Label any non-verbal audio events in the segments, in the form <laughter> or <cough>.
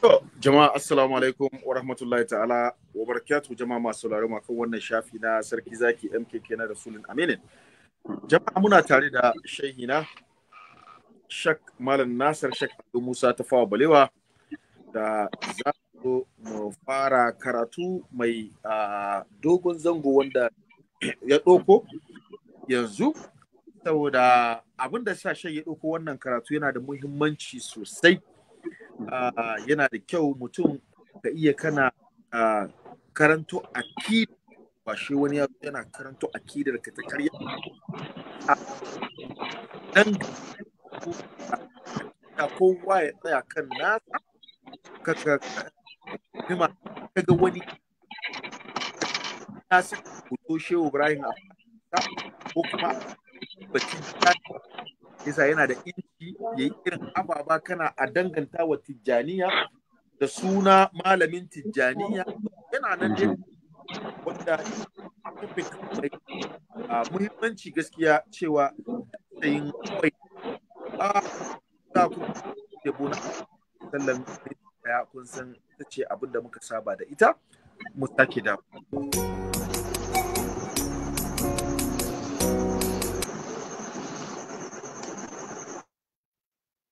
To, jama'a assalamu alaikum wa rahmatullahi ta'ala wa barakatuhu jama'a masu sauraro kan wannan shafi na sarki zaki MKK na Rasulun Aminin. Jama'a muna tare da shehina Shak Malam Nasir Shak Abdul Musa ta fawa balewa da za mu fara karatu mai dogon zango wanda ya ɗauko yanzu saboda abin da sa ya ɗauko wannan karatu yana da muhimmanci sosai. yana da kyau mutum ka iya kana karanto a ba shi wani ya yana karanto a akidar ka ta karya dan ka kowa ya tsaya kan nasa ka ka ga wani ya sa hoto shehu ibrahim a ko kuma bacin isa yana da inci ya yi irin ababa kana a danganta wa tijjaniya da suna malamin tijjaniya yana nan dai wanda a muhimmanci gaskiya cewa tsayin kwai a za ku ke sallan ya kun san ta ce abin da muka saba da ita mu sake da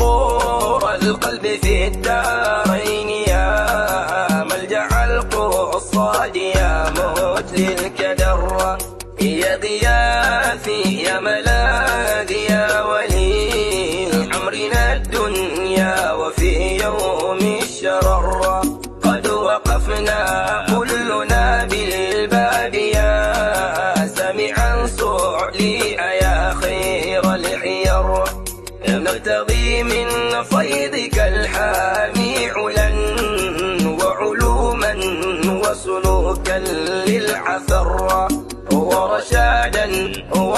مرور القلب في الدار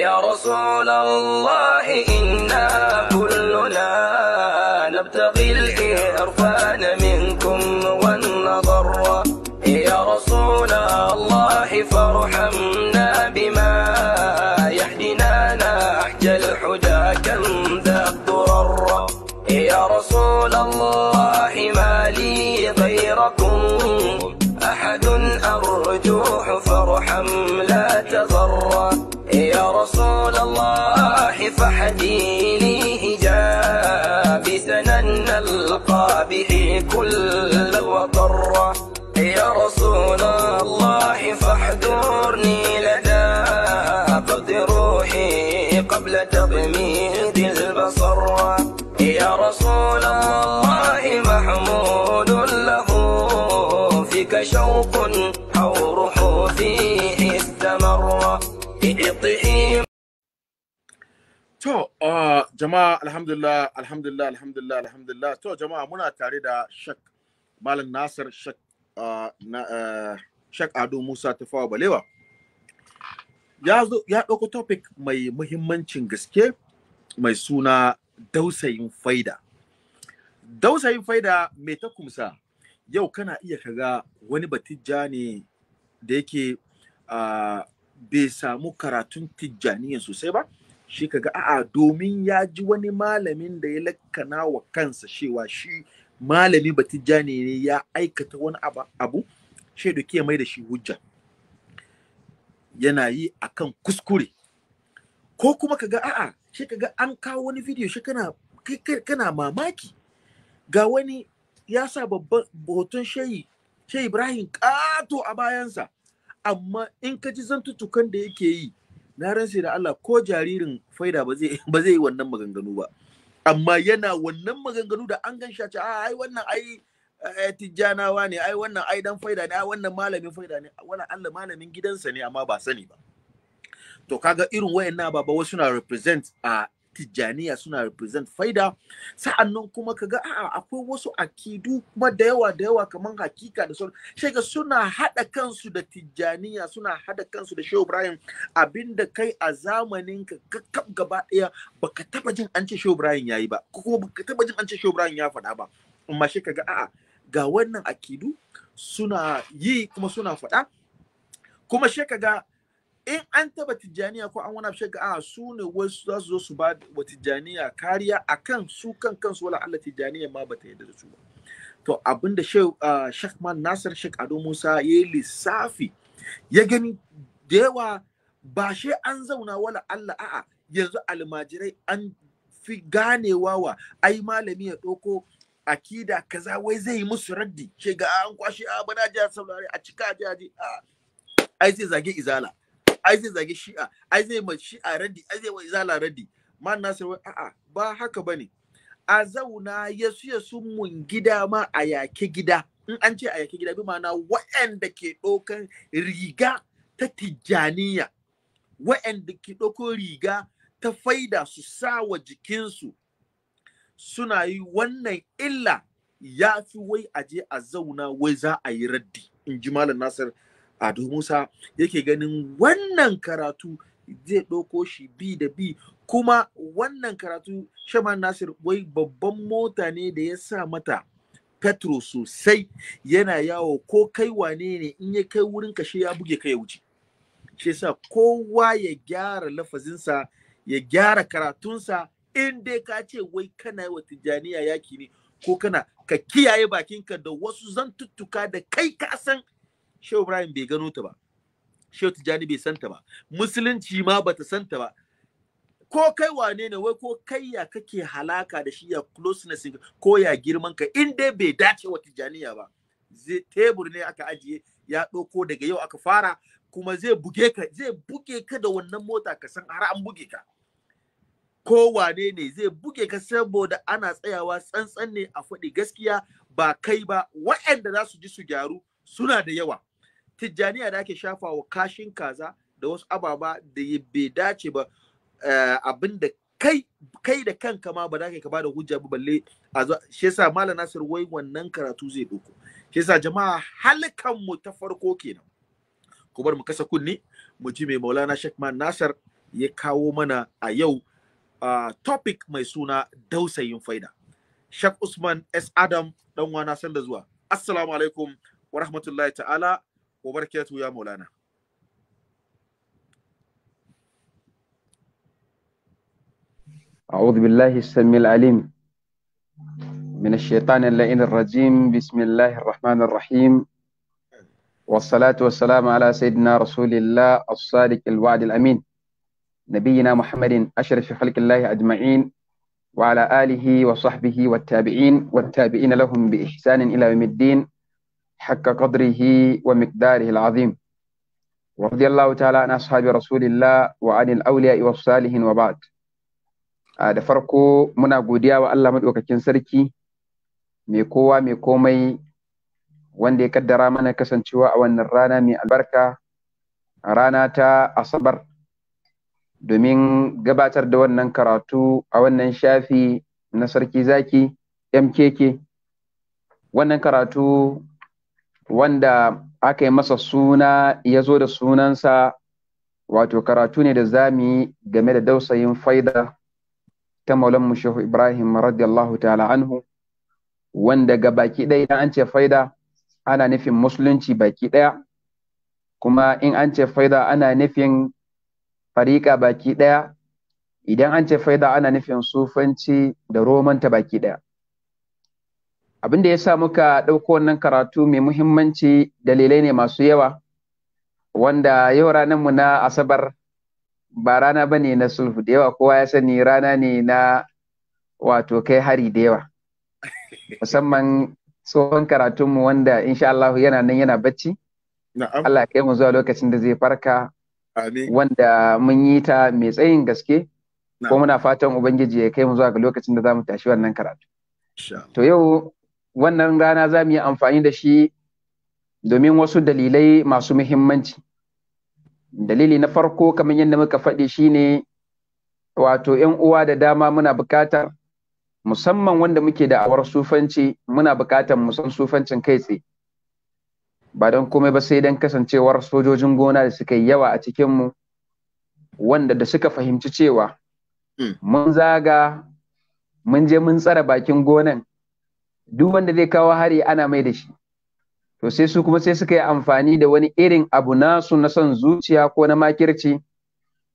يا رسول الله إنا كلنا نبتغي الإرفان منكم والنظر يا رسول الله فارحمنا بما يحدنا نحج الحجا كم ذا الضرر يا رسول الله ما لي غيركم أحد أرجوح فارحمنا فحدي لي جابسا نلقى به كل وضر يا رسول الله فاحذرني To, uh, jama'a alhamdulillah, alhamdulillah, alhamdulillah, alhamdulillah. To, jama'a muna tare da Shak Malam Nasir Shak, uh, na, uh, Shek Ado Musa Tafawa Balewa. Ya zo ɗauko topic mai muhimmancin gaske mai suna dausayin faida. Dausayin faida mai ta kumsa yau kana iya kaga wani batijja ne da yake uh, bai samu karatun tijjaniya sosai ba. shi kaga a'a domin ya ji wani malamin da ya lakkana wa kansa cewa shi malami batijjani ne ya aikata wani abu shi da ke mai da shi hujja yana yi akan kuskure ko kuma kaga a'a shi kaga an kawo wani video shi kana kana mamaki ga wani ya sa babban hoton shayi shayi ibrahim kato a bayansa amma in ka ji zantutukan da yake yi na ransa da Allah ko jaririn faida ba zai ba zai yi wannan maganganu ba amma yana wannan maganganu da an gan shaci a ah, ai wannan ai eh, tijjanawa ne ai wannan ai dan faida ne ai wannan malamin faida ne wannan Allah malamin gidansa ne amma ba sani ba to kaga irin wayannan baba wasu na represent a tijjaniya suna represent faida sa'an nan kuma kaga a'a akwai wasu akidu kuma da yawa da yawa kamar hakika da sauran shega suna hada kansu da tijjaniya suna hada kansu da shehu ibrahim abinda kai a zamanin ka kakkab gaba daya baka taba jin an ce shehu ibrahim yayi ba ko kuma baka taba jin an ce shehu ibrahim ya faɗa ba amma shi kaga a'a ga wannan akidu suna yi kuma suna faɗa kuma shi kaga in an taba tijjaniya ko an wani abu shakka a su ne wasu za su zo su ba wa tijjaniya kariya a kan su kan kansu wala Allah tijjaniya ma bata yadda da su ba to abinda ah, Sheikh Man Nasir Sheikh Ado Musa ya yi lissafi ya gani da yawa ba shi an zauna wala Allah a'a yanzu almajirai an fi ganewa wa ai malami ya ɗauko akida kaza wai zai yi musu raddi shiga an kwashe a bana jiya saurari a cika jaji a ai zai zage izala ai zai zage shi'a ai zai ma shi'a raddi ai zai izala raddi man nasir wai a'a ba haka bane a zauna yasu yasu mun gida ma a yake gida in an ce a yake gida bi ma'ana waɗanda ke ɗaukan riga ta tijjaniya waɗanda ke ɗauko riga ta faida su sa wa jikinsu suna yi wannan illa ya fi wai aje a zauna wai za a yi raddi in ji malam nasir Ado Musa yake ganin wannan karatu zai ɗauko shi bi da bi kuma wannan karatu Shaman Nasir wai babban mota ne da ya sa mata petro sosai yana yawo ko kai wane ne in ya kai wurin kashe ya buge ka ya wuce shi sa kowa ya gyara lafazinsa ya gyara karatunsa in dai ka ce wai kana yi wa tijjaniya yaki ne ko kana ka kiyaye bakinka da wasu zantuttuka da kai ka san Shehu Ibrahim bai gano ta ba. Shehu Tijjani bai san ta ba. Musulunci ma bata san ta ba. Ko kai wane ne wai ko kai ya kake halaka da shi ya closeness ko ya girman ka in dai bai dace wa Tijjaniya ba. Zai Tebur ne aka ajiye ya ɗauko daga yau aka fara kuma zai buge ka zai buge ka da wannan mota ka san har an buge ka. Ko wane ne zai buge ka saboda ana tsayawa tsantsan ne a faɗi gaskiya ba kai ba waɗanda za su ji su gyaru suna da yawa tijjaniya da ake shafa wa kashin kaza da wasu ababa da bai dace ba eh, abin da kai da kanka ma ba za ka ba da hujja ba balle a shi yasa malam nasir wai wannan karatu zai doko shi yasa jama'a halkan mu ta farko kenan ku bar mu kasa kunni mu ji mai maulana shekman nasir ya kawo mana a yau ah, topic mai suna dausayin faida Shek Usman S. Adam ɗan wana sanda zuwa. Assalamu alaikum wa rahmatullahi ta'ala وبركاته يا مولانا أعوذ بالله السميع العليم من الشيطان اللئيم الرجيم بسم الله الرحمن الرحيم والصلاة والسلام على سيدنا رسول الله الصادق الوعد الأمين نبينا محمد أشرف خلق الله أجمعين وعلى آله وصحبه والتابعين والتابعين لهم بإحسان إلى يوم الدين حق قدره ومقداره العظيم ورضي الله تعالى عن أصحاب رسول الله وعن الأولياء والصالحين وبعد da farko muna godiya wa Allah maɗaukakin sarki mai kowa komai wanda ya kaddara mana kasancewa a wannan rana mai albarka rana ta asabar domin gabatar da wannan karatu a wannan shafi na sarki zaki mkk wannan karatu wanda aka yi masa suna ya zo da sunansa wato karatu ne da zamu yi game da dausayin faida ta maulan shehu ibrahim radiyallahu ta'ala anhu wanda ga baki ɗaya idan an ce faida ana nufin musulunci baki ɗaya kuma in an ce faida ana nufin fariƙa baki ɗaya idan an ce faida ana nufin sufanci da romanta baki ɗaya abin da ya sa muka ɗauko wannan karatu mai muhimmanci dalilai ne masu yawa wanda yau ranar mu na asabar ba rana ba ne na sulhu da yawa kowa ya sani rana ne na wato kai hari da yawa musamman tsohon karatunmu wanda insha Allah yana nan yana bacci Allah kai mu zuwa lokacin da zai farka wanda mun yi ta mai tsayin gaske ko muna fatan ubangiji ya kai mu zuwa ga lokacin da za mu tashi wannan karatu to yau wannan rana za mu yi amfani da shi domin wasu dalilai masu muhimmanci dalili na farko kamar yadda muka faɗi shine wato ‘yan uwa da dama muna buƙatar musamman wanda muke da awar sufanci muna buƙatar musan sufancin kai tsaye ba don komai ba sai don kasancewar sojojin gona da suka yi yawa a cikinmu wanda da suka fahimci cewa hmm. mun zaga mun je mun tsara bakin gonan duk wanda zai kawo hari ana mai da shi to sai su kuma sai suka yi amfani da wani irin abu nasu na son zuciya ko na makirci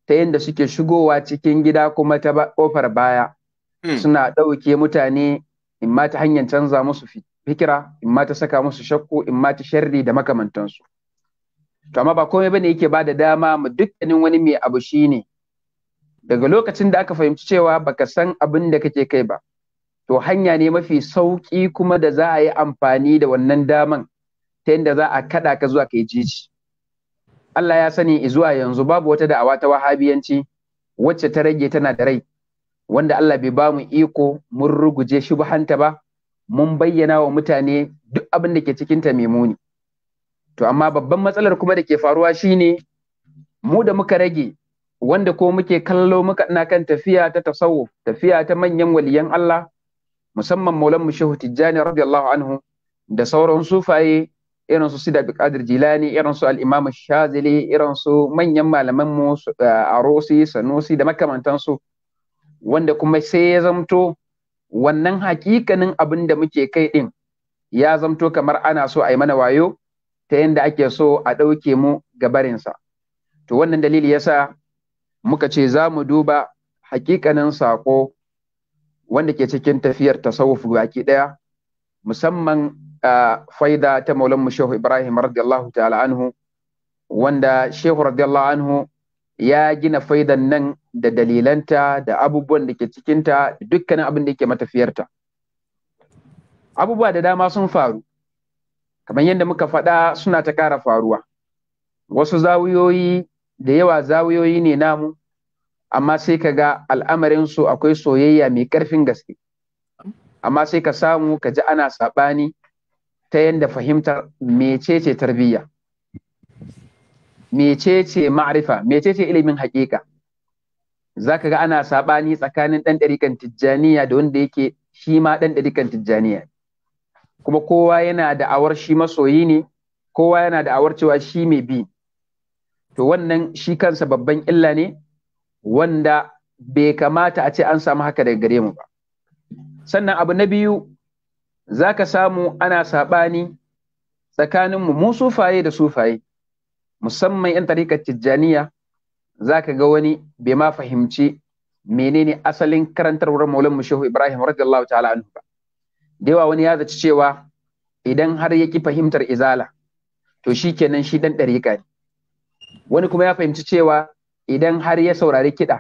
ta yadda suke shigowa cikin gida kuma ta kofar baya hmm. suna ɗauke mutane in ma ta hanyar canza musu fikira in ma ta saka musu shakku in ma ta sharri da makamantansu to amma ba komai bane yake ba da dama mu dukkanin wani mai abu shine daga lokacin da aka fahimci cewa baka san abin da kake kai ba to hanya ne mafi sauƙi kuma da za a yi amfani da wannan daman ta yadda za a kaɗa ka zuwa yi jiji Allah ya sani zuwa yanzu babu wata da'awa ta wahabiyanci wacce ta rage tana da rai wanda Allah bai ba mu iko mun ruguje shubhanta ba mun bayyana wa mutane duk abin da ke cikin ta mai muni to amma babban matsalar kuma da ke faruwa shine mu da muka rage wanda ko muke kallo muka ina kan tafiya ta tasawuf tafiya ta manyan waliyan Allah musamman maulanmu shehu tijjani radiyallahu anhu da sauran sufaye irin su sida Bikadir jilani irin su al-imam shazili irin su manyan malaman mu eh, arosi sanusi da makamantansu wanda kuma sai ya zamto wannan hakikanin abin da muke kai din ya zamto kamar ana so a yi mana wayo ta yadda ake so a ɗauke mu ga gabarinsa to wannan dalili yasa muka ce za mu duba hakikanin saƙo. wanda ke cikin tafiyar tasawuf baki ɗaya, musamman faida ta maulan mu shehu ibrahim radiyallahu ta'ala anhu wanda shehu radiyallahu anhu ya gina faidan nan da dalilanta da abubuwan da ke cikinta dukkanin abin da yake matafiyarta abubuwa da dama sun faru kamar yadda muka faɗa suna ta ƙara faruwa wasu zawiyoyi da yawa zawuyoyi ne namu amma sai ka ga al'amarinsu akwai soyayya mai ƙarfin gaske amma sai ka samu ka ji ana saɓani ta yadda fahimtar mecece tarbiyya mecece ma'arifa mecece ilimin haƙiƙa za ka ga ana saɓani tsakanin ɗan ɗarikan tijjaniya da wanda yake shi ma ɗan ɗarikan tijjaniya kuma kowa yana da awar shi masoyi ne kowa yana da awar cewa shi mai bi to wannan shi kansa babban illa ne wanda bai kamata a ce an samu haka daga gare mu ba sannan abu na biyu za ka samu ana saɓani tsakaninmu mu sufaye da sufaye musamman 'yan tarikar tijjaniya za ka ga wani bai ma fahimci menene asalin karantarwar maulan shehu ibrahim radiyallahu ta'ala anhu ba da yawa wani ya zaci cewa idan har ya ki fahimtar izala to shi kenan shi dan ɗarika ne wani kuma ya fahimci cewa idan har ya saurari kiɗa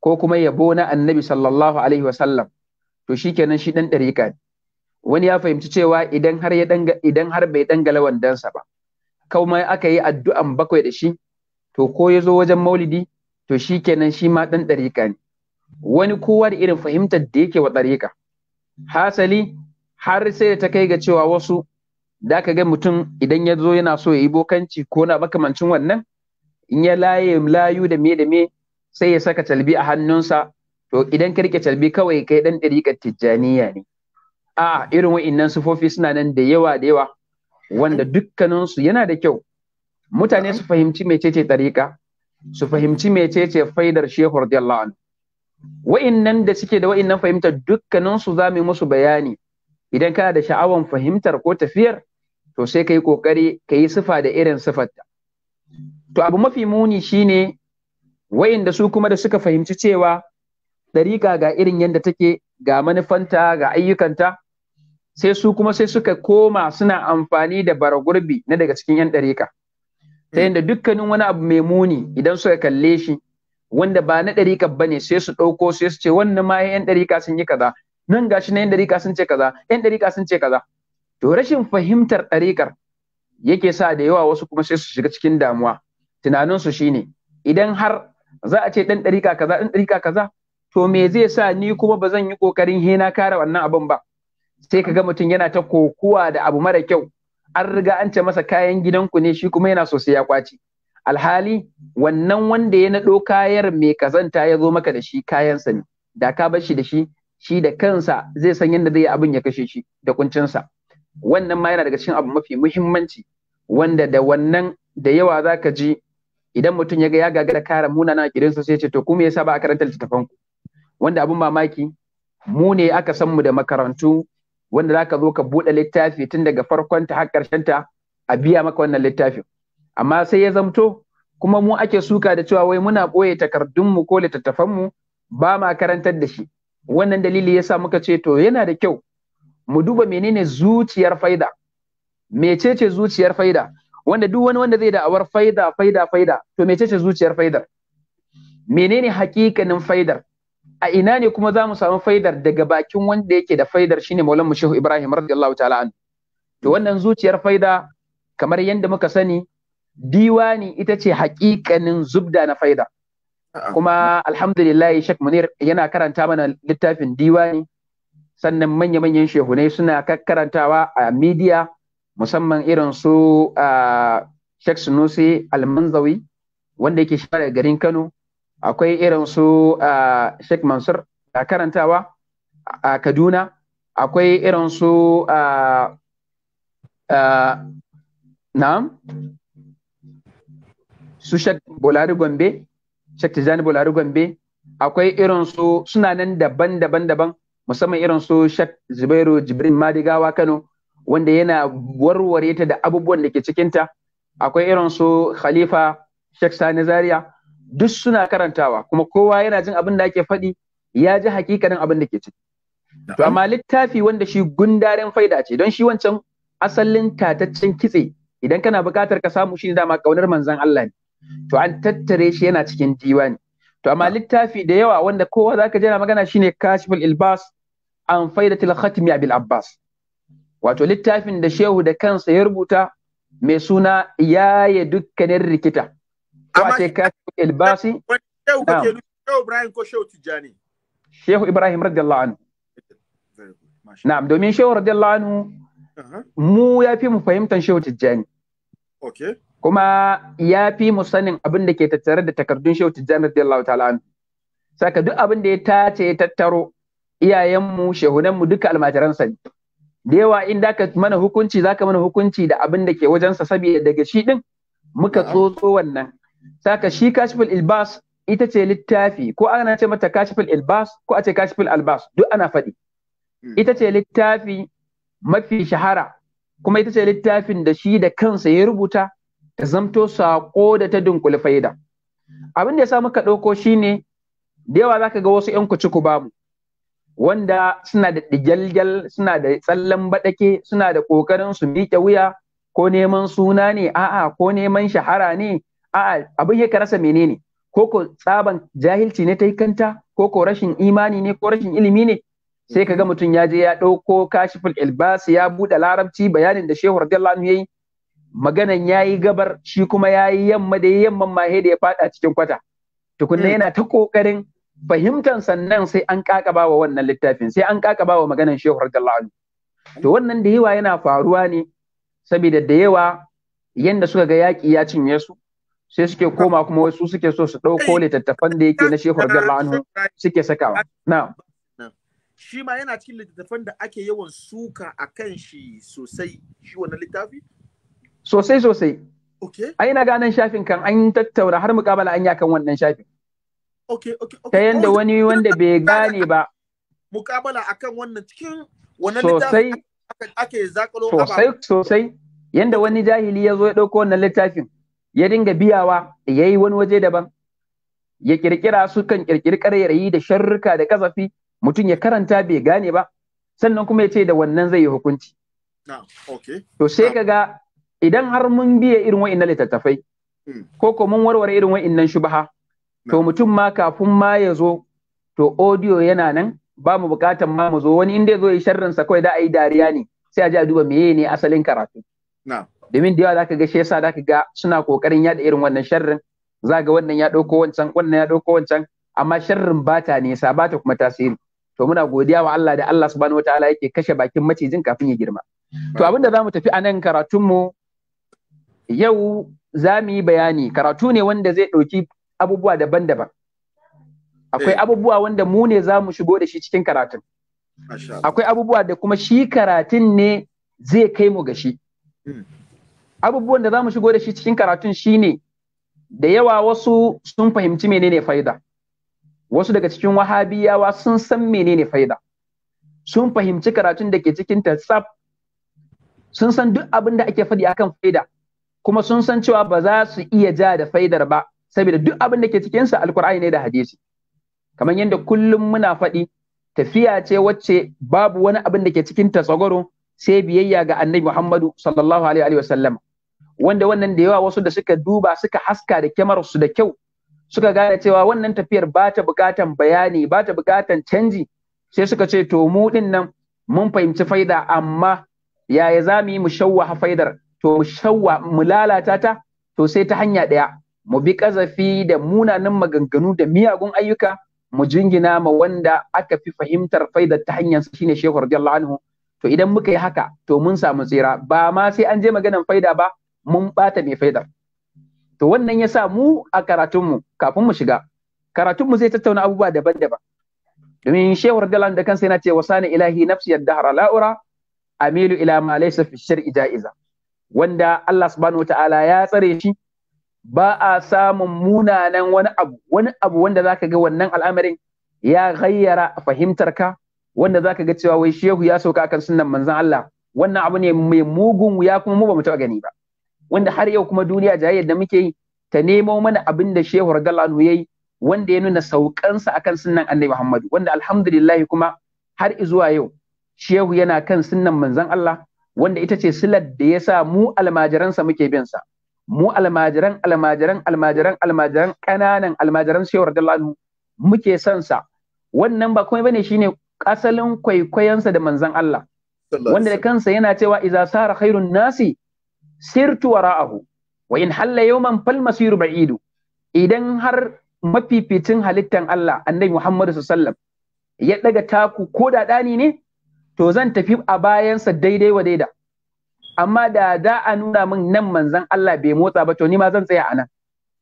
ko kuma yabo na annabi sallallahu alaihi wasallam to shi kenan shi ɗan ɗariƙa ne wani ya fahimci cewa idan har ya danga idan har bai dangala wandansa ba kuma aka yi addu'an bakwai da shi to ko ya zo wajen maulidi to shi kenan shi ma ɗan ɗariƙa ne wani kowa da irin fahimtar da yake wa ɗariƙa hasali har sai da ta kai ga cewa wasu da ka ga mutum idan ya zo yana so ya yi bokanci ko na makamancin wannan in ya laye layu da me da me sai ya saka calbi a hannunsa to idan ka rike calbi kawai kai dan dariƙar tijjaniya ne a irin wa'innan sufofi suna nan da yawa da yawa wanda dukkaninsu yana da kyau mutane su fahimci mecece dariƙa su fahimci mecece faidar shehu radiyallahu anhu wa'innan da suke da wa'innan fahimtar dukkaninsu za mu musu bayani idan kana da sha'awan fahimtar ko tafiyar to sai ka yi ƙoƙari ka yi sifa da irin sifarta to abu mafi muni shine wayanda su kuma da suka fahimci cewa ɗarika ga irin yadda take ga manufanta ga ayyukanta sai su kuma sai suka koma suna amfani da baragurbi na daga cikin 'yan ɗariƙa ta hmm. yadda dukkanin wani abu mai muni idan suka kalle shi wanda ba na ɗariƙa ba ne sai su ɗauko sai su ce wannan ma 'yan ɗariƙa sun yi kaza nan gashi na 'yan ɗariƙa sun ce kaza 'yan ɗariƙa sun ce kaza to rashin fahimtar ɗarikar yake sa da yawa wasu kuma sai su shiga cikin damuwa tunaninsu shine idan har za a ce ɗan ɗarika kaza ɗan ɗarika kaza to me zai sa ni kuma ba zan yi ƙoƙarin hena kare wannan abin ba sai ka ga mutum yana ta kokuwa da abu mara kyau an riga an ce masa kayan gidanku ne shi kuma yana so sai ya kwace alhali wannan wanda ya naɗo kayar mai kazanta ya zo maka da shi kayansa ne da ka bar shi da shi shi da kansa zai san yadda zai abin ya kashe shi da kuncinsa wannan ma yana daga cikin abu mafi muhimmanci wanda da wannan da yawa za ka ji idan mutum ya ga ya gagara kare munana kirin sa sai ce to kuma yasa ba a karanta littattafan ku wanda abun mamaki mu ne aka san mu da makarantu wanda zaka zo ka bude littafi tun daga farkon ta har karshen ta a biya maka wannan littafin amma sai ya zamto kuma mu ake suka da cewa wai muna boye takardun mu ko littattafan mu ba ma karantar da shi wannan dalili yasa muka ce to yana da kyau mu duba menene zuciyar faida mecece zuciyar faida wanda duk wani wanda zai da'awar faida faida faida to mecece zuciyar faidar menene hakikanin faidar a ina ne kuma za mu samu faidar daga bakin wanda yake da faidar shine maulan shehu ibrahim radiyallahu ta'ala an to wannan zuciyar faida kamar yadda muka sani diwani ita ce hakikanin zubda na faida kuma alhamdulillah shek munir yana karanta mana littafin diwani sannan manya-manyan shehunai suna karantawa a midiya musamman irin su a Sheikh Sunusi Almanzawi wanda yake share garin Kano akwai irin su a Sheikh Mansur a karantawa a Kaduna akwai irin su a na'am su Sheikh Bolari Gombe Sheikh Tijani Bolari Gombe akwai irin su suna nan daban-daban daban musamman irin su Sheikh Zubairu Jibrin Madigawa Kano wanda yana warware ta da abubuwan da ke cikinta akwai irin su khalifa Sheikh Sani Zaria duk suna karantawa kuma kowa yana jin abin da ake faɗi ya ji hakikanin abin da ke ciki to amma littafi wanda shi gundaren faida ce don shi wancan asalin tataccen kitse idan kana buƙatar ka samu shi dama kaunar manzon Allah ne to an tattare shi yana cikin diwani to amma littafi da yawa wanda kowa zaka je na magana shine kashful ilbas an faidatil khatmi abil abbas wato littafin da shehu da kansa ya rubuta mai suna ya yi dukkanin rikita wace kafin ilbasi shehu ibrahim ko shehu tijjani shehu ibrahim radiyallahu anhu na'am domin shehu radiyallahu anhu uh-huh. mu ya fi mu fahimtar shehu tijjani kuma ya fi mu sanin abin da ke tattare da takardun shehu tijjani radiyallahu ta'ala anhu saka duk abin da ya tace ya tattaro iyayenmu shehunanmu duka almajiransa ne da yawa in da ka mana hukunci za ka mana hukunci da abin da ke wajensa saboda daga shi din muka tsotso wannan saka shi kashful ilbas ita ce littafi ko ana ce mata kashful ilbas ko a ce kashful albas duk ana faɗi hmm. ita ce littafi mafi shahara kuma ita ce littafin da shi da kansa ya rubuta ta zamto saƙo da ta dunkule faida abin da ya sa muka ɗauko shine da yawa za ka ga wasu 'yan kuci ku bamu wanda suna da digyalgyal suna da tsallan baɗake suna da ƙoƙarin su miƙe wuya ko neman suna ne a'a ko neman shahara ne a'a abin ya rasa menene ko ko tsaban jahilci ne ta yi kanta ko ko rashin imani ne ko rashin ilimi ne sai kaga mutum ya je ya ɗauko kashiful ilbas ya buɗe larabci bayanin da shehu radiyallahu anhu yayi maganan yayi gabar shi kuma yayi yamma da yamman ma da ya faɗa cikin kwata tukunna mm. yana ta kokarin fahimtar sannan sai an kakaba wa wannan littafin sai an kakaba wa maganan shehu radiyallahu anhu to wannan da yawa yana faruwa ne saboda da yawa yanda suka ga yaƙi ya cinye su sai suke koma kuma wasu suke so su ɗauko littattafan da yake na shehu radiyallahu anhu suke sakawa na shi ma yana cikin littattafan da ake yawan suka a kan shi sosai shi wannan littafi sosai sosai okay ai na ganin shafin kan an tattauna har mukabala an yakan wannan shafin okay, okay, okay. Ta yanda wani wanda bai gane ba. Mukabala akan wannan cikin wannan sosai ake zakalo sosai sosai yanda wani jahili ya zo ya ɗauko wannan littafin ya dinga biyawa ya yi wani waje daban ya kirkira su kan kirkiri ƙarairayi da sharruka da kasafi mutum ya karanta bai gane ba sannan kuma ya ce da wannan zai yi hukunci. To sai ka ga idan har mun biya irin na littattafai hmm. ko ko mun warware irin nan shubaha to mutum ma kafin ma ya zo to audio yana nan ba mu bukatan ma mu zo wani inda zo ya sharrin sa kawai da a yi dariya ne sai a ji a duba me ne asalin karatu domin da yawa zaka ga shi yasa zaka ga suna kokarin yada irin wannan sharrin za ga wannan ya dauko wancan wannan ya dauko wancan amma sharrin ba bata nesa ta kuma tasiri to muna godiya wa Allah da Allah subhanahu wataala yake kashe bakin macijin kafin ya girma to abinda mu tafi a nan karatun mu yau za mu yi bayani karatu ne wanda zai ɗauki abubuwa daban-daban akwai eh. abubuwa wanda mu ne za mu shigo da shi cikin karatun akwai abubuwa da kuma shi karatun ne zai kai mu ga shi hmm. abubuwan da za mu shigo da shi cikin karatun ne da yawa wasu sun fahimci menene faida wasu daga cikin wahabiyawa sun san menene faida sun fahimci karatun da ke cikin tsaf sun san duk abin da ake faɗi akan faida kuma sun san cewa ba za su iya ja da faidar ba saboda duk abin da ke cikin sa alkur'ani ne da hadisi kamar yadda kullum muna faɗi tafiya ce wacce babu wani abin da ke cikin ta tsagwaro sai biyayya ga annabi Muhammadu sallallahu alaihi wa sallam wanda wannan da yawa wasu da suka duba suka haska da kyamar su da kyau suka gane cewa wannan tafiyar ba ta bukatan bayani ba ta bukatan canji sai suka ce to mu din nan mun fahimci faida amma yaya za mu yi mu shawwa faidar to mu shawwa mu lalata ta to sai ta hanya ɗaya mu bi ƙazafi da munanan maganganu da miyagun ayyuka mu jingina ma wanda aka fi fahimtar faida ta hanyar shine Shehu radiyallahu anhu to idan muka yi haka to mun samu tsira ba ma sai an je maganan faida ba mun bata mai faidar to wannan ya sa mu a karatunmu kafin mu shiga karatunmu zai tattauna abubuwa daban-daban domin Shehu radiyallahu da kansa yana ce sani ilahi nafsi yadda la'ura amilu ila ma laysa fi shar'i ja'iza wanda Allah subhanahu Ta'ala ya tsare shi ba a samun munanan wani abu wani abu wanda zaka ga wannan al'amarin ya gayyara fahimtar ka wanda zaka ga cewa wai shehu ya sauka akan sunnan manzon Allah wannan abu ne mai mugun wuya kuma mu ba mu taɓa gani ba wanda har yau kuma duniya jayayyar da muke yi ta nemo mana abin da shehu ya yayi wanda ya nuna saukansa akan sunnan annabi Muhammadu wanda alhamdulillah kuma har zuwa yau shehu yana kan sunnan manzon Allah wanda ita ce silar da ya sa mu almajiransa muke bin sa mu almajiran almajiran almajiran almajiran ƙananan almajiran sai radiyallahu anhu muke son sa wannan ba komai bane shine asalin kwaikwayonsa da manzon Allah wanda da kansa yana cewa "Iza sara khairun nasi sirtu wara'ahu wa in halla yawman fal masiru ba'idu idan har mafificin halittan Allah annabi Muhammad sallallahu ya daga taku ko da dani ne to zan tafi a bayansa daidai wa daidai. amma da za a nuna min nan manzan Allah bai motsa ba to ni ma zan tsaya a nan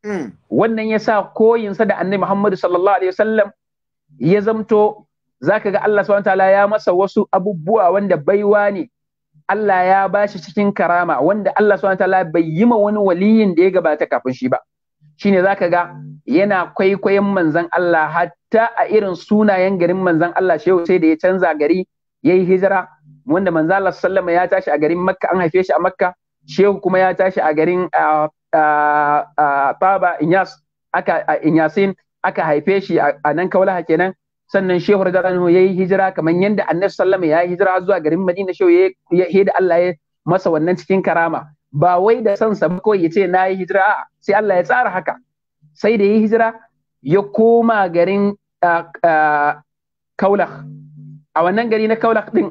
hmm. wannan ya sa koyinsa da annabi Muhammadu sallallahu alaihi wasallam ya zamto zaka ga Allah subhanahu ta'ala ya masa wasu abubuwa wanda baiwa ne Allah ya bashi cikin karama wanda Allah subhanahu ta'ala bai yi ma wani waliyin da ya gabata kafin shi ba shine zaka ga yana kwaikwayon manzan Allah hatta a irin sunayen garin manzan Allah shehu sai da ya canza gari yayi hijira wanda manzo Allah sallama ya tashi a garin Makka an haife shi a Makka shehu kuma ya tashi a garin Taba Inyas aka Inyasin aka haife shi a nan Kaulaha kenan sannan shehu radhiyallahu yayi hijira kamar yadda Annabi sallama ya yi hijira zuwa garin Madina shehu ya da Allah ya masa wannan cikin karama ba wai da sansa ba ko ya ce na yi hijira sai Allah ya tsara haka sai da yi hijira ya koma garin Kaulak a wannan gari na Kaulak din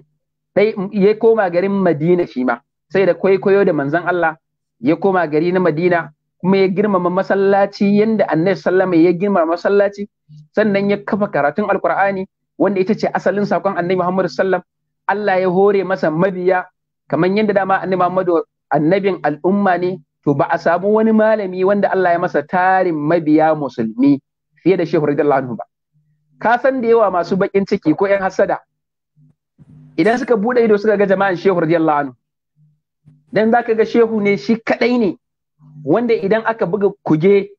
sai ya koma garin Madina shi ma sai da kwaikwayo da manzon Allah ya koma gari na Madina kuma ya girmama masallaci yanda Annabi sallama ya girmama masallaci sannan ya kafa karatun Alkur'ani wanda ita ce asalin sakon Annabi Muhammad sallam Allah ya hore masa mabiya kamar yadda dama Annabi Muhammad annabin al'umma ne to ba a samu wani malami wanda Allah ya masa tarin mabiya musulmi fiye da Shehu radiyallahu anhu ba ka san da yawa masu bakin ciki ko 'yan hasada idan suka bude ido suka ga jama'an shehu radiyallahu anhu dan zaka ga shehu ne shi kadai ne wanda idan aka buga kuje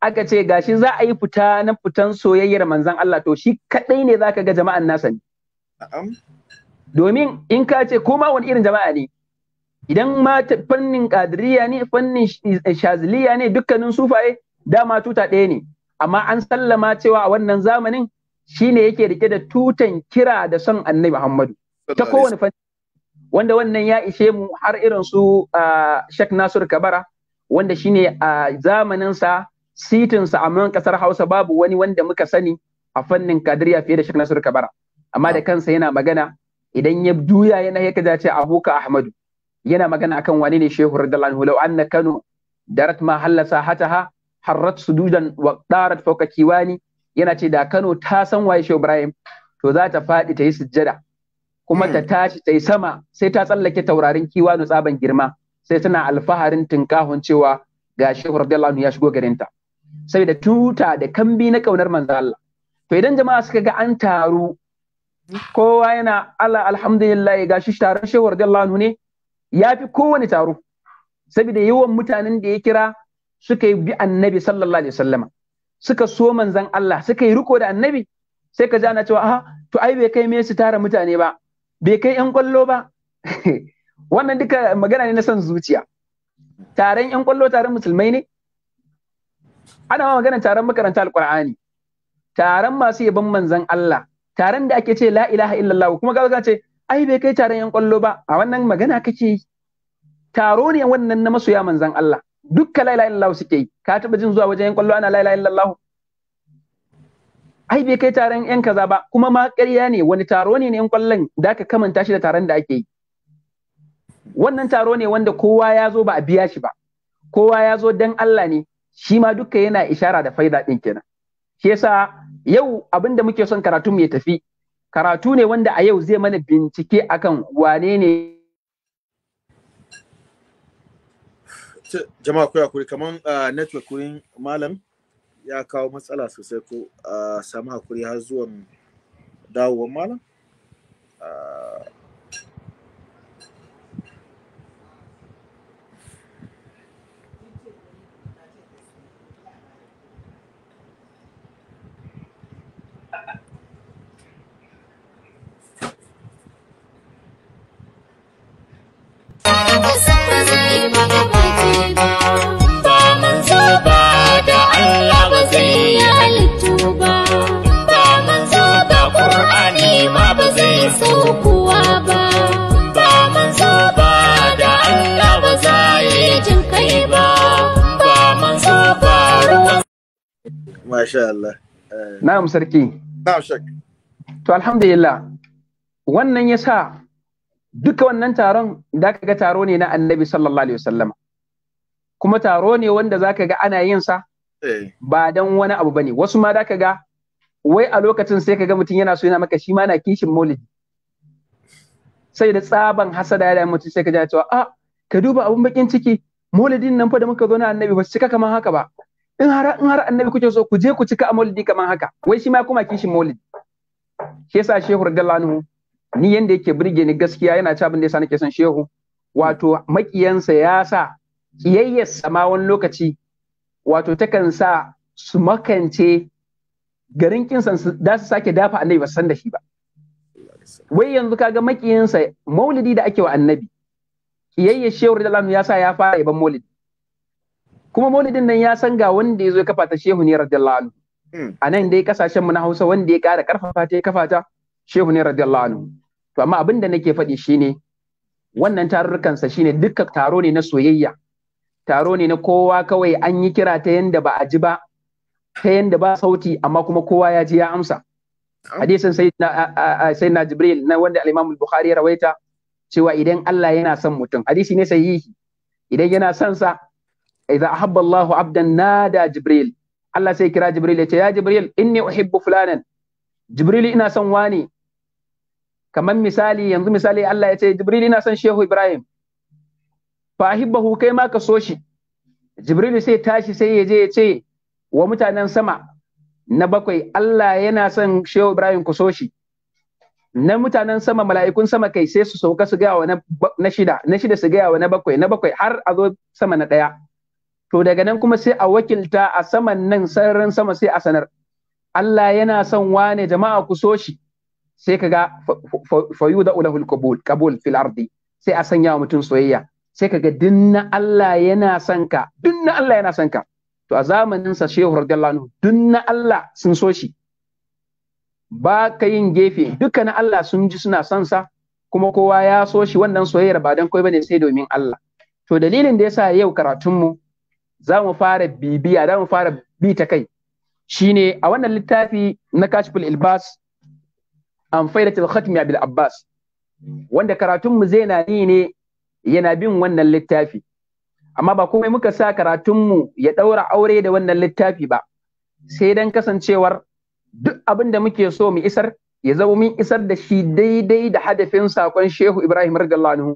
aka ce gashi za a yi fita na fitan soyayyar manzon Allah to shi kadai ne zaka ga jama'an nasa ne domin in ka ce ko ma wani irin jama'a ne idan ma fannin kadiriya ne fannin eh, shaziliya ne dukkanin sufaye dama tuta ɗaya ne amma an sallama cewa a wannan zamanin shine yake rike da tutan kira da son annabi Muhammadu ta kowane fanni wanda wannan ya ishe mu har irin su Sheikh Nasir Kabara wanda shine a zamanin sa sitin sa a kasar Hausa babu wani wanda muka sani a fannin kadiriya fiye da Sheikh Nasir Kabara amma da kansa yana magana idan ya duya yana yake da ce abuka Ahmadu yana magana akan wani ne Shehu radallahu law anna kanu darat ma halasa hataha harrat sududan wa darat fawqa kiwani yana ce da Kano ta san waye Sheikh Ibrahim to za ta faɗi ta yi sujjada kuma ta mm. tashi ta yi sama sai ta tsallake taurarin kiwa na tsaban girma sai tana alfaharin tunkahun cewa ga shehu radiyallahu ya shigo garinta saboda tuta da kambi na kaunar manzo Allah to idan jama'a suka ga an taru kowa yana ala alhamdulillah ga shi taron shehu radiyallahu ne ya fi kowane taro saboda yawan mutanen da ya kira suka yi bi annabi sallallahu alaihi wasallama suka so manzan Allah suka yi riko da annabi sai ka ji ana cewa a to ai bai kai me su tara mutane ba bai kai 'yan kwallo ba <laughs> wannan duka magana ne na son zuciya taron 'yan kwallo taron musulmai ne ana ma magana taron makaranta alkur'ani taron masu yaban manzan Allah taron da ake ce la ilaha illallah kuma ga ce ai bai kai taron 'yan kwallo ba a wannan magana kake yi taro ne wannan na masoya manzan Allah dukka la ilaha illallah suke yi ka taba jin zuwa wajen 'yan kwallo ana la ilaha illallah ai bai kai taron yan kaza ba kuma ma ƙarya ne wani taro ne na yan kwallon da aka kamanta shi da taron da ake yi wannan taro ne wanda kowa ya zo ba a biya shi ba kowa ya zo dan Allah ne shi ma duka yana ishara da faida din kenan shi yasa yau abin da muke son karatu mu ya tafi karatu ne wanda a yau zai mana bincike akan wane ne jama'a kuya kuri kaman ah, network kurin malam ya kawo matsala sosai ko a samu hakuri har zuwan dawowar malam ah, so kuwa ba ba mun so ba da Allah ba za yi jin kai ba ba mun so ruwan Masha Allah eh, Na'am sarki Na'am shak To alhamdulillah wannan yasa duka wannan taron da ka ga taro ne na Annabi sallallahu alaihi wasallama kuma taro ne wanda za ka ga ana yin sa eh. ba dan wani abu ba ne. wasu ma ka ga wai a lokacin sai ka ga mutum yana so yana maka shi ma na kishin maulidi sai da tsaban hasada da mutum sai ka ji cewa a ah, ka duba abun bakin ciki maulidin nan fa da muka zo na annabi ba su cika kamar haka ba in har in har annabi kuke so ku je ku cika a maulidi kamar haka wai shi ma kuma kishin maulidi shi yasa shehu radiyallahu ni yanda yake burge ni gaskiya yana ci abin da yasa nake son shehu wato makiyansa ya sa kiyayyar sama wani lokaci wato takan sa su makance garin kinsan da su sake dafa annabi ba san da shi ba wai yanzu kaga makiyinsa maulidi da ake wa annabi kiyayya shehu radiyallahu ya sa ya fara iban maulidi kuma maulidin nan ya san ga wanda ya zo kafa ta shehu ne radiyallahu anhu hmm. a nan dai kasashen mu na Hausa wanda ya kara karfafa ta ya kafa ta shehu ne radiyallahu anhu to amma abin da nake faɗi shine wannan tarurrukan sa shine duka taro ne na soyayya taro ne na kowa kawai an yi kira ta yanda ba a ji ba ta yanda ba sauti amma kuma kowa ya ji ya amsa hadisin sai na jibril na wanda al-imam al-bukhari ya rawaita cewa idan Allah yana son mutum hadisi ne sahihi idan yana son sa idza ahabba Allahu abdan nada jibril Allah sai kira jibril ya ce ya jibril inni uhibbu fulanan jibril ina son wani kamar misali yanzu misali Allah ya ce jibril ina son shehu ibrahim fa ahibbahu kai ma ka so shi jibril sai tashi sai ya je ya ce wa mutanen sama na bakwai Allah yana son Shehu Ibrahim ku so shi na mutanen sama mala'ikun sama kai sai su sauka su gaya wa na shida na shida su gaya wa na bakwai na bakwai har a zo sama na ɗaya to daga nan kuma sai a wakilta a saman nan sararin sama sai a sanar Allah yana son wane jama'a ku so shi sai kaga fayu da ulahul qabul qabul fil ardi sai a sanya wa mutum soyayya sai kaga dinna Allah yana son ka dinna Allah yana son ka to a zamanin sa shehu radiyallahu anhu duk na Allah sun so shi ba ka yin gefe duka na Allah sun ji suna son sa kuma kowa ya so shi wannan soyayyar ba dan kai bane sai domin Allah to dalilin da yasa yau karatun mu za mu fara bibiya za mu fara bi ta kai shine a wannan littafi na kashful ilbas an faidatul khatmi abil abbas wanda karatunmu zai na ni ne yana bin wannan littafi amma ba komai muka sa karatunmu ya ɗaura aure da wannan littafi ba sai dan kasancewar duk abin da muke so mu isar ya zama mun isar da shi daidai da hadafin sakon Shehu Ibrahim radiyallahu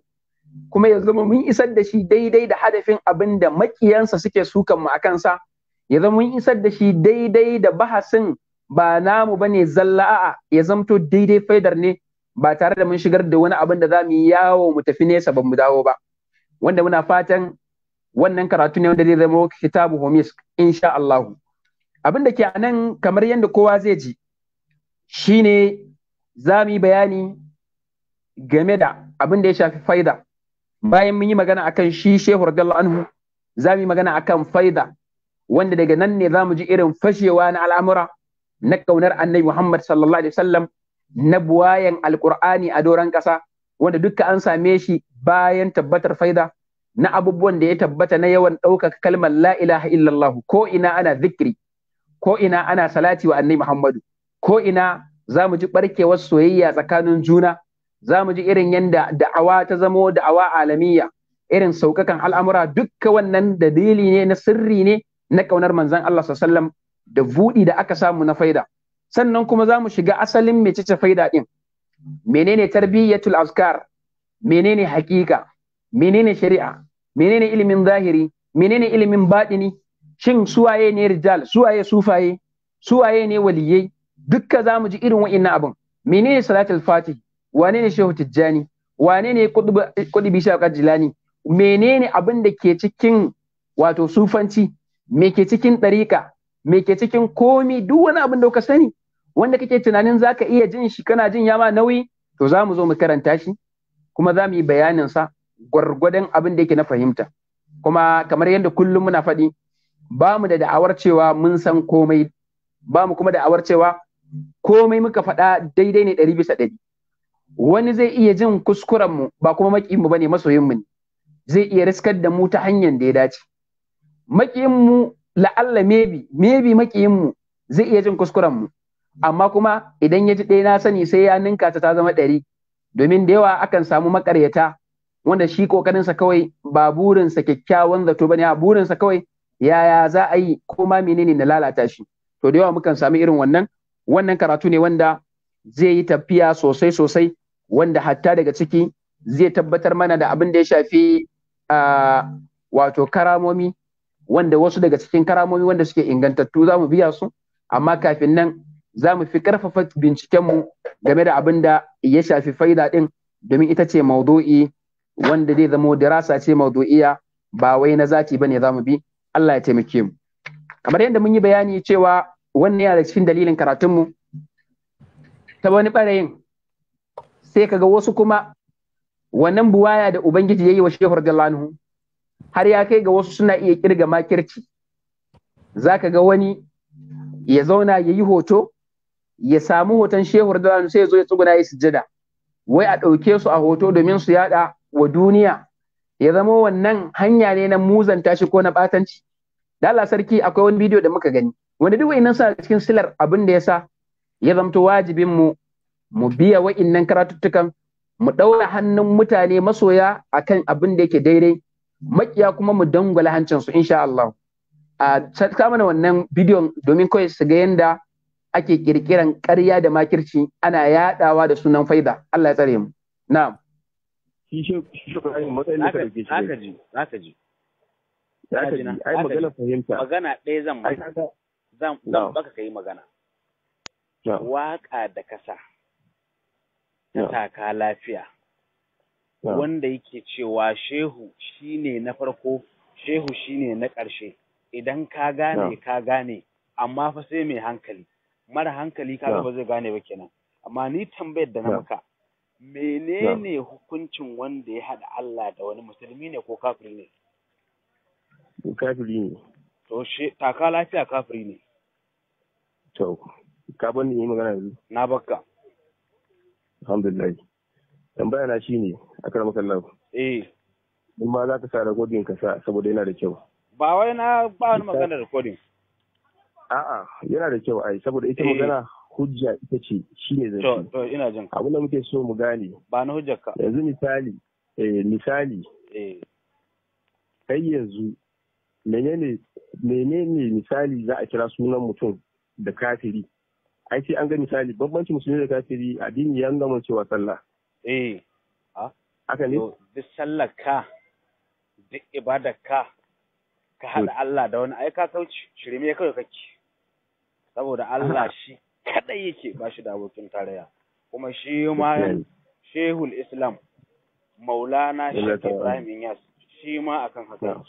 kuma ya zama mun isar da shi daidai da hadafin abin da makiyansa suke sukan mu akan sa ya zama mun isar da shi daidai da bahasin ba namu bane zalla a'a ya zamto daidai faidar ne ba tare da mun shigar da wani abin da za mu yawo mu tafi nesa ba mu dawo ba wanda muna fatan wannan karatu ne wanda zai zama kitabu homis insha Allah abin da ke anan kamar yadda kowa zai ji shine za mu yi bayani game da abin da ya shafi faida bayan mun yi magana akan shi shehu radiyallahu anhu za mu yi magana akan faida wanda daga nan ne za mu ji irin fashewa na al'amura na kaunar annabi Muhammad sallallahu alaihi wasallam na buwayan alqur'ani a doron ƙasa wanda duka an same shi bayan tabbatar faida na abubuwan da ya tabbata na yawan ɗaukaka kalmar la ilaha illallah ko ina ana zikiri ko ina ana salati wa annabi Muhammadu ko ina za mu ji barkewar soyayya tsakanin juna za mu ji irin yanda da'awa ta zamo da'awa alamiya irin saukakan al'amura dukka wannan dalili ne na sirri ne na ƙaunar manzon Allah sallallahu da buɗi da aka samu na faida sannan kuma za mu shiga asalin mecece faida din menene tarbiyyatul azkar menene hakika menene shari'a menene ilimin zahiri menene ilimin baɗini shin suwaye ne rijal suwaye sufaye suwaye ne waliyai dukka zamu ji irin wa'innan abin menene salatul fatih wane ne shehu tijjani wane ne kudubi shafakar jilani menene abin da ke cikin wato sufanci me ke cikin ɗariƙa me ke cikin komi duk wani abin da ka sani wanda kake tunanin zaka iya jin shi kana jin yama nauyi to zamu zo mu karanta shi kuma za yi bayanin sa gwargwadon abin da yake na fahimta kuma kamar yadda kullum muna faɗi ba mu da da'awar cewa mun san komai ba mu kuma da'awar cewa komai muka faɗa daidai ne ɗari bisa ɗari wani zai iya jin kuskuren ba kuma maƙin mu ne masoyin ne zai iya riskar da mu ta hanyar da ya dace maƙin mu la'alla maybe maybe maƙin zai iya jin kuskuren mu amma kuma idan ya ji ɗaya na sani sai ya ninka ta ta zama ɗari domin da yawa akan samu maƙaryata wanda shi kokarinsa kawai ba burinsa kyakkyawan zato bane a burinsa kawai yaya za a yi ko ma menene na lalata shi to da yawa mukan sami irin wannan wannan karatu ne wanda zai yi tafiya sosai sosai wanda hatta daga ciki zai tabbatar mana da abin da ya shafi wato karamomi wanda wasu daga cikin karamomi wanda suke ingantattu za mu biya su amma kafin nan za mu fi karfafa bincikenmu game da abin da ya shafi faida din domin ita ce maudu'i wanda zai zamo dirasa ce maudu'iya ba wai na zati bane za mu bi Allah ya taimake mu kamar yadda mun yi bayani cewa wannan yana da cikin dalilin karatunmu ta wani ɓarayin sai kaga wasu kuma wannan buwaya da ubangiji ya yi wa shehu radiyallahu har ya kai ga wasu suna iya kirga makirci za ka ga wani ya zauna ya yi hoto ya samu hoton shehu radiyallahu sai ya zo ya tsuguna ya sujjada wai a ɗauke su a hoto domin su yada wa duniya ya zama wannan hanya ne na muzanta shi ko na batanci da Allah sarki akwai wani bidiyo da muka gani wanda duk wayannan suna cikin silar abin da ya sa ya zamto wajibin mu mu biya wainnan karatuttukan mu ɗaura hannun mutane masoya akan abin da yake daidai makiya kuma mu dangwala hancin su insha Allah a saka mana wannan bidiyon domin kawai su ga yanda ake kirkiran ƙarya da makirci ana yadawa da sunan faida Allah ya tsare mu na'am shi shi matsayin da ka shi zaka ji zaka ji zaka ji ai magana fahimta magana ɗaya zan maka zan zan baka kai magana waka da kasa ta taka lafiya wanda yake cewa shehu shine na farko shehu shine na ƙarshe idan ka gane ka gane amma fa sai mai hankali mara hankali ka ba zai gane ba kenan amma ni tambayar da na maka menene hukuncin wanda ya haɗa Allah da wani musulmi ne ko kafiri ne? Kafiri ne. To she taka lafiya kafiri ne. To ka bani yi magana yanzu. Na bakka. Alhamdulillah. shi ne, shine akar makallahu. Eh. Mun ma za ka sa rekodin ka sa saboda yana da kyau. Ba wai na ba wani magana rekodin. A'a yana da kyau ai saboda ita eh. magana hujja ita ce shi ne zai to ina jin abin da muke so mu gane ba na hujjar ka yanzu misali eh misali eh kai yanzu menene menene misali za a kira sunan mutum da kafiri ai sai an ga misali bambancin musulmi da kafiri addini ya nuna cewa sallah eh aka ne duk sallar ka duk ibadar ka ka haɗa Allah da wani ai ka kauce shirme kawai kake saboda Allah shi kadai yake ba shi da abokin tarayya kuma shi ma shehul islam maulana shek ibrahim yas shi ma akan haka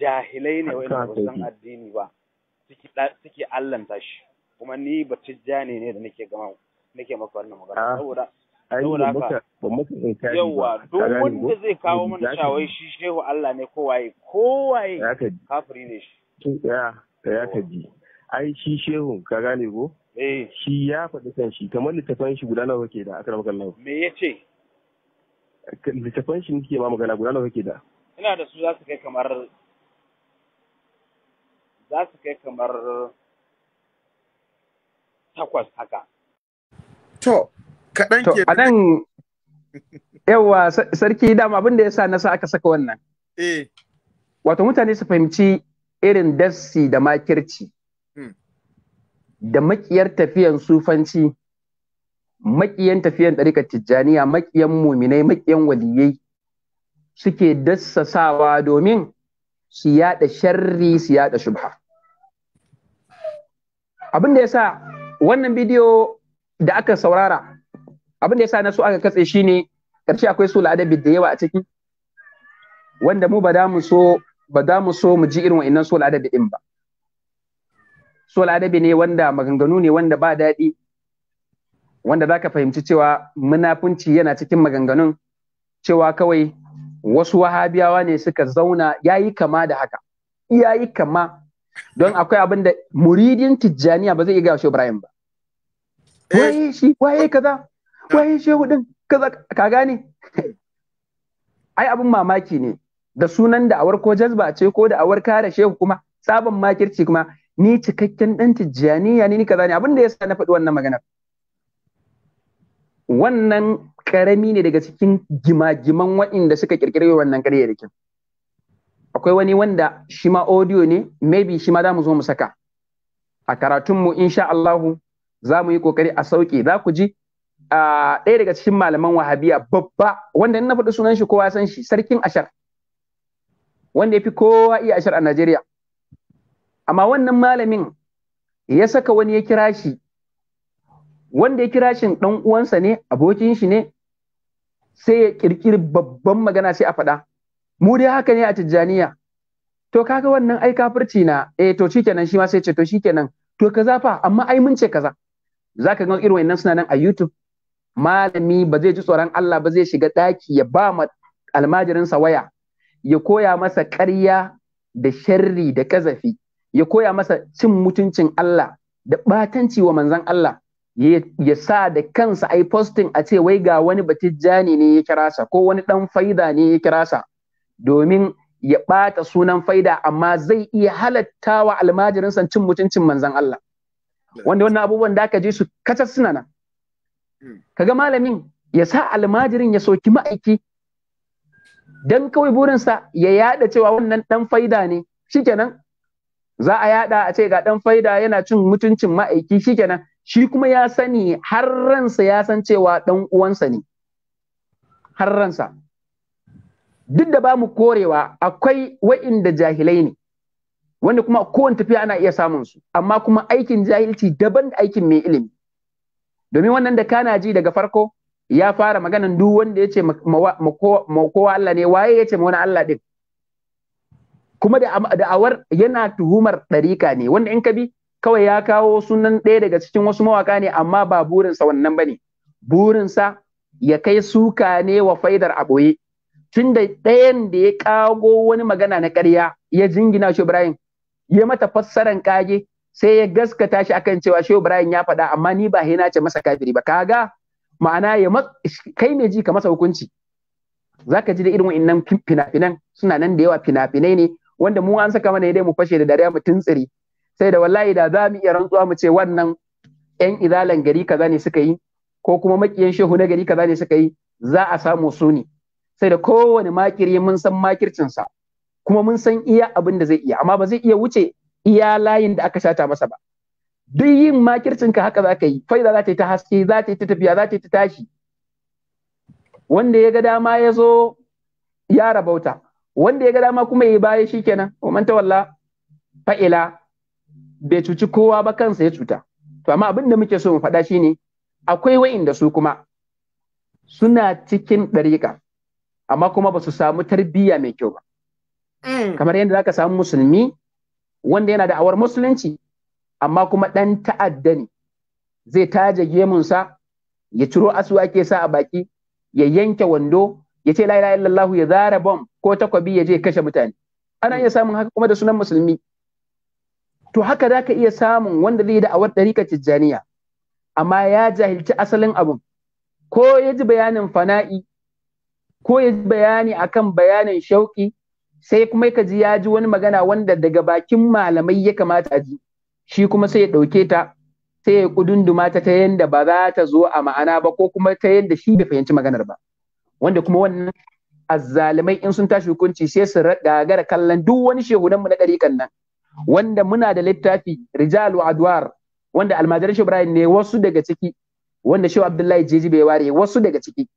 jahilai ne wa'inda ba san addini ba suke allanta shi kuma ni ba tijjani ne da nake gama nake maka wannan magana ah, saboda yauwa duk wanda zai kawo mana shawai shi shehu Allah ne kowaye kowaye kafiri ne shi ya ya ka ji ai shi shehu ka gane ko eh. shi ya faɗi kan shi kamar littafan shi guda nawa kake da akram kallahu me yace littafan shi nake ma magana guda nawa kake da ina da su za su kai kamar za su kai kamar takwas haka to kaɗan ke a nan yawa sarki dama abin da ya sa na sa aka saka wannan eh. wato mutane su fahimci irin dassi da makirci da makiyar tafiyan sufanci makiyan tafiyan ɗarika tijjaniya makiyan muminai makiyan waliyai suke dassasawa domin su yada sharri su yada shubha abin da yasa wannan bidiyo da aka saurara abin da yasa na so aka katse shi ne, ƙarshe akwai sula la'adabi da yawa a ciki wanda mu ba da mu so mu ji irin wa'innan so la'adabi din ba so ladabi ne wanda maganganu ne wanda ba daɗi wanda za ka fahimci cewa munafunci yana cikin maganganun cewa kawai wasu wahabiyawa ne suka zauna ya yi kama da haka ya yi kama don akwai abin da muridin tijjaniya ba zai iya gawa ibrahim ba eh. waye shi waye kaza waye shehu hudun kaza ka gane ai abin mamaki ne da sunan da awar ko jazba ce ko da awar kare shehu kuma sabon makirci kuma ni cikakken dan tijjaniya ne ni kaza ne abin da yasa na faɗi wannan maganar wannan karami ne daga cikin gimagiman waɗanda suka kirkiri wannan kyau. akwai wani wanda shi ma audio ne maybe shi ma za mu zo mu saka a karatunmu insha Allahu za mu yi ƙoƙari a sauƙi. za ku ji ɗaya daga cikin malaman wahabiya babba wanda na faɗi sunan shi kowa san shi sarkin ashar wanda ya fi kowa iya ashar a Najeriya amma wannan malamin ya saka wani ya kira shi wanda ya kira shi dan uwansa ne abokin shi ne sai ya kirkiri babban magana sai a faɗa mu dai haka ne a tijjaniya to kaga wannan ai kafirci na eh to shikenan shi ma sai ce to shikenan to kaza fa amma ai mun ce kaza zaka ga irin wayannan suna nan a YouTube malami ba zai ji tsoron Allah ba zai shiga ɗaki ya ba ma almajirinsa waya ya koya masa ƙarya da sharri da kazafi ya koya masa cin mutuncin Allah da batanci wa manzan Allah ya sa da kansa a yi posting a ce wai ga wani batijjani ne ya kira sa ko wani ɗan faida ne ya kira sa domin ya ɓata sunan faida amma zai iya halatta wa almajirinsa cin mutuncin manzan Allah wanda wannan abubuwan da aka je su kacar suna nan hmm. ga malamin ya sa almajirin ya soki ma'aiki don kawai burinsa ya yada cewa wannan ɗan faida ne shikenan za a yada a ce ga dan faida yana cin mutuncin ma'aiki shikenan shi kuma ya sani har ransa ya san cewa dan uwansa ne har ransa duk da bamu korewa akwai wa'inda jahilai ne wanda kuma kowane tafiya ana iya samun su amma kuma aikin jahilci daban da aikin mai ilimi domin wannan da kana ji daga farko ya fara maganan duk wanda ya ce ma kowa Allah ne waye ya ce ma wani Allah din kuma da da'awar yana tuhumar ɗarika ne wanda in ka bi kawai ya kawo sunan ɗaya daga cikin wasu mawaka ne amma ba burinsa wannan ba ne. burinsa ya kai suka ne wa faidar a ɓoye tun da ɗayan da ya kago wani magana na ƙarya ya jingina shi Ibrahim ya mata fassaran kage sai ya gaskata shi akan cewa shi Ibrahim ya faɗa amma ni ba na ce masa kafiri ba kaga ma'ana ya kai mai ji ka masa hukunci zaka ji da irin nan fina-finan suna nan da yawa fina-finai ne wanda mu an saka mana dai mu fashe da dariya mu tuntsiri sai da wallahi da za mu iya rantsuwa mu ce wannan yan izalan gari kaza ne suka yi ko kuma makiyan shehu na gari kaza ne suka yi za a samu su ne sai da kowane makiri mun san makircinsa kuma mun san iya abin da zai iya amma ba zai iya wuce iya layin da aka shata masa ba duk yin makircin ka haka za ka yi faida za ta yi ta haske za ta yi ta tafiya za ta yi ta tashi wanda ya ga dama ya zo ya rabauta wanda ya ga dama kuma yayi baya shi kenan wa manta walla fa'ila bai cuci kowa ba kansa ya cuta to amma abin da muke so mu faɗa shine akwai wa'inda su kuma suna cikin ɗariƙa amma kuma ba su samu tarbiyya mai kyau ba mm. kamar yadda zaka samu musulmi wanda yana da awar musulunci amma kuma ɗan ta'adda ne zai taje gemunsa ya ciro asu ake sa a baki ya yanke wando ya ce la ilaha illallah ya zara bom ko takwabi ya je kashe mutane ana iya samun haka kuma da sunan musulmi to haka za ka iya samun wanda zai da awar ɗarika tijjaniya amma ya jahilci asalin abun ko ya ji bayanin fana'i ko ya ji bayani akan bayanin shauƙi sai kuma ka ji ya ji wani magana wanda daga bakin malamai ya kamata a ji shi kuma sai ya ɗauke ta sai ya kudunduma ta ta yanda ba za ta zo a ma'ana ba ko kuma ta yanda shi bai fahimci maganar ba wanda kuma wannan azzalimai in sun tashi hukunci sai su gagara kallon duk wani shehunan mu na ɗarikan nan wanda muna da littafi rijalu adwar wanda almajiran shi ibrahim ne wasu daga ciki wanda shehu abdullahi jeji bai ware wasu daga ciki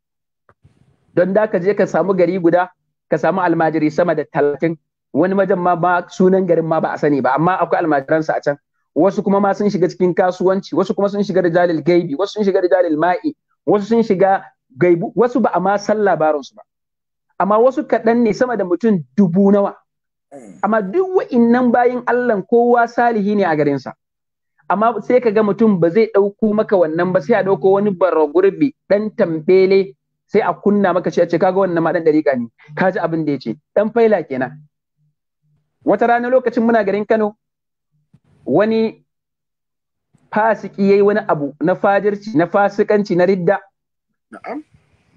don da ka je ka samu gari guda ka samu almajiri sama da talatin wani wajen ma ba sunan garin ma ba a sani ba amma akwai almajiransa a can wasu kuma ma sun shiga cikin kasuwanci wasu kuma sun shiga rijalil gaibi wasu sun shiga rijalil ma'i wasu sun shiga gaibu wasu ba a ma san labarinsu ba amma wasu kaɗan ne sama da mutum dubu nawa eh. amma duk wa'innan bayan Allah kowa salihi ne a garinsa amma sai ka ga mutum ba zai ɗauko maka wannan ba sai a ɗauko wani barra gurbi ɗan tambele sai a kunna maka shi a ce kaga wannan ma ɗan ɗariƙa ne ka ji abin da ya ce ɗan faila kenan wata rana lokacin muna garin Kano wani fasiki yayi wani abu na fajirci na fasikanci na ridda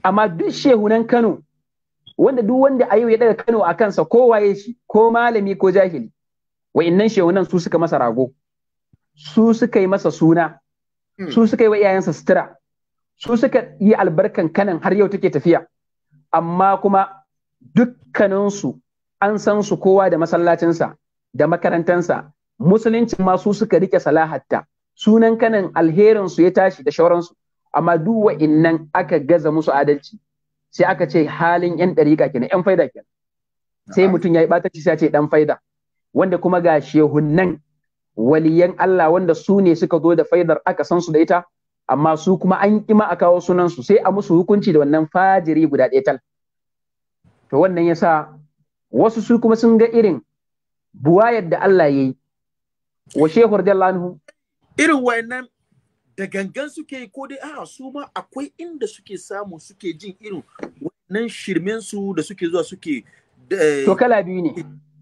amma duk shehunan Kano wanda duk wanda a yau ya daga Kano a kansa ko waye shi ko malami ko jahili wa'annan shehunan su suka masa rago su suka yi masa suna hmm. su suka yi wa iyayensa sutura su suka yi albarkan kanan har yau take tafiya amma kuma dukkaninsu an san su kowa da masallacinsa da makarantansa musulunci ma su suka rike salahatta sunan kanan alherinsu ya tashi da shauransu amma duk wa'innan aka gaza musu adalci sai aka ce halin yan ɗariƙa kenan yan faida kenan sai mutum ya yi ɓatanci sai ce ɗan faida wanda kuma ga shehunnan waliyan Allah wanda su ne suka zo da faidar aka san su da ita amma su kuma an kima a kawo sunan su sai a musu hukunci da wannan fajiri guda ɗaya tal to wannan yasa wasu su kuma sun ga irin buwayar da Allah ya yi wa shehu radiyallahu anhu irin wayannan da gangan suke yi ko dai a su ma akwai inda suke samu suke jin irin wannan shirmen su da suke zuwa suke eh, to kala biyu ne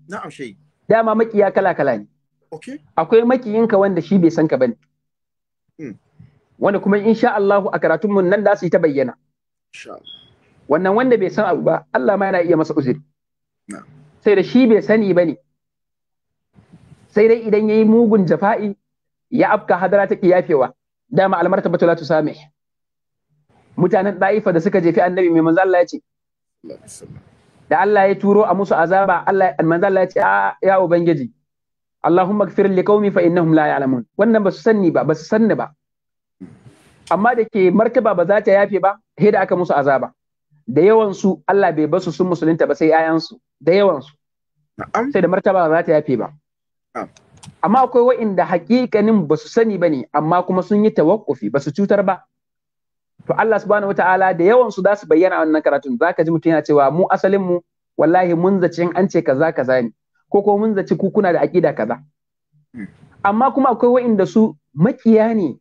na'am shai dama makiya kala kala ne okay akwai makiyinka wanda shi bai san ka bane hmm. wanda kuma insha Allah a karatun mun nan da su yi ta bayyana wannan wanda bai san abu ba Allah ma yana iya masa uzuri sai da shi bai sani bane sai dai idan yayi mugun jafa'i ya afka hadara take yafewa dama almartabatu la tusamih mutanen da'ifa da suka jefi annabi mai manzo Allah ya da Allah ya turo a musu azaba Allah manzo Allah ya ce ah, ya ubangiji Allahumma gfir li qaumi fa innahum la ya'lamun wannan ba su sanni ba ba su sanni ba amma da ke martaba ba za ta yafe ba he da aka musu azaba da yawan su Allah bai basu sun musulunta ba sai 'ya'yansu da yawan su sai da martaba ba za ta yafe ba amma akwai wa'inda hakikanin ba su sani ba ne amma kuma sun yi tawakkufi ba su cutar ba to Allah subhanahu wataala da yawan su za su bayyana a wannan karatun za ka ji mutum yana cewa mu asalin mu wallahi mun zaci an ce kaza kaza ne ko ko mun zaci ku kuna da aqida kaza amma kuma akwai wa'inda su makiya ne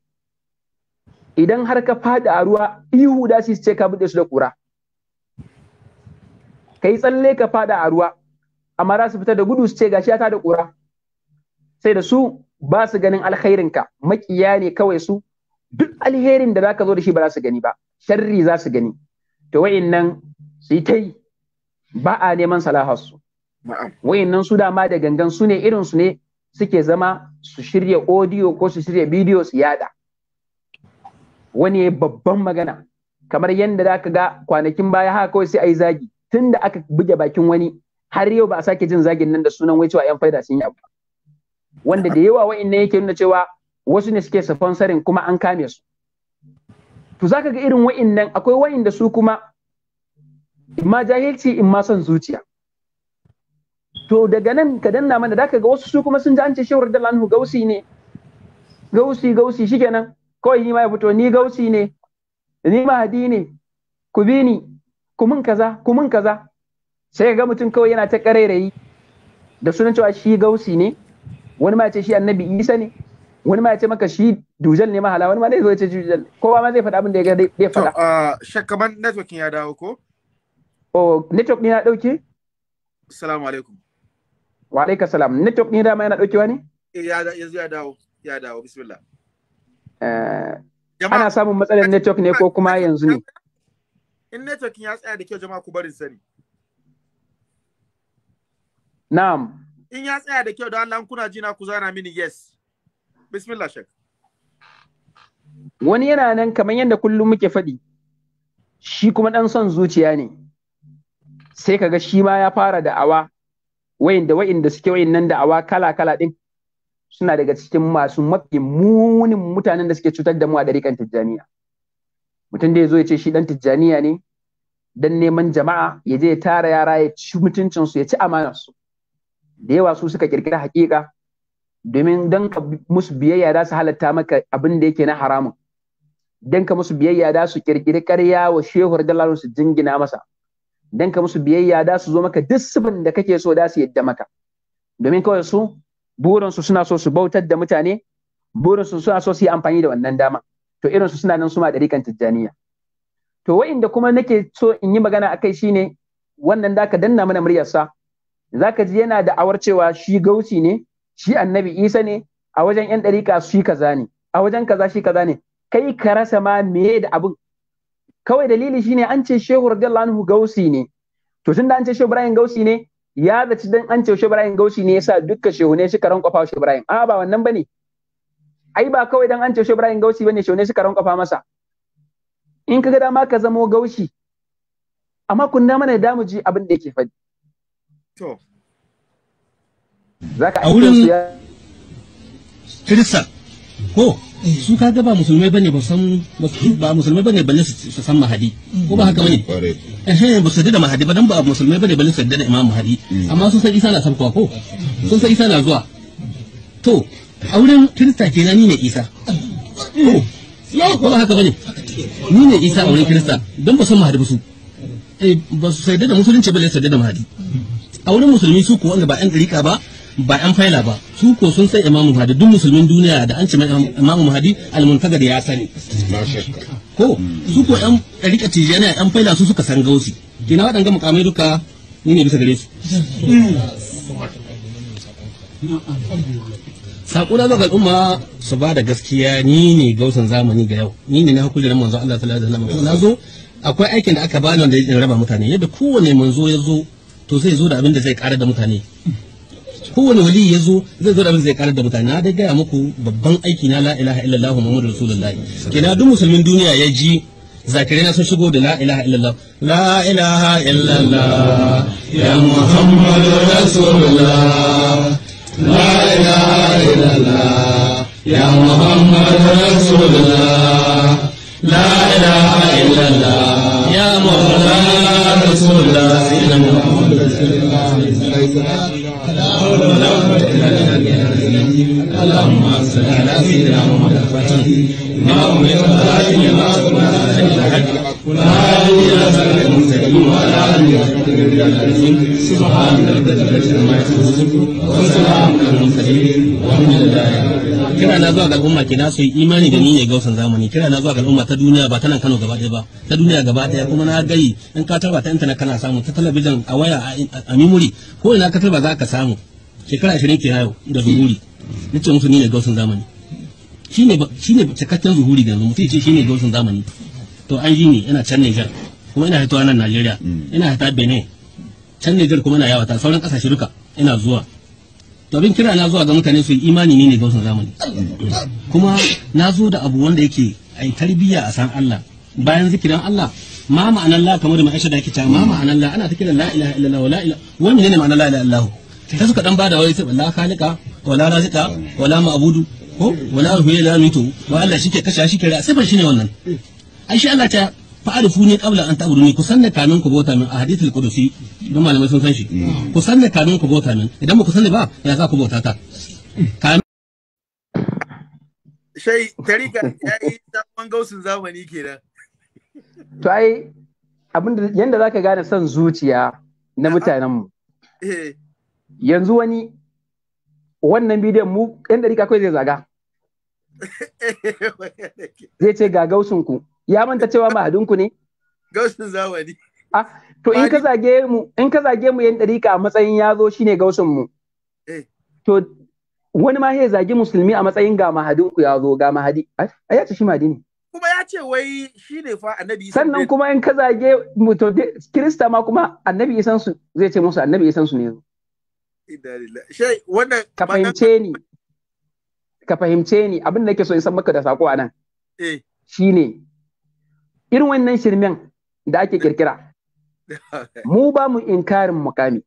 idan har ka fada a ruwa ihu da su ce ka bude su da kura kai tsalle ka fada a ruwa amma za su fita da gudu su ce gashi ya da kura sai da su ba su ganin alkhairinka makiya ne kawai su duk alherin da zaka zo da shi ba za su gani ba sharri za su gani to wayannan su yi ta ba a neman salaharsu wayannan su dama da gangan su ne irin su ne suke zama su shirya audio ko su shirya bidiyo su yada wani babban magana kamar yadda za ka ga kwanakin baya haka kawai sai a yi zagi tun da aka buge bakin wani har yau ba a sake jin zagin nan da sunan wai cewa yan faida sun yi abu wanda da yawa nan yake nuna cewa wasu ne suke sponsoring kuma an kame su to zaka ga irin wa'in nan akwai da su kuma imma jahilci imma son zuciya to daga nan ka danna mana zaka ga wasu su kuma sun ji an ce shawar da lanhu gausi ne gausi gausi shikenan kawai ni ma ya fito ni gausi ne ni mahadi ne ku bi ni ku mun kaza ku mun kaza sai ga mutum kawai yana ta karairayi da sunan cewa shi gausi ne wani ma ya ce shi annabi isa ne wani ma ya ce maka shi dujal ne mahala wani ma zai zo ya ce dujal kowa ma zai faɗa abin da ya ga zai faɗa ah, shakaman network ya dawo ko o network ne na dauke assalamu alaikum wa alaika salam network ne dama yana daukewa ne eh, ya yanzu ya dawo ya dawo bismillah eh, ana samun matsalar network ne ko kuma yanzu ne in network ya tsaya da kyau jama'a ku sani na'am in ya tsaya da kyau da Allah kuna jina ku zana mini yes bismillah shek wani yana nan kamar yadda kullum muke faɗi shi kuma ɗan son zuciya ne sai kaga shi ma ya fara da'awa wayanda da suke wayannan da'awa kala kala din suna daga cikin masu mafi munin mutanen da suke cutar da mu a dariƙan tijjaniya mutum da ya zo ya ce shi dan tijjaniya ne dan neman jama'a ya je ya tara yara ya ci mutuncinsu ya ci amanarsu da yawa su suka kirkira hakika domin don ka musu biyayya za su halatta maka abin da yake na haramun don ka musu biyayya za su kirkiri karya wa shehuwar dalalun su jingina masa don ka musu biyayya za su zo maka duk da kake so da su yadda maka domin kawai su burinsu suna so su bautar da mutane burinsu suna so su yi amfani da wannan dama to irinsu suna nan suma da rikan tijjaniya to wa'inda kuma nake so in yi magana akai shine wannan da ka danna mana muryarsa zaka ji yana da awar cewa shi gausi ne shi annabi isa ne a wajen yan ɗarika shi kaza ne a wajen kaza shi kaza ne kai ka rasa ma meye da abin kawai dalili shine an ce shehu radiyallahu anhu gausi ne to tunda an ce shehu ibrahim gausi ne ya zaci dan an ce shehu ibrahim gausi ne yasa dukkan shehu ne suka rankwafa shehu ibrahim a ba wannan bane ai ba kawai dan an ce shehu ibrahim gausi bane shehu ne suka rankwafa masa in kaga dama ka zamo gaushi amma kun da mana da mu ji abin da yake faɗi To. a wurin kirista ko eh. su ka ga ba musulmai bane ba san ba musulmai bane balle su san mahadi ko ba haka bane eh ba su da mahadi ba dan ba musulmai bane balle su da imam mahadi hmm. amma sun san isa na sabkowa ko sun san isa na zuwa to a wurin kirista na ni ne isa ko ba haka bane ni ne isa a wurin kirista don ba san mahadi ba su eh, ba su sai da musulunci balle su da mahadi a wurin musulmi su kuwa wanda ba yan ɗariƙa ba ba yan faila ba su ko sun san imamu hadi duk musulmin duniya da an ce imamu hadi almuntagar ya sani ko su ko yan ɗarika tijjaniya yan faila su suka san gausi kina waɗanga mukamai duka ni ne bisa gare su sakuna ga al'umma su ba da gaskiya ni ne gausan zamani ga yau ni ne na hukuncin manzo Allah sallallahu alaihi wasallam na zo akwai aikin da aka bani wanda ya raba mutane yadda kowane manzo ya zo to zai zo da abin da zai karar da mutane kowane wali ya zo zai zo da abin da zai karar da mutane na dai gaya muku babban aiki na la ilaha illallah muhammadu rasulullah kina duk musulmin duniya ya ji zakirai na sun shigo da la ilaha illallah la ilaha illallah ya muhammadu rasulullah la ilaha illallah ya muhammadu rasulullah la ilaha illallah محمد رسول الله إن اللهم صل على سيدنا محمد الفاتح ما امر بالله ما امر بالحق والهادي الى صراط المستقيم وعلى اله وصحبه سبحان ربك رب العزه عما يصفون وسلام على المرسلين والحمد لله رب العالمين kira na zuwa ga al'umma ke nasu yi imani da ni ne gausan zamani kira na zuwa ga al'umma ta duniya ba ta nan Kano gaba ɗaya ba ta duniya gaba ɗaya kuma na gayi in ka tarba ta intanet kana samu ta talabijin a waya a mimuri ko ina ka tarba za ka samu shekara ashirin ke yau da zuhuri na ce musu ni ne gausan zamani shi ne cikakken zuhuri ga mutum ce shi ne gausan zamani to an yi ne yana can Niger kuma ina hitowa nan Najeriya mm. ina hita Benin can Niger kuma na yawata sauran kasashe duka ina zuwa to abin kira na zuwa ga mutane su imani ne ne ga wasu zamani kuma na zo da abu wanda yake yi tarbiyya a san Allah bayan zikirin Allah ma ma'anar la kamar da ma'aisha da yake cewa ma ma'anar la ana ta kiran la ilaha illallah wa la ilaha ne ne ma'anar la ilaha illallah ta suka dan bada wai la khaliqa wala raziqa wala ma'budu ko wala huwa la mitu wa Allah shike kasha shike sai ban shine wannan ai shi Allah ta fa'arifu ne qabla an ta'budu ni kusan da kanun ku bauta min a hadithul qudusi don malamai sun san shi kusan da kanun ku bauta min idan ba ku sani ba ya za ku bauta ta shai tarika yayi sabon gausun zamani kenan to ai abinda yanda zaka gane son zuciya na mutanen mu eh. yanzu wani wannan bidiyon mu yanda rika kai zai zaga <laughs> eh, zai ce ga gausun ku ya manta cewa mahadinku ne gaushin zamani ah to in ka zage mu in ka zage mu yan dariƙa a matsayin yazo shine gaushin mu eh. to wani ma ya zagi musulmi a matsayin ga mahadinku ya zo ga mahadi a ya ce shi mahadi ne kuma ya ce wai shi ne fa annabi isan sannan kuma in ka zage mu to kirista ma kuma annabi isan su zai ce musu annabi isan su ne zo ka fahimce ni ka fahimce ni abin da nake so san maka da sako a nan eh. shine irin wannan shirmen da ake kirkira <laughs> mu ba mu inkarin mukami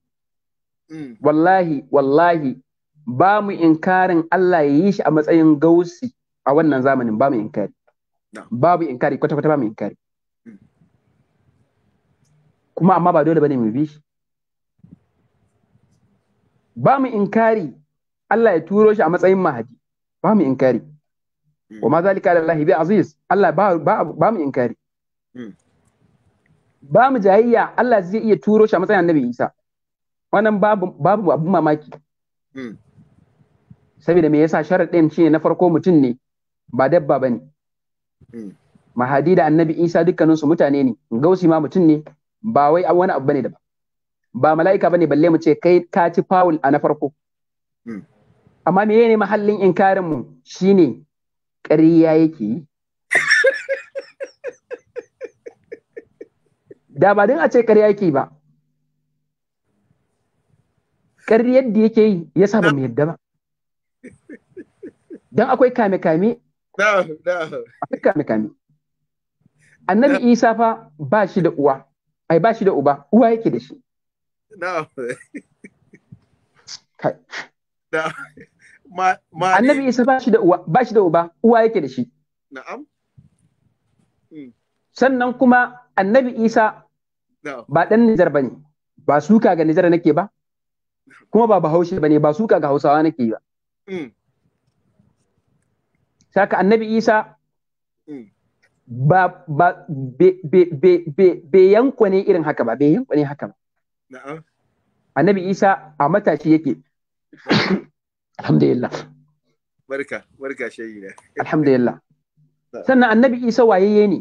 mm. wallahi wallahi ba mu inkarin Allah ya yi shi a matsayin gausi a wannan zamanin ba mu inkari babu inkari kwata kwata ba mu inkari mm. kuma amma ba dole bane mu bi shi ba mu inkari Allah ya turo shi a matsayin mahadi ba mu inkari mm. wa ma zalika lillahi bi aziz Allah ba ba mu inkari Hmm. ba mu jayayya Allah zai iya turo shi a matsayin annabi Isa wannan babu babu abun mamaki hmm. saboda me yasa sharaɗin shine na farko mutum ne ba dabba bane hmm. mahadi da annabi Isa dukkanin su mutane ne gausi ma mutum ne ba wai wani abu bane da ba mala'ika bane balle mu ce kai ka ci faul a na farko amma me ne mahallin inkarin mu shine ƙarya yake yi da ba don a ce ƙarya yake ba ƙaryar da yake yi ya sa ba mu yadda ba don akwai kame-kame akwai kame-kame annabi isa fa ba shi da uwa ai ba shi da uba uwa yake da shi annabi isa ba shi da uwa ba shi da uba uwa yake da shi hmm. sannan kuma annabi Isa ba ɗan Nijar ba ne, ba suka ga Nijar nake ba, kuma ba Bahaushe ba ne, ba suka ga Hausawa nake ba. Mm. Saka annabi Isa mm. ba ba be yanko ne irin haka ba, be yanko ne haka ba. Annabi Isa a matashi yake. <coughs> Alhamdulillah. Barka, barka shayi Alhamdulillah. <laughs> Sannan annabi Isa wayeye ne.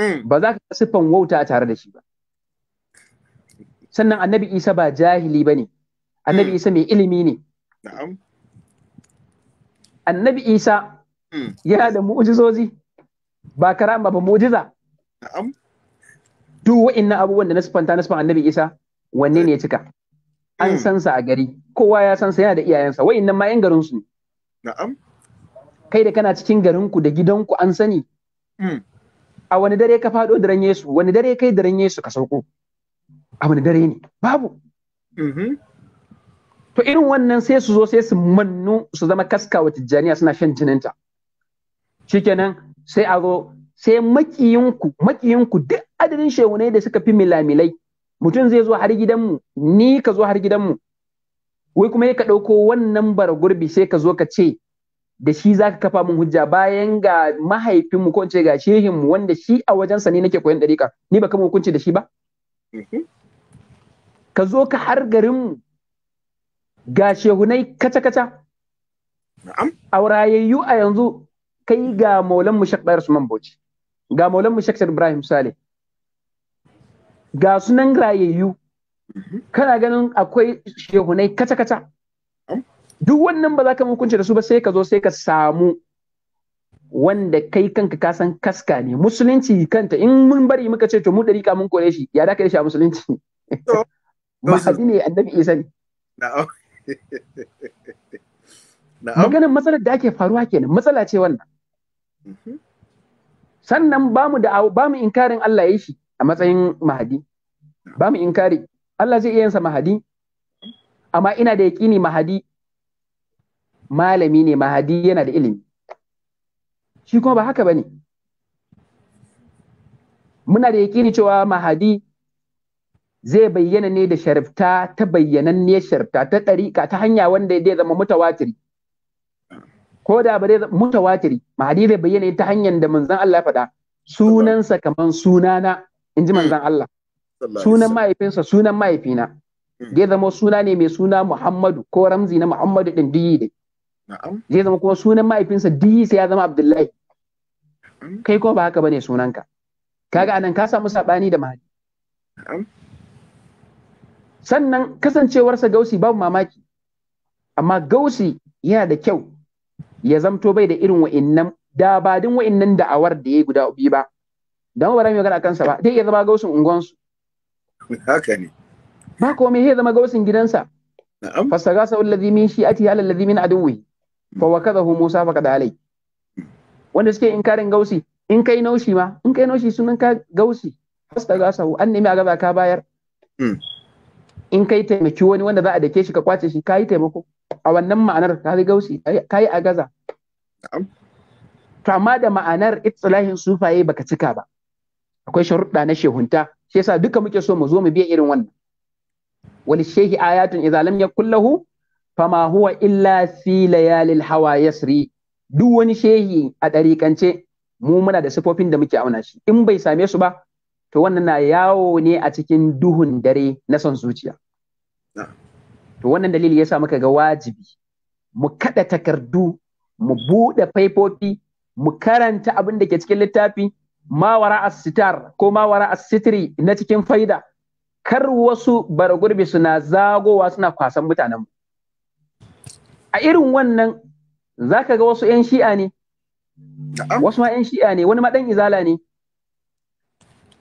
Mm. ba za ka siffan wauta tare da shi ba sannan annabi isa ba jahili ba ne annabi mm. isa mai ilimi ne annabi isa mm. yana da mu'jizozi ba karam ba mu'jiza duk wa'innan abubuwan da na siffanta na siffan annabi isa wanne ne ya cika an san sa a gari kowa ya san sa yana da iyayensa nan, ma 'yan garin su ne kai da kana cikin garinku da gidanku an sani a wani dare ka faɗo daren Yesu wani dare kai daren Yesu ka sauko a wani dare ne babu mm-hmm. to irin wannan sai su zo sai su mannu su zama kaskawa tijjaniya suna shan jininta shikenan sai a zo sai makiyinku makiyinku duk adadin shehunai da suka fi milamilai mutum zai zo har gidanmu ni ka zo har gidanmu wai kuma ya ka ɗauko wannan bara gurbi sai ka zo ka ce da shi zaka kafa mun hujja bayan ga mahaifinmu ko ce ga shehinmu wanda shi a wajensa ne nake koyon dariƙa ni ba kama hukunci da shi ba ka zo ka har garinmu ga shehunai kaca-kaca a rayayyu a yanzu kai ga maulan mu shak ɗayar suman bauchi ga maulan mu shak ibrahim sale ga sunan rayayyu kana ganin akwai shehunai kaca-kaca duk wannan ba za ka hukunci da su ba sai ka zo sai ka samu wanda kai kanka ka san kaska ne musulunci kanta in mun bari muka ce to mu dariƙa mun kore shi ya da ka shi a musulunci mahadi <laughs> ne annabi isa ne <laughs> maganin matsalar da ake faruwa kenan matsala ce wannan mhm. sannan ba mu da ba mu inkarin Allah ya yi shi a matsayin mahadi ba mu inkari Allah zai iya yansa mahadi amma ina da yaƙini mahadi malami ne mahadi yana da ilimi shi kuma ba haka bane muna da yakini cewa mahadi zai bayyana ne da sharifta ta bayyananniyar sharifta ta ɗariƙa ta hanya wanda zai zama mutawatiri ko da ba zai mutawatiri mahadi zai bayyana ta hanyar da manzon Allah faɗa sunansa kamar sunana in ji manzon Allah sunan mahaifinsa sunan mahaifina zai zama suna ne mai suna Muhammadu ko ramzi na Muhammadu ɗin duyi dai zai zama kuma sunan mahaifinsa sai ya zama abdullahi kai ko ba haka bane sunanka kaga anan ka samu sabani da mahadi sannan kasancewarsa gausi babu mamaki amma gausi yana da kyau ya zamto bai da irin wa'innan dabadin wa'innan da'awar da ya guda biyu ba don ba mai magana kansa ba dai ya zama gausin unguwansu haka ne ba komai ya zama gausin gidansa fasagasa wallazi min shi'ati ala ladhi min aduwwi fa wakadahu Musa fa kada alai wanda suke inkarin gausi in kai naushi ma in kai naushi sunan ka gausi fasta gasahu an nemi a gaza ka bayar hmm. in kai taimaki wani wanda za a dake shi ka kwace shi kayi taimako a wannan ma'anar ka yi gausi kayi a gaza to amma da ma'anar itsilahin sufaye baka cika ba akwai sharuɗa na shehunta shi yasa duka muke so mu zo mu biya irin wannan wal shehi ayatun idza lam yakullahu fama huwa illa fi layalil hawa yasri duk wani shehi a ɗarikance mu muna da sifofin da muke auna shi in bai same su ba to wannan na yawo ne a cikin duhun dare na son zuciya to wannan dalili yasa muka ga wajibi mu kada takardu mu buɗe faifofi mu karanta abin da ke cikin littafi ma wara sitar ko ma wara sitiri na cikin faida kar wasu bara gurbi suna zagowa suna kwasan mutanenmu a irin wannan za ka ga wasu 'yan shi'a ne wasu ma 'yan shi'a ne wani ma ɗan izala ne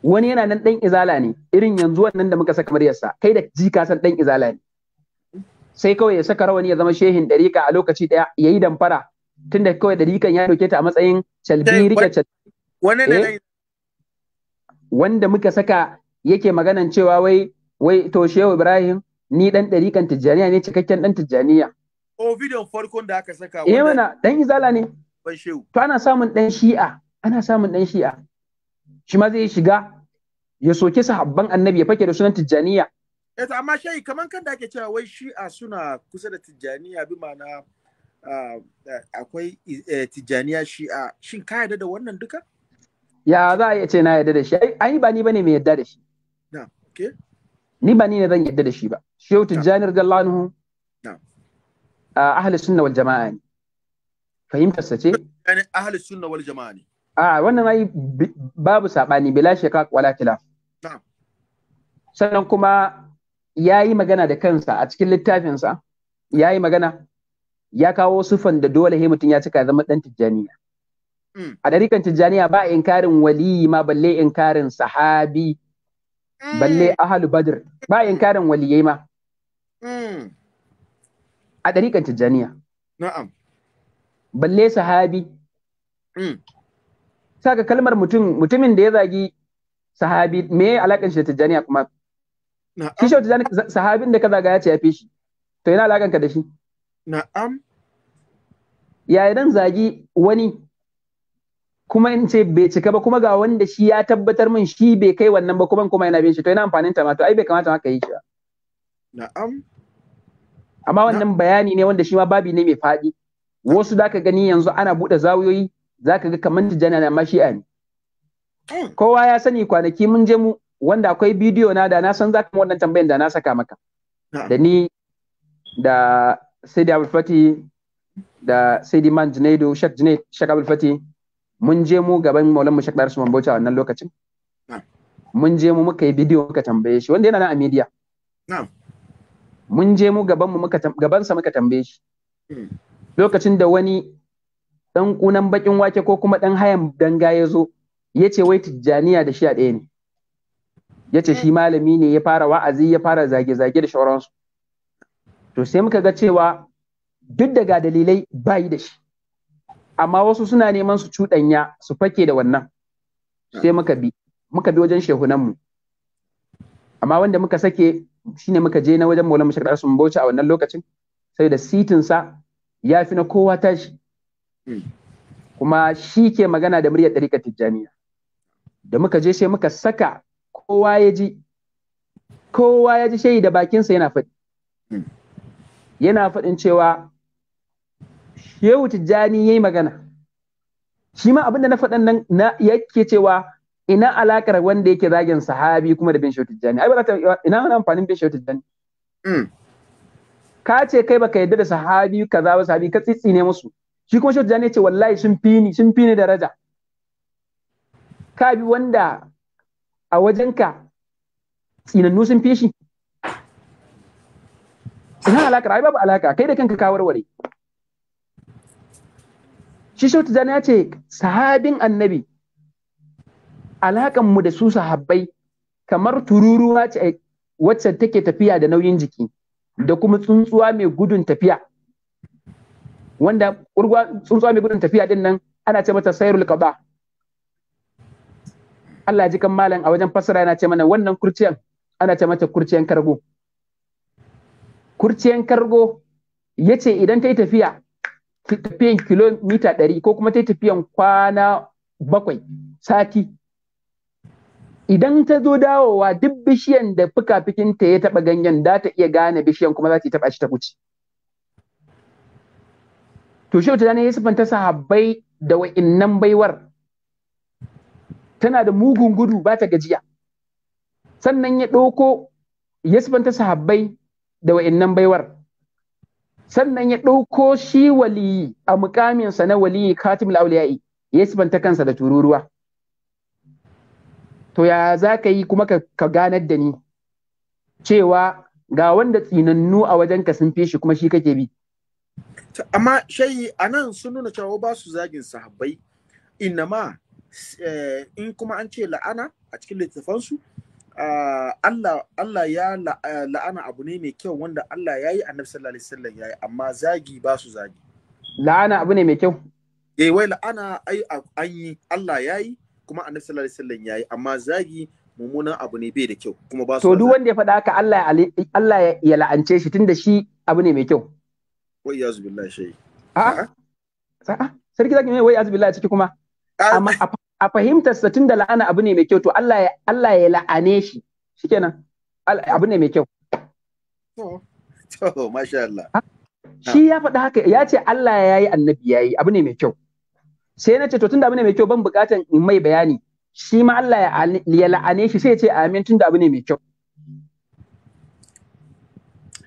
wani yana nan ɗan izala ne irin yanzu wannan da muka saka muryarsa kai da ji ka san ɗan izala ne sai kawai ya saka rawani ya zama shehin ɗarika a lokaci ɗaya ya yi damfara tunda kawai ɗarikan ya ɗauke ta a matsayin calbi rike wani eh? wanda muka saka yake maganan cewa wai wai to shehu ibrahim ni ɗan ɗarikan tijjaniya ne cikakken ɗan tijjaniya O bidiyon farkon da aka saka wannan. Eh mana dan izala ne. Ban shehu. To ana samun dan shi'a, ana samun dan shi'a. Shi ma zai shiga ya soke sahabban annabi ya fake da sunan tijjaniya. Eh to amma shehi kaman kan da ake cewa wai shi'a suna kusa da tijjaniya bi ma'ana ah, eh, akwai eh, tijjaniya shi'a. Shin ka yarda da wannan duka? Ya za a iya ce na yarda da shi. Ai ba ni bane mai yarda da shi. Na, okay. Ni ba ni ne zan yarda da shi ba. Shehu Tijjani radiyallahu anhu ahli sunna wal jama'a ne fahimtar sa ce yani ahli sunna wal jama'a ne a wannan ai babu sabani bila wala khilaf sannan kuma ya yi magana da kansa a cikin littafinsa ya yi magana ya kawo sufan da dole he mutum ya cika zama dan tijjaniya a ɗarikan tijjaniya ba inkarin wali ma balle inkarin sahabi balle ahalu badr ba inkarin waliyai ma a ɗariƙan tijjaniya na'am balle sahabi mm. saka kalmar mutum mutumin da ya zagi sahabi me ya alakan shi da tijjaniya kuma shi shi tijjaniya sahabin da ka zaga ya ce ya fi shi to yana alakan ka da shi na'am ya idan zagi wani kuma in ce bai cika ba kuma ga wanda shi ya tabbatar min shi bai kai wannan ba kuma kuma yana bin shi to yana amfanin ta ma to ai bai kamata ka yi shi ba na'am amma wannan bayani ne wanda shi ma babi ne mai faɗi wasu da ka gani yanzu ana buɗe zawiyoyi za ka ga kamar tijjani na mashi'a ne kowa ya sani kwanaki mun je mu wanda akwai bidiyo na da na san za ka wannan tambayan da na saka maka da ni da sai da abulfati da sai man junaido Sheikh junaid abdul abulfati mun je mu gaban maulan mu shek dar su bauchi wannan lokacin mun je mu muka yi bidiyo muka tambaye shi wanda yana nan a media na'am mun je mu gaban mu muka gabansa muka tambaye shi lokacin da wani dan kunan bakin wake ko kuma dan hayan danga ya zo ya ce wai tijjaniya da shi a ɗaya ne ya ce shi malami ne ya fara wa'azi ya fara zage-zage da shauransu to sai muka ga cewa duk daga dalilai bayi da shi amma wasu suna neman su cuɗanya su fake da wannan sai muka bi muka bi wajen shehunanmu amma wanda muka sake shine muka je na wajen Maulana Bashir Kasim Bauchi a wannan lokacin sai da sitin sa ya fi na kowa tashi hmm. kuma shi ke magana da muryar ɗariƙar Tijjaniya da muka je sai muka saka kowa ya ji kowa ya ji shayi da bakinsa yana faɗi hmm. yana faɗin cewa Shehu Tijjani ya yi magana shi ma abin da na faɗan nan yake cewa ina alakar wanda yake zagin sahabi kuma da bin shautu jani ai ba ta ina wani amfanin bin shehu tijjani mm. ka ce kai baka yadda da sahabi ka ba sahabi ka tsitsine musu shi kuma shautu jani ya ce wallahi sun fi ni sun fi ni daraja ka bi wanda a wajenka tsinannu sun fi shi ina alakar ai babu alaka kai da kanka ka warware shi shautu jani ya ce sahabin annabi Alaƙanmu da su sahabbai kamar tururuwa ce eh, wacce take tafiya da nauyin jiki da kuma tsuntsuwa mai gudun tafiya wanda tsuntsuwa mai gudun tafiya din nan ana ce mata sayarul qada Allah ji kan malam a wajen fasara yana ce mana wannan kurciyan ana ce mata kurciyan kargo kurciyan kargo yace idan ta yi tafiya tafiyan kilomita ɗari ko kuma ta yi tafiyan kwana bakwai sati idan ta zo dawowa duk bishiyan da fuka-fikin ta ya taba ganyen da ta iya gane bishiyan kuma za ta taba shi ta kuci to shi ta ne ya sifanta sahabbai da wa'innan baiwar tana da mugun gudu ba ta gajiya sannan ya ɗauko ya sifanta sahabbai da wa'innan baiwar sannan ya ɗauko shi waliyi a mukaminsa na waliyi katimul auliya'i ya siffanta kansa da tururuwa to ya za ka yi kuma ka ganar da ni cewa ga wanda tsinannu a wajen ka sun fi shi kuma shi kake bi amma shayi a nan sun nuna cewa ba su zagin sahabbai ma eh, in kuma an ce la'ana a cikin littafansu ah, Allah Allah ya eh, la'ana abu ne mai kyau wanda Allah ya yi annabi sallallahu alaihi wasallam ya yi amma zagi ba su zagi la'ana abu ne mai kyau eh wai la'ana ai an yi Allah ya yi kuma annabi sallallahu alaihi wasallam yayi amma zagi mummunan abu ne bai da kyau kuma ba su to duk wanda ya faɗa haka Allah Allah ya la'ance shi tunda shi abu ne mai kyau wai yazu billahi shay a a sarki zaki mai wai yazu billahi ciki kuma amma a fahimtar sa tunda la'ana abu ne mai kyau to Allah ya Allah ya la'ane shi shikenan abu ne mai kyau to to masha Allah shi ya faɗa haka ya ce Allah ya yi annabi ya yi abu ne mai kyau sai na ce to tunda abu ne mai kyau ban bukatan in mai bayani shi ma Allah ya la'ane shi sai ya ce amin tunda abu ne mai kyau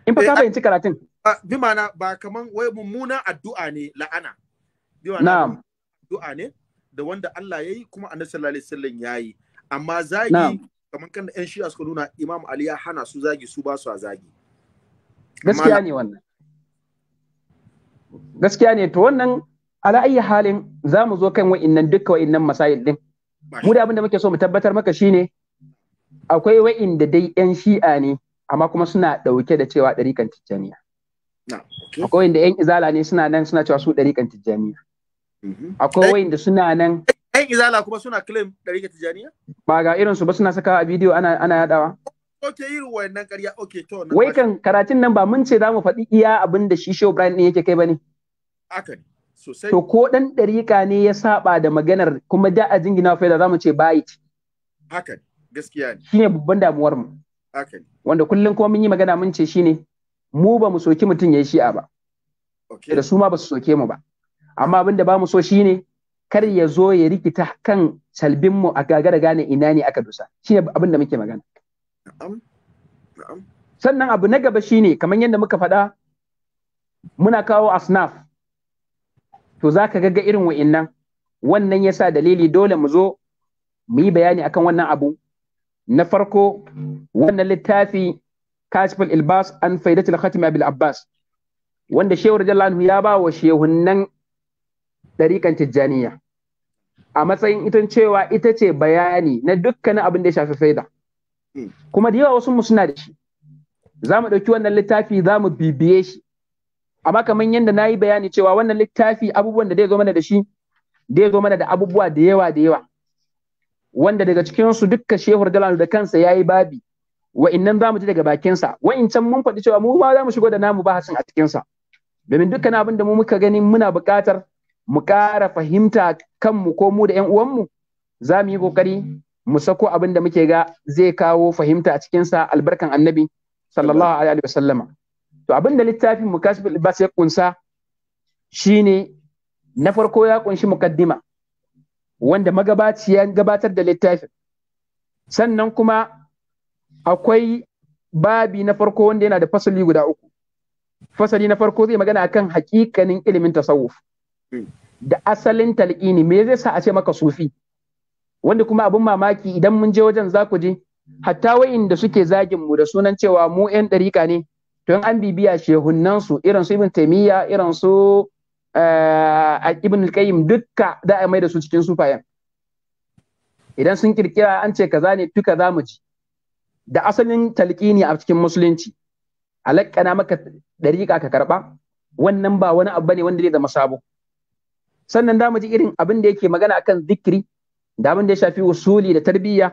in fa ka eh, fahimci karatun bi ma'ana ba kaman wai mummuna addu'a ne la'ana bi ma'ana addu'a ne da wanda Allah ya yi kuma Annabi sallallahu alaihi wasallam yi amma zagi kaman kan da shi'a suka nuna Imam Ali ya hana su zagi su ba su a zagi gaskiya ne wannan gaskiya ne to wannan ala ayi halin za mu zo kan wa'innan duka wa'innan masayin din mu da abin da muke so mu tabbatar maka shine akwai wa'inda dai yan shi'a ne amma kuma suna ɗauke da cewa ɗarikan tijjaniya akwai wa'inda yan izala ne suna nan suna cewa su ɗarikan tijjaniya mhm. akwai wa'inda suna nan yan izala kuma suna claim ɗarikan tijjaniya ba ga irin su ba suna sakawa a bidiyo ana ana yadawa Oke yi wannan ƙarya. oke to. Wai kan karatun nan ba mun ce za mu faɗi iya abin da shi Shehu Brian ɗin yake kai ba ne? Haka ne. To ko ɗan ɗariƙa ne ya saba da maganar kuma da a jingina faida za mu ce bayi ce. Haka gaskiya ne. Shine babban damuwar mu. Haka ne. Wanda kullum kuma mun yi magana mun ce shine mu ba mu soki mutum ya yi shi'a ba. Okay. Da su ma ba su soke mu ba. Amma abin da ba mu so shine kar ya zo ya rikita kan salbin mu a gagara gane ina ne aka dusa. Shine abin da muke magana. Na'am. Na'am. Sannan abu na gaba shine kamar yadda muka faɗa muna kawo asnaf to za ka ga irin wa'innan wannan ya sa dalili dole mu zo mu yi bayani akan wannan abu na farko wannan littafi kashifal ilbas an faidatul khatima bil abbas wanda shehu radiyallahu ya ba wa shehunnan dariƙan tijjaniya a matsayin ita cewa ita ce bayani na dukkanin abin da ya shafi faida hmm. kuma da yawa wasu mu suna da shi za mu ɗauki wannan littafi za mu bibiye shi amma kamar yadda na yi bayani cewa wannan littafi abubuwan da zai zo mana da shi zai zo mana da abubuwa da yawa da yawa wanda daga cikinsu dukka shehur dalalu da kansa ya yi babi wa'innan za mu ji daga bakinsa can mun faɗi cewa mu ma za mu shigo da namu bahasin a cikinsa domin dukkan abin da mu muka gani muna buƙatar mu ƙara fahimta kanmu ko mu da 'yan uwanmu za mu yi ƙoƙari mu sako abin da muke ga zai kawo fahimta a cikinsa albarkan annabi sallallahu alaihi wasallama to abin da littafin kasu ibas ya kunsa shine na farko ya kunshi mukaddima wanda magabaci ya gabatar da littafin sannan kuma akwai babi na farko wanda yana da fasali guda uku fasali na farko zai magana akan hakikanin ilimin tasawuf da asalin talqini me zai sa a ce maka sufi wanda kuma abin mamaki idan mun je wajen za ku je hatta wa'inda suke zagin mu da sunan cewa mu 'yan ɗarika ne don an bibiya shehunansu irin su ibn taimiyya irin su eh, ibn qayyim dukka da a mai da su cikin sufayen idan sun kirkira an ce kaza ne tuka za mu ji da asalin talqini a cikin musulunci alakkana maka dariƙa ka karɓa. wannan ba wani abu ne wanda zai zama sabo sannan da mu ji irin abin da yake magana akan zikiri da abin da ya shafi usuli da tarbiyya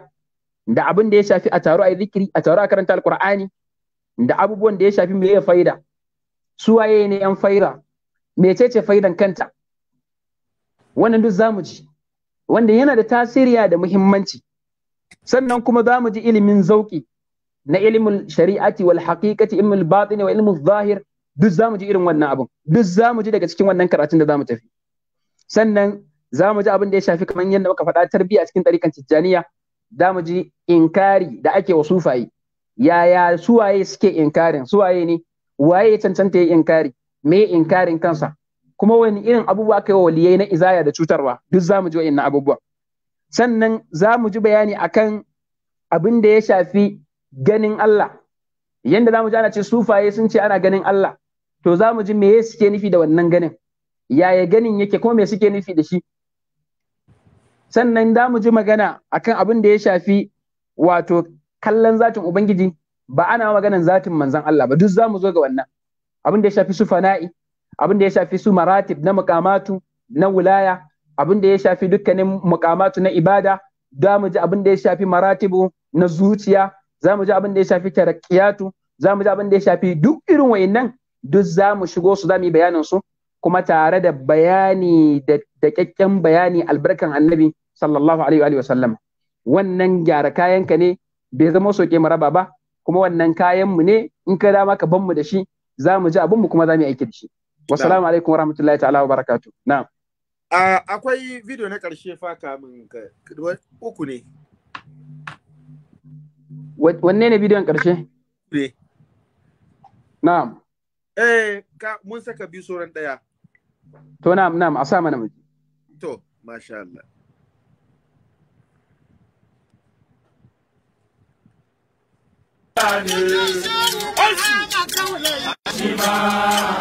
da abin da ya shafi a taro a yi zikiri a taro a karanta alqur'ani da abubuwan da ya shafi meye faida su waye ne yan faira mecece faidan kanta wannan duk zamu ji wanda yana da tasiriya da muhimmanci sannan kuma mu ji ilimin zauki na ilimin shari'ati wal haqiqati ilmul batini wa ilmul zahir duk mu ji irin wannan abin duk mu ji daga cikin wannan karatun da zamu tafi sannan zamu ji abin da ya shafi kamar yadda muka faɗa tarbiyya cikin ɗarikan tijjaniya zamu ji inkari da ake wa sufaye yaya suwaye suke inkarin suwaye ne waye cancanta ya inkari me inkarin kansa kuma wani irin abubuwa kai yi waliyai na izaya da cutarwa duk za mu ji wa'in abubuwa sannan za mu ji bayani akan abin da ya shafi ganin Allah yanda za mu ji ana ce sufaye sun ce ana ganin Allah to za mu ji me suke nufi da wannan ganin yaya ganin yake kuma me suke nufi da shi sannan za mu ji magana akan abin da ya shafi wato kallon zatin ubangiji ba ana maganan zatin manzon Allah ba duk zamu zo ga wannan abin da ya shafi su fana'i abin da ya shafi su maratib na mukamatu na wilaya abin da ya shafi dukkanin mukamatu na ibada da mu ji abin da ya shafi maratibu na zuciya za mu ji abin da ya shafi tarakiyatu za mu ji abin da ya shafi duk irin wayannan duk za shigo su zamu yi bayanin su kuma tare da bayani da daƙaƙƙen bayani albarkan annabi sallallahu alaihi wa sallam wannan gyara kayanka ne bai zama soke maraba ba kuma wannan kayan mu ne in ka dama ka ban mu da shi za mu ji abin mu kuma za mu yi aiki da shi wassalamu alaikum warahmatullahi ta'ala wabarakatuh na'am akwai video na karshe fa kamin ka uku ne wanne ne bidiyon karshe ne na'am eh ka mun saka biyu sauran daya to na'am na'am a sa mana mu to masha Allah Shima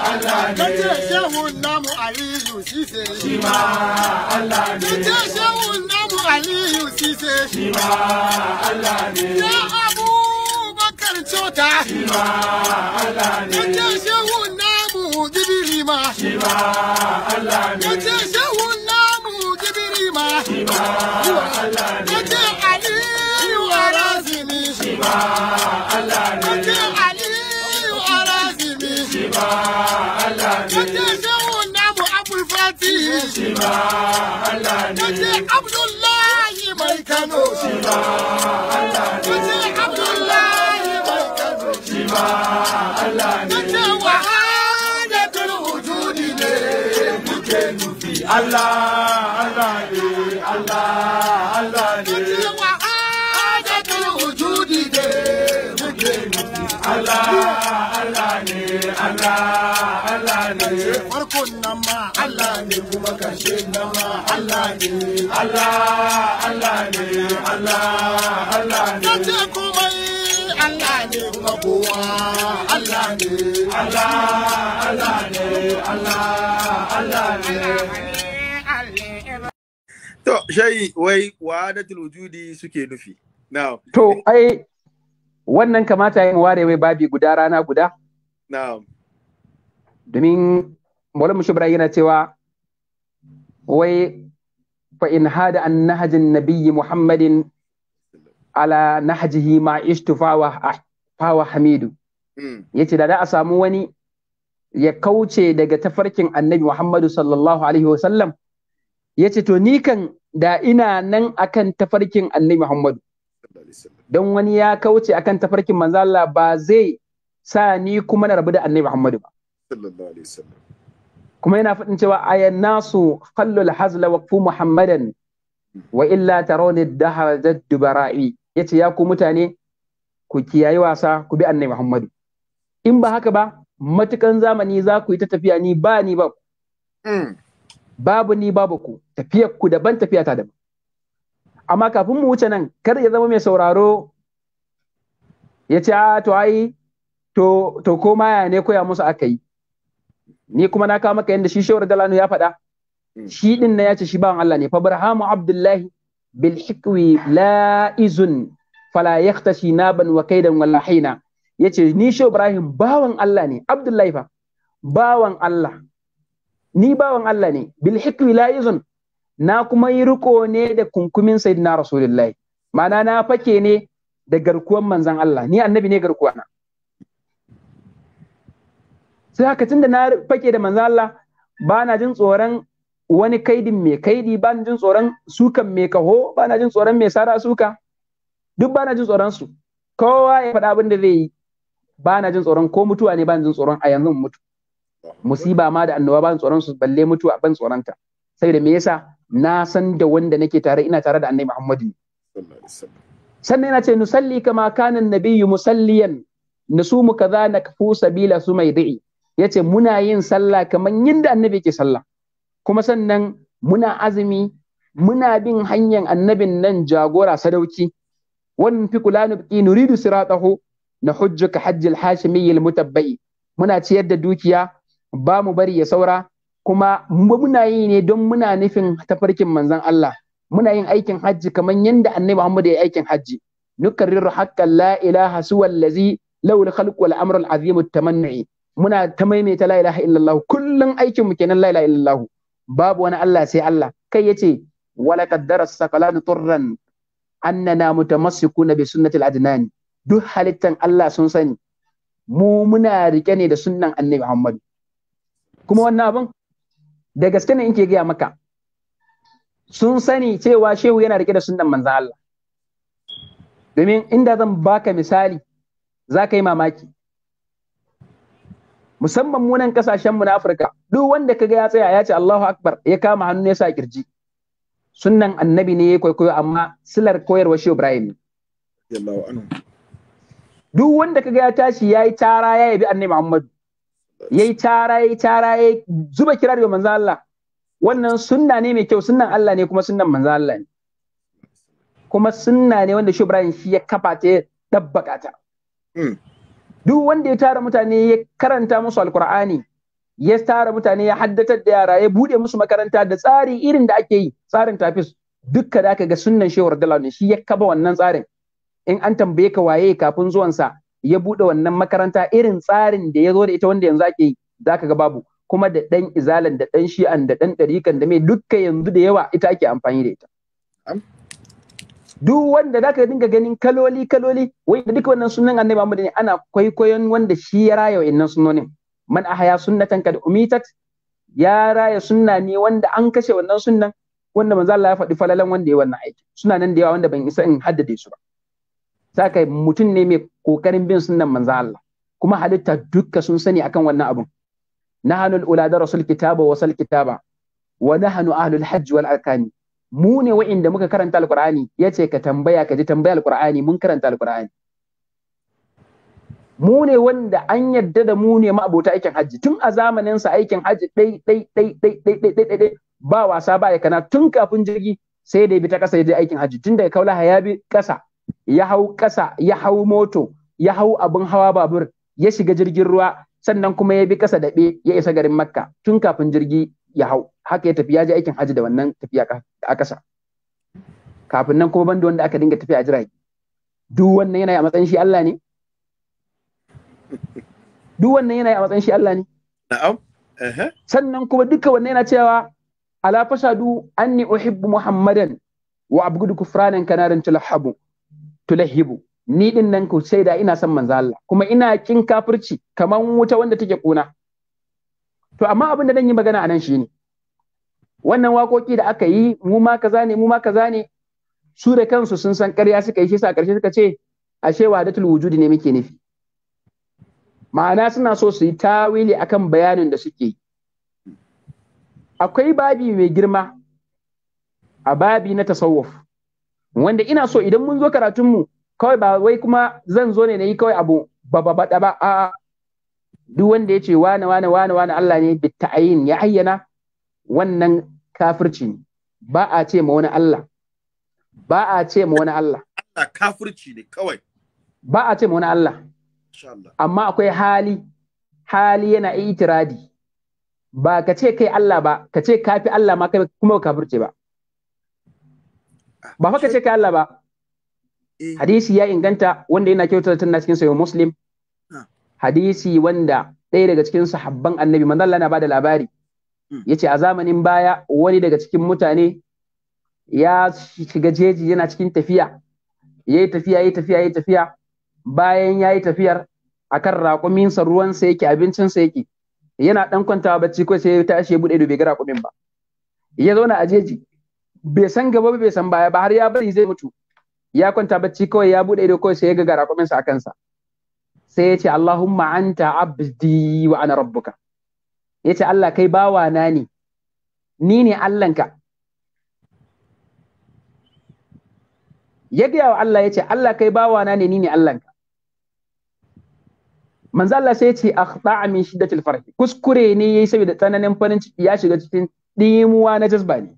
Allah ne. Kace shehun namu Aliyu Sise. Shima Allah ne. Kace shehun namu Aliyu Sise. Shima Allah ne. Ya Bakar Chota. Shima Allah ne. Kace shehun namu Jibrima. Shima Allah ne. Kace shehun namu Jibrima. Shima Allah ne. Allah ne aliyu arazimi shi ma Allah ne mutum shehu namu abul fatihi shi ma Allah ne mutum abdullahi mai kano shi ma Allah ne mutum Allah Allah Allah Allah Allah ne Allah Allah ne farkon nan ma Allah ne kuma kashe nan ma Allah ne Allah Allah ne Allah Allah ne kace komai Allah ne kuma kowa Allah ne Allah Allah ne Allah Allah ne To shayi wai wahadatul wujudi suke nufi. Now. To ai wannan kamata yin ware wai babi guda rana guda? Na'am. domin malam shubra yana cewa wai fa in hada an nahajin nabiyyi muhammadin ala nahajihi ma ishtufawa fawa hamidu hmm. yace da da a samu wani ya kauce daga tafarkin annabi muhammadu sallallahu alaihi wasallam yace to ni kan da ina nan akan tafarkin annabi muhammadu don wani ya kauce akan tafarkin manzo Allah ba zai sa ni kuma na rabu da annabi muhammadu ba kuma yana faɗin cewa ayan nasu khallul hazla waqfu muhammadan wa illa tarawni dahar jaddubara'i yace ya ku mutane ku kiyayi wasa ku bi annabi muhammadu in ba haka ba matukan zamani za ku yi ta tafiya ni ba ni ba mm. babu ni babu ku tafiyar ku daban tafiya ta daban amma kafin mu wuce nan kar ya zama mai sauraro ya ce a to ai to to ko maya ne koya musu aka yi ni kuma na kawo maka yanda shi shawar dalanu ya faɗa hmm. shi din na ya ce shi bawan Allah ne fa Ibrahimu Abdullahi bil hikwi la'izun fala yaktashi naban wa kaidan wala Ya yace ni shi Ibrahim bawan Allah ne Abdullahi fa bawan Allah ni bawan Allah ne bil hikwi izun na kuma yi riko ne da kunkumin sayyidina Rasulullahi ma'ana na fake ne da garkuwan manzon Allah ni annabi ne na. sai haka da na fake da manzo Allah ba na jin tsoron wani kaidin mai kaidi ba na jin tsoron sukan mai kaho ba na jin tsoron mai sara suka duk ba na jin tsoron su kowa ya faɗa abin da zai yi ba na jin tsoron ko mutuwa ne ba na jin tsoron a yanzu mutu musiba ma da annoba ba na tsoron su balle mutuwa ban tsoron ta da me yasa na san da wanda nake tare ina tare da annabi Muhammadu sannan yana ce nusalli kama kanan nabiyyu musalliyan nasumu kaza na Kafu, sabila sumaydi ya ce muna yin sallah kamar yadda annabi ke sallah kuma sannan muna azumi muna bin hanyar annabin nan jagora sadauki wannan fi kula nubki nuridu siratahu na hujjuka hajjil hashimi mutabba'i muna ciyar da dukiya ba mu bari ya saura kuma muna yi ne don muna nufin tafarkin manzon Allah muna yin aikin hajji kamar yadda annabi Muhammad ya yi aikin hajji nukarriru haqqan la ilaha suwallazi lawul khalq wal amru al azim at tamanni muna ta maimaita la ilaha illallah kullun aikin mu kenan la ilaha illallah babu wani Allah sai Allah kai yace wala qaddara saqalan turran annana mutamassikuna bi al adnan duk halittan Allah sun sani mu muna rike ne da sunnan annabi Muhammad kuma wannan abin da gaske ne ke gaya maka sun sani cewa shehu yana rike da sunnan manzan Allah domin inda zan baka misali za ka yi mamaki musamman munan kasashen mu na Afirka duk wanda kaga ya tsaya ya ce Allahu Akbar ya kama hannu ya sa kirji sunnan annabi ne ya kwaikwayo amma silar koyarwa shi Ibrahim duk wanda kaga ya tashi ya yi tara ya yabi annabi Muhammadu ya yi tara ya yi tara ya zuba kirar wa manzo Allah wannan sunna ne mai kyau sunnan Allah ne kuma sunnan manzo Allah ne kuma sunna ne wanda shi Ibrahim shi ya kafa ta ya dabbaka ta hmm. duk wanda ya tara mutane ya karanta musu alkur'ani ya tara mutane ya haddatar da yara ya bude musu makaranta da tsari irin da ake yi tsarin tafis dukka da aka ga sunnan shehu da ne shi ya kaba wannan tsarin in an tambaye ka waye kafin zuwan sa ya bude wannan makaranta irin tsarin da ya zo da ita wanda yanzu ake yi za ga babu kuma da ɗan izalan da ɗan shi'an da ɗan ɗarikan da mai dukka yanzu da yawa ita ake amfani da ita duk wanda zaka dinga ganin kaloli kaloli Wai da duka wannan sunan annabi Muhammad ne ana kwaikwayon wanda shi ya raya wayannan sunonin man ahaya sunnatan kad umitat ya raya sunna ne wanda an kashe wannan sunnan wanda manzo Allah ya faɗi falalan wanda ya wannan aiki suna nan da yawa wanda ban isa in haddade su ba saka mutum ne mai kokarin bin sunnan manzo Allah kuma halitta dukka sun sani akan wannan abun nahanu ulada rasul kitaba wasal kitaba wa nahanu ahlul hajj wal arkani mu ne wa'inda muka karanta alkur'ani ya ce ka tambaya ka ji tambaya alkur'ani mun karanta alkur'ani mu ne wanda an yarda da mu ne ma'abota aikin hajji tun a zamanin sa aikin hajji dai dai dai dai dai dai dai dai ba wasa ba ya kana tun kafin jirgi sai da bi ta kasa ya je aikin hajji tun daga kaulaha ya bi kasa ya hau kasa ya hau moto ya hau abin hawa babur ya shiga jirgin ruwa sannan kuma ya bi kasa daɓe ya isa garin makka tun kafin jirgi ya hau haka ya tafi ya je aikin hajji da wannan tafiya a ƙasa kafin nan kuma banda wanda aka dinga tafiya a jirage duk wannan yana a matsayin shi Allah ne duk wannan yana a matsayin shi Allah ne na'am sannan kuma duka wannan yana cewa ala fasadu anni uhibbu muhammadan wa abgudu kufranan kanarin tulahabu tulahibu ni din nan ku sai da ina son manzo Allah kuma ina kin kafirci kaman wuta wanda take kuna to amma abin da dan yi magana anan shine wannan waƙoƙi da aka yi mu ma kaza ne mu ma kaza ne su da kansu sun san ƙarya suka yi shi sa ƙarshe suka ce ashe wahdatul wujudi ne muke nufi ma'ana suna so su yi tawili akan bayanin da suke yi akwai babi mai girma a babi na tasawuf wanda ina so idan mun zo karatunmu kawai ba wai kuma zan zo ne na yi kawai abu ba ba ba a duk wanda ya ce wane wane wane wane Allah ne bitta'ayin ya ayyana wannan kafirci ne ba a ce ma wani Allah ba a ce ma wani Allah Allah kafirci ne kawai ba a ce ma wani Allah amma akwai hali hali yana itiradi ba ka ce kai Allah ba ka ce kafi Allah ma kai kuma kafirce ba ba fa ka ce kai Allah ba eh. hadisi ya inganta wanda yana kyautar tunna cikin sayo muslim ah. hadisi wanda ɗaya daga cikin sahabban annabi manzo Allah na bada labari Hmm. Ya ce a zamanin baya wani daga cikin mutane ya shiga jeji yana cikin tafiya Ya yi tafiya yi tafiya yi tafiya bayan ya yi tafiyar a kan raƙuminsa ruwansa yake abincinsa yake yana ɗan kwantawa bacci ko sai ya tashi ya ido bai ga raƙumin ba ya zauna a jeji bai san gaba bai san baya ba har ya bari zai mutu ya kwanta bacci kawai ya buɗe ido kawai sai ya ga raƙuminsa a kansa sai ya ce Allahumma anta abdi wa ana rabbuka ya ce Allah kai bawa na ne ni ne Allahnka ya gaya wa Allah ya ce Allah kai bawa na ne ni ne Allahnka manzo Allah sai ya ce akhta min da tilfarki, kuskure ne ya yi saboda tsananin farin ciki ya shiga cikin ɗimuwa na jazba ne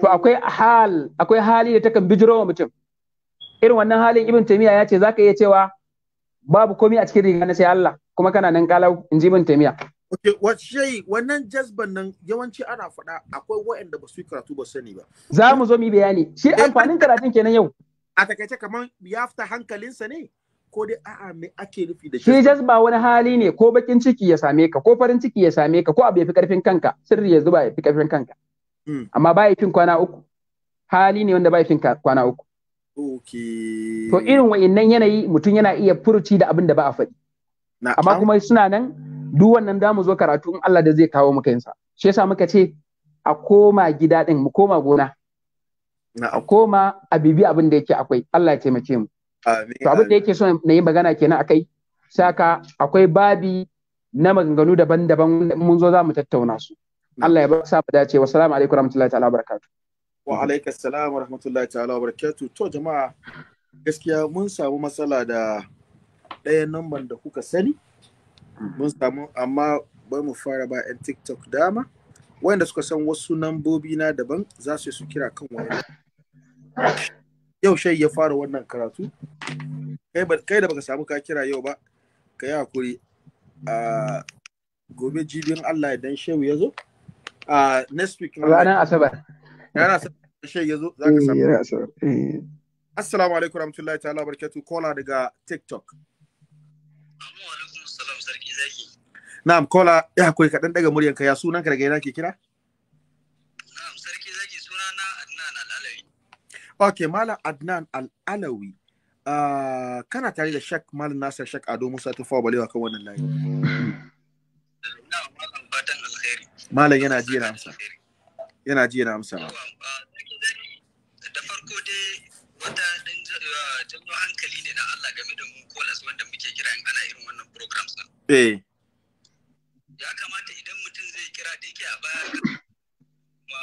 to akwai hal akwai hali da takan bijiro wa mutum irin wannan halin ibn taymiya ya ce za ka iya cewa babu komi a cikin riga na sai Allah kuma kana nan kalau in ji bin taimiya Okay, washe wannan jazban nan yawanci ana faɗa akwai waɗanda ba su yi karatu ba sani ba. Za mu zo mu yi bayani. Shi eh, amfanin karatun kenan yau. A takaice kamar ya fita hankalinsa ne ko dai a'a me ake nufi da shi. Shi jazba wani hali ne ko bakin ciki ya same ka ko farin ciki ya same ka ko abu ya fi karfin kanka sirri ya zuba ya fi karfin kanka. Hmm. Amma ba ya fin kwana uku. Hali ne wanda ba ya fin kwana uku. To irin wa'innan yanayi mutum yana iya furuci da abin da ba a faɗi. Amma kuma suna nan duk wannan damu zo karatu in Allah da zai kawo muka yinsa. Shi yasa muka ce a koma gida ɗin mu koma gona. A koma a bibi abin da yake akwai Allah ya taimake mu. To abin da yake so na yi magana kenan akai. Saka akwai babi na maganganu daban-daban mun zo za mu tattauna su. Allah ya ba sa dace. Wassalamu alaikum warahmatullahi ta'ala barakatuh. wa alaika salam wa rahmatullahi ta'ala wa barakatu to jama'a gaskiya mun samu matsala da ɗayan namban da kuka sani mun samu amma bai mu fara ba yan tiktok dama wanda suka san wasu nambobi na daban za su su kira kan wani yau shai ya fara wannan karatu kai da baka samu ka kira yau ba ka yi hakuri a gobe jibin allah idan shehu ya zo a next week ranar asabar yana sa shi ya zo za ka eh, samu eh. assalamu alaikum warahmatullahi ta'ala barkatu kola daga tiktok Na'am kola ya koyi kaɗan daga muryanka ya sunan ka daga yana ke kira? Na'am sarki zaki suna na Adnan Al'alawi. Okay Malam Adnan Al'alawi. Uh, kana tare da Shak Malam Nasir Shak Ado Musa Tufawa Balewa kan wannan layi. Malam yana ji yana amsa. yana ji yana amsa ba. da farko dai wata dan ah, janyo hankali ne na Allah game da mu kolas wanda muke kira in ana irin wannan programs din eh ya kamata idan mutum zai kira da yake a baya ma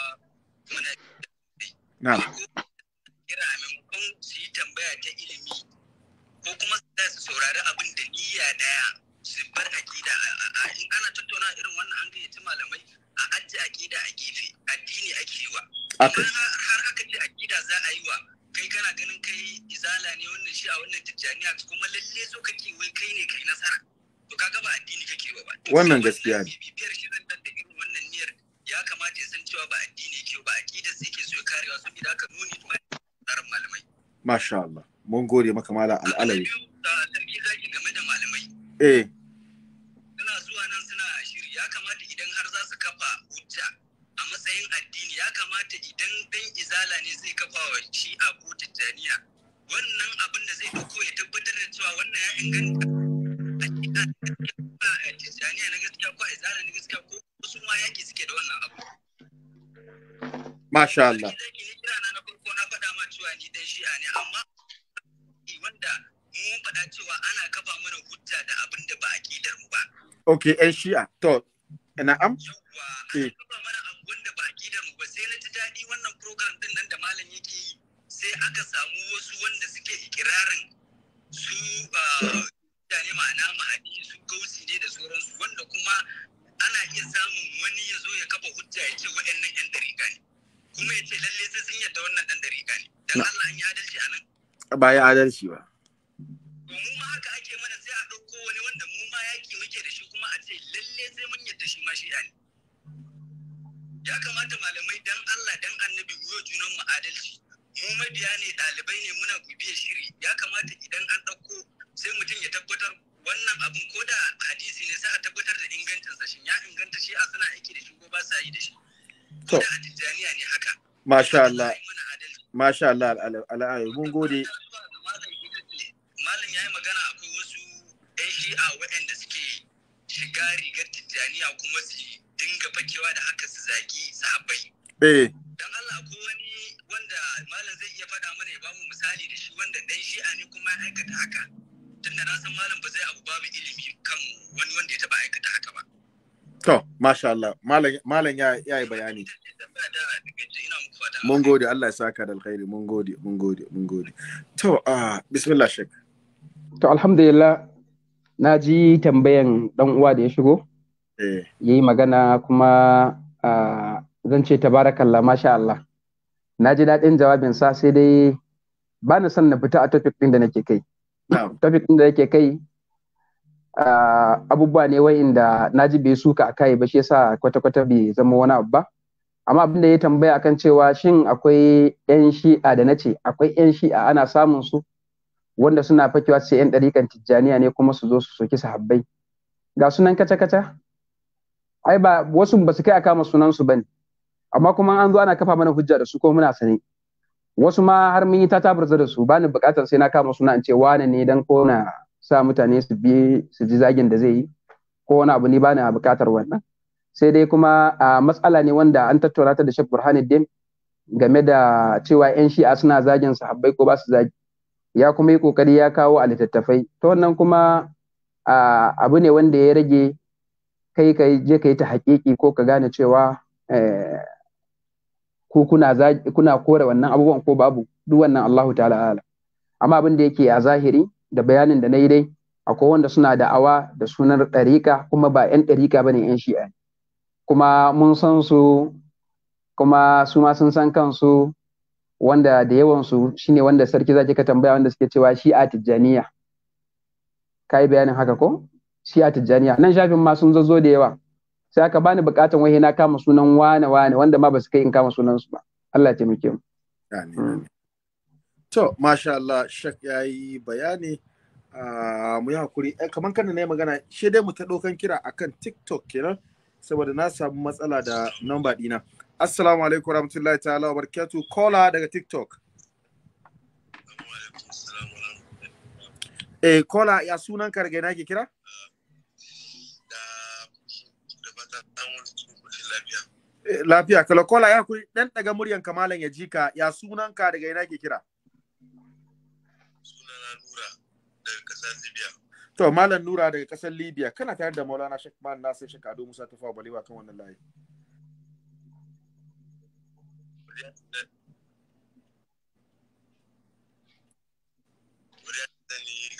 muna na kira a maimakon su yi tambaya ta ilimi ko kuma su saurari abin da niyya daya su bar akida in ana tattauna irin wannan an gayyaci malamai a ajiye akida a gefe addini ake har aka ce akida za a kai kana ganin kai izala ne wannan shi a kuma lalle zo ne kai nasara to addini kake yi wa ba gaskiya ne bibiyar shi zan irin ya san cewa ba addini yake ba sai yake so ya karewa saboda haka mun gode maka mala al'alai game da malamai eh ƙasar za su kafa hujja a matsayin addini ya kamata idan dan izala ne zai kafa wa shi a ko tijjaniya wannan abin da zai dauko ya tabbatar da cewa wannan ya inganta a tijjaniya na gaskiya ko a izala na gaskiya ko wasu ma yaki suke da wannan abu Masha Allah. Ni Okay, 'yan shi'a. To, na'am eh wanda ba mu ba sai na ji daɗi wannan program din nan da malam yake yi sai aka samu wasu wanda suke ikirarin su ah, mutane ma'ana mahadi su gausi ne da sauransu wanda kuma ana iya samun wani ya zo ya kafa hujja ya ce waɗannan dariƙa ne kuma ya ce lalle sai sun yadda wannan ɗan dariƙa ne dan Allah an yi adalci a nan ba ya adalci ba to ma haka ake mana sai a ɗauko wani wanda lalle sai mun yadda shi ma shi'a ne ya kamata malamai dan Allah dan annabi guyo junan mu adalci mu madiya ne dalibai ne muna gubiyar shiri ya kamata idan an ɗauko sai mutum ya tabbatar wannan abin ko da hadisi ne sai a tabbatar da ingancinsa shin ya inganta shi a suna aiki da shi ko ba sa yi da shi ko da a tijjaniya ne haka masha Allah masha Allah al'ayi mun gode malam yayi magana akwai wasu ɗan shi'a waɗanda shiga rigar tijjaniya kuma su dinga fakewa da haka su zagi sahabbai. Eh. Dan Allah ko wani wanda malam zai iya faɗa mana ya ba mu misali da shi wanda dan shi'a ne kuma ya aikata haka. Tun da san malam ba zai abu babu ilimi kan wani wanda ya taɓa aikata haka ba. To, masha Allah, malam ya yi bayani. Mun gode, Allah ya saka da alkhairi, mun gode, mun gode, mun gode. To, ah, bismillah shek. To, alhamdulillah, na ji tambayan dan uwa da ya shigo eh. ya yi magana kuma zan ce tabarakallah masha Allah na ji daɗin jawabin sa sai dai ba na son na fita a topic ɗin da nake kai topic ɗin da nake kai abubuwa ne wa'inda na ji bai suka a kai ba shi yasa kwata-kwata bai zama wani abu ba amma abin da ya tambaya akan cewa shin akwai 'yan shi'a da na ce akwai 'yan shi'a ana samun su wanda suna fakewa su yan ɗarikan tijjaniya ne kuma su zo su soki sahabbai ga sunan kaca-kaca ai ba wasu ba su kai a kama sunan su bane amma kuma an zo ana kafa mana hujja da su ko muna sane wasu ma har mun yi ta tabarza da su bani bukatar sai na kama suna in ce wane ne dan ko na sa mutane su bi su ji zagin da zai yi ko wani abu ni bani bukatar wannan sai dai kuma a matsala ne wanda an tattauna ta da Sheikh Burhanuddin game da cewa yan shi'a suna zagin sahabbai ko ba su zagi ya kuma yi kokari ya kawo a littattafai ta wannan kuma abu ne wanda ya rage kai ka je ka yi ta haƙiƙi ko ka gane cewa eh, ko kuna kore wannan abubuwan ko babu duk wannan Allahu ta'ala ala amma abin da yake a zahiri da bayanin da na yi dai akwai wanda suna da'awa da sunar ɗarika kuma ba 'yan ɗarika ba ne 'yan shi'a kuma mun san su kuma su ma sun san kansu wanda da yawansu shine wanda sarki zaki ka tambaya wanda suke cewa a tijjaniya ka yi bayanin haka ko shi a tijjaniya nan shafin ma sun zazzo da yawa sai aka bani bukatan wahi kama sunan wane wane wanda ma ba su kai in kama sunan su ba Allah ya taimake mu mm. to masha Allah shak yayi bayani ah, mu yi hakuri eh, kamar kan ne magana shi dai mu ta dokan kira akan TikTok kenan saboda na samu matsala da number dina Assalamu alaikum warahmatullahi ta'ala wa barakatu Kola daga TikTok. Eh, Kola ya sunan ka daga ke kira? Eh, lafiya, kala Kola ya kuri dan daga muryan kamalan ya jika ya sunan ka daga ina ke kira? To, Malam Nura daga kasar Libya, kana tare da Maulana Sheikh Man Nasir Shekadu Musa Tufa Baliwa kan wannan layi.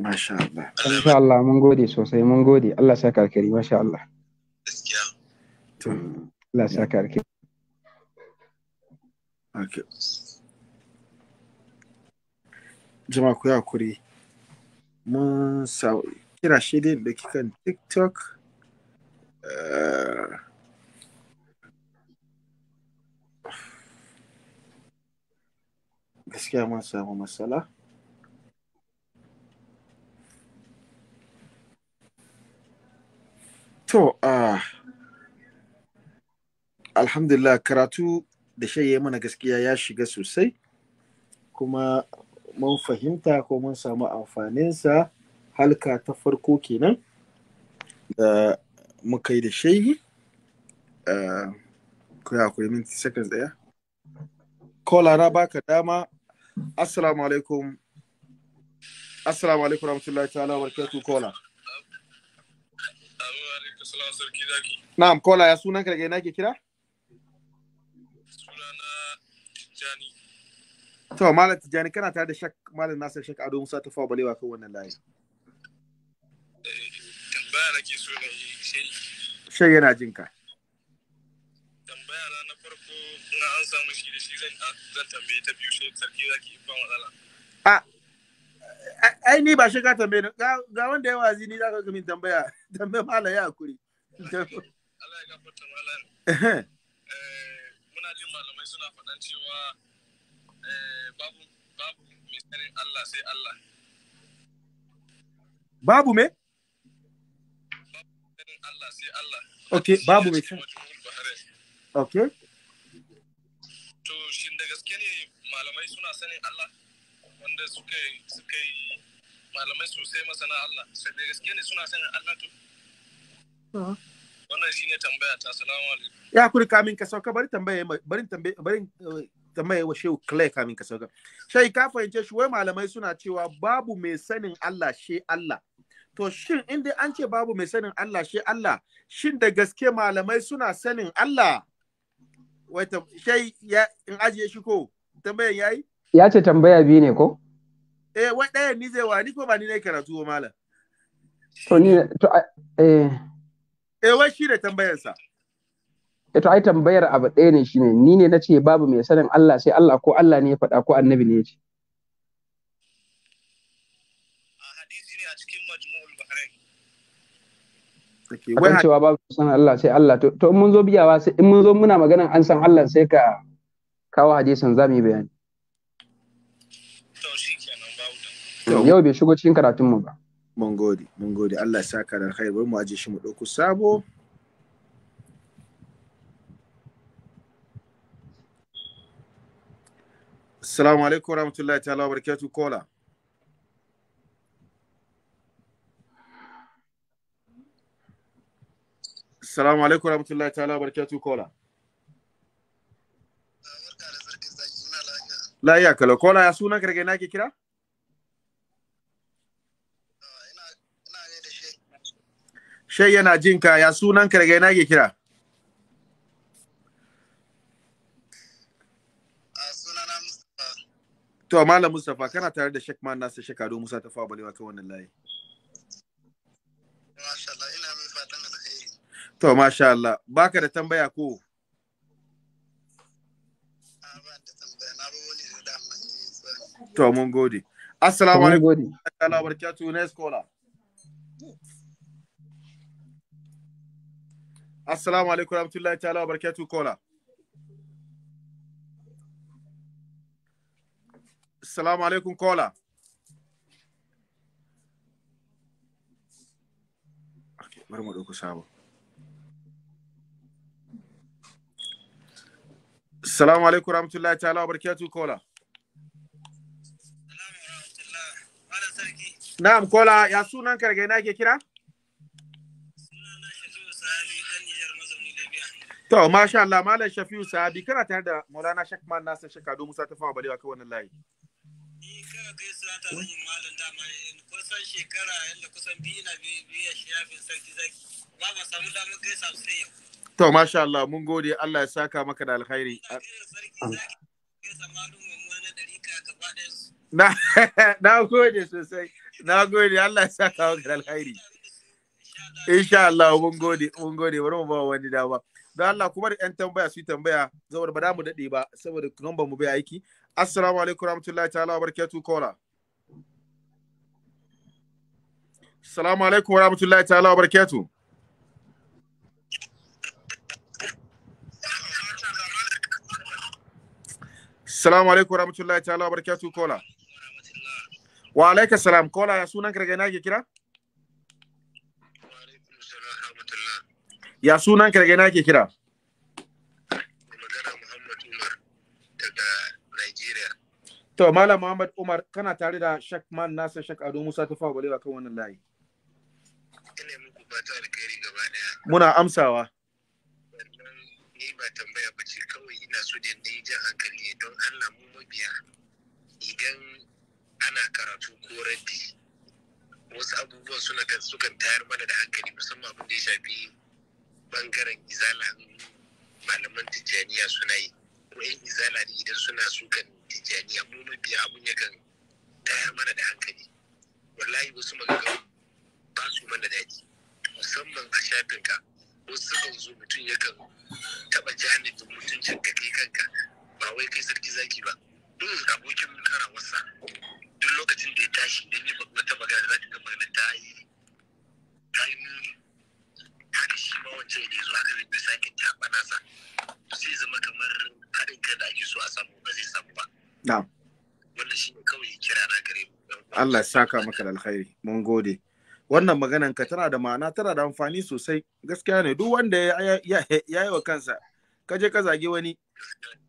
Masha Allah. mun gode sosai mun gode Allah sa karkari, alkhairi masha Allah. Gaskiya. To Allah sa ka alkhairi. Okay. Jama'a ku Mun sa kira shi dai da kikan TikTok. Eh, gaskiya mun samu matsala To, uh, alhamdulillah karatu da ya mana gaskiya ya shiga sosai, kuma mun fahimta ko mun samu amfaninsa halka ta farko kenan da muka yi da shayi. Uh, kuya kuri minti daya. Kola na baka dama, Assalamu alaikum. Assalamu alaikum Ramtullahi ta'ala wa kola. Assalamu sarki zaki. Na'am kola ya sunan ka daga ke kira? Sunana Tijjani. To malam Tijjani kana tare da shak malam Nasir Shak Ado Musa Tafawa Balewa kan wannan layi. Eh, tambaya so shai. yana jin ka. Tambaya na na farko na an samu shi ai ni ba shi ka tambaye ga wanda ya wazi ni za ka min tambaya <laughs> tambaye mala ya kuri Allah ya gafarta malam eh, muna jin malamai suna faɗan cewa eh, babu babu mai sanin Allah sai Allah babu me babu sanin Allah sai Allah okay babu mai sanin okay to shin da gaske ne malamai suna sanin Allah wanda suka yi malamai sosai masana Allah sai da gaske ne suna sanin Allah to uh-huh. wannan shine tambaya ta assalamu alaikum ya kuri kamin ka sauka bari tambaye bari tambaye bari uh, tambaye wa shehu clay kamin ka sauka shai ka fahimce shi wai malamai suna cewa babu mai sanin Allah she Allah to shin in dai an ce babu mai sanin Allah she Allah shin da gaske malamai suna sanin Allah wai shai ya in ajiye shi ko tambayan yayi ya ce tambaya biyu ne ko? Eh, wai ɗaya ni zai wani ko ba ni ne karatu ko malam. To ni to eh. Eh, wai shi tambayar tambayarsa. Eh, to ai tambayar abu ɗaya ne shi ne, ni ne na ce babu mai sanin Allah sai Allah ko Allah ne ya faɗa ko annabi ne ya ce. Akan cewa babu san Allah sai Allah to in mun zo biyawa sai in mun zo muna maganan an san Allah sai ka kawo hadisin zamu yi bayani. yau bai shigo cikin karatun mu ba mun gode mun gode Allah ya ka da alkhairi bari mu aje shi mu ɗauko sabo Assalamu alaikum warahmatullahi ta'ala wabarakatuh kola Assalamu alaikum warahmatullahi ta'ala wabarakatuh kola Lafiya kalau kola ya sunan karge na ke kira? shai yana jin ka ya sunan ka daga ina ke kira ah, To Malam Mustapha kana tare da Sheikh Man Nasir Sheikh Ado Musa Tafawa Balewa kan wannan layi. Masha Allah ina fatan alheri. To Masha Allah baka da tambaya ko? Ah, to mun gode. Assalamu alaikum. Assalamu alaikum. Next caller. Assalamu alaikum rahmatullahi ta'ala wa barakatuh kola. Assalamu alaikum kola. Bari mu ɗauko sabo. Assalamu alaikum rahmatullahi ta'ala wa barakatuh kola. Na'am kola ya sunan karge na ke kira? To, masha Allah, Malam Shafiu Sa'adi, kana tare da Maulana Sheikh Man Nasir Sheikh Musa ta fama balewa kai wannan layi. Ni kana kai sana ta zanyi malam dama kusan shekara yadda kusan biyu na biyu shafin sarki zaki. Ba ba samu damar gaisa sai yau. To, masha Allah, mun gode Allah ya saka maka da alkhairi. Na <laughs> na gode sosai. Na gode Allah ya saka maka da alkhairi. Insha Allah mun gode mun gode bari mu ba wani dama. da Allah kuma da yan tambaya su yi tambaya saboda ba za mu daɗe ba saboda number mu bai aiki assalamu alaikum warahmatullahi ta'ala wabarakatuh kola assalamu alaikum warahmatullahi ta'ala wabarakatuh assalamu alaikum warahmatullahi ta'ala wabarakatuh kola. Wa alaikum salam kola ya sunan kirga na ke kira? ya sunan karge na ke kira to malam muhammad umar kana tare da shak man nasa shak ado musa ta fawa balewa kan wannan layi daya muna amsawa ni ba tambaya ba ce kawai ina so da ni jan hankali don allah mu mabiya idan ana karatu ko rabi wasu abubuwan suna kan sukan tayar mana da hankali musamman abin da ya shafi bangaren izala malaman tijjaniya suna yi wa'in izala ne idan suna kan tijjaniya mu biya abun yakan daya mana da hankali wallahi wasu maganganu ba su mana daɗi musamman a shafinka wasu kan zo mutum yakan taɓa janibin mutuncin ka kai kanka ba wai kai sarki zaki ba duk abokin wasa, duk lokacin da ya tashi da ne wata magana za ta ga magana ta yi ta yi nuni kada shi ma wance ne zuwa ka zai sake taɓa nasa sai zama kamar haɗin kan da ake so a samu ba zai samu ba. Wannan shi ne kawai kira na gare mu. Allah ya saka maka alkhairi mun gode. Wannan maganan ka tana da ma'ana tana da amfani sosai gaskiya ne duk wanda ya yi wa kansa ka je ka zage wani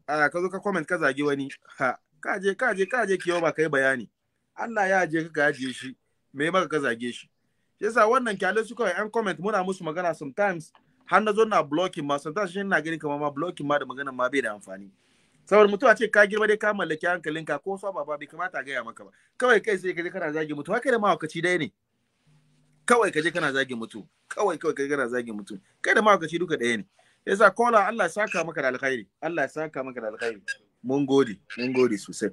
a ka zo ka comment ka zage wani ha ka je ka je ka je kiyo ba kai bayani Allah ya je ka gaje shi me maka ka zage shi yasa wannan kyale su kawai yan comment muna musu magana sometimes har na zo na blocking ma sometimes shi na gani kamar ma blocking ma da magana ma bai da amfani saboda mutum a ce ka girma dai ka mallaki hankalinka ko saba baba bai kamata a gaya maka ba kawai kai sai ka je kana zagi mutum haka da mahaukaci dai ne kawai ka je kana zagi mutum kawai kawai ka kana zagi mutum kai da mahaukaci duka ɗaya ne yasa kola Allah ya saka maka da alkhairi Allah ya saka maka da alkhairi mun gode mun gode sosai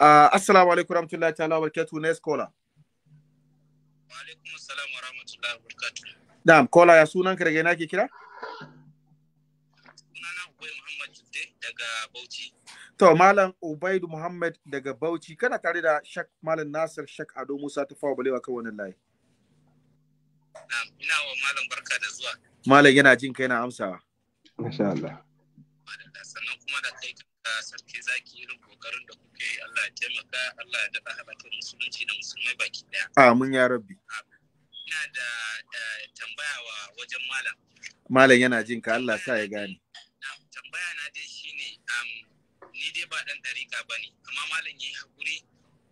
ah, assalamu alaikum warahmatullahi ta'ala wabarakatuh next caller Wa alaikum assalam wa rahmatullahi wa barakatuh. Na'am, kola ya sunan ka daga ina ke kira? Sunana Ubay Muhammad Jibde daga Bauchi. To, Malam Ubaidu Muhammad daga Bauchi, kana tare da Shak Malam Nasir Shak Ado Musa ta fawa balewa kan wannan layi. Na'am, ina wa Malam barka da zuwa. Malam yana jin kai na amsawa. Masha Allah. Sannan kuma da kai sarki zaki irin kokarin da kuke dai Allah ya taimaka Allah ya daɗa musulunci da musulmai baki ɗaya. Amin ya rabbi. Ina da eh, tambaya wa wajen malam. Malam yana jin ka Allah sa ya gane. Tambaya na dai ne ni dai ba ɗan ɗarika ba ne amma malam ya yi haƙuri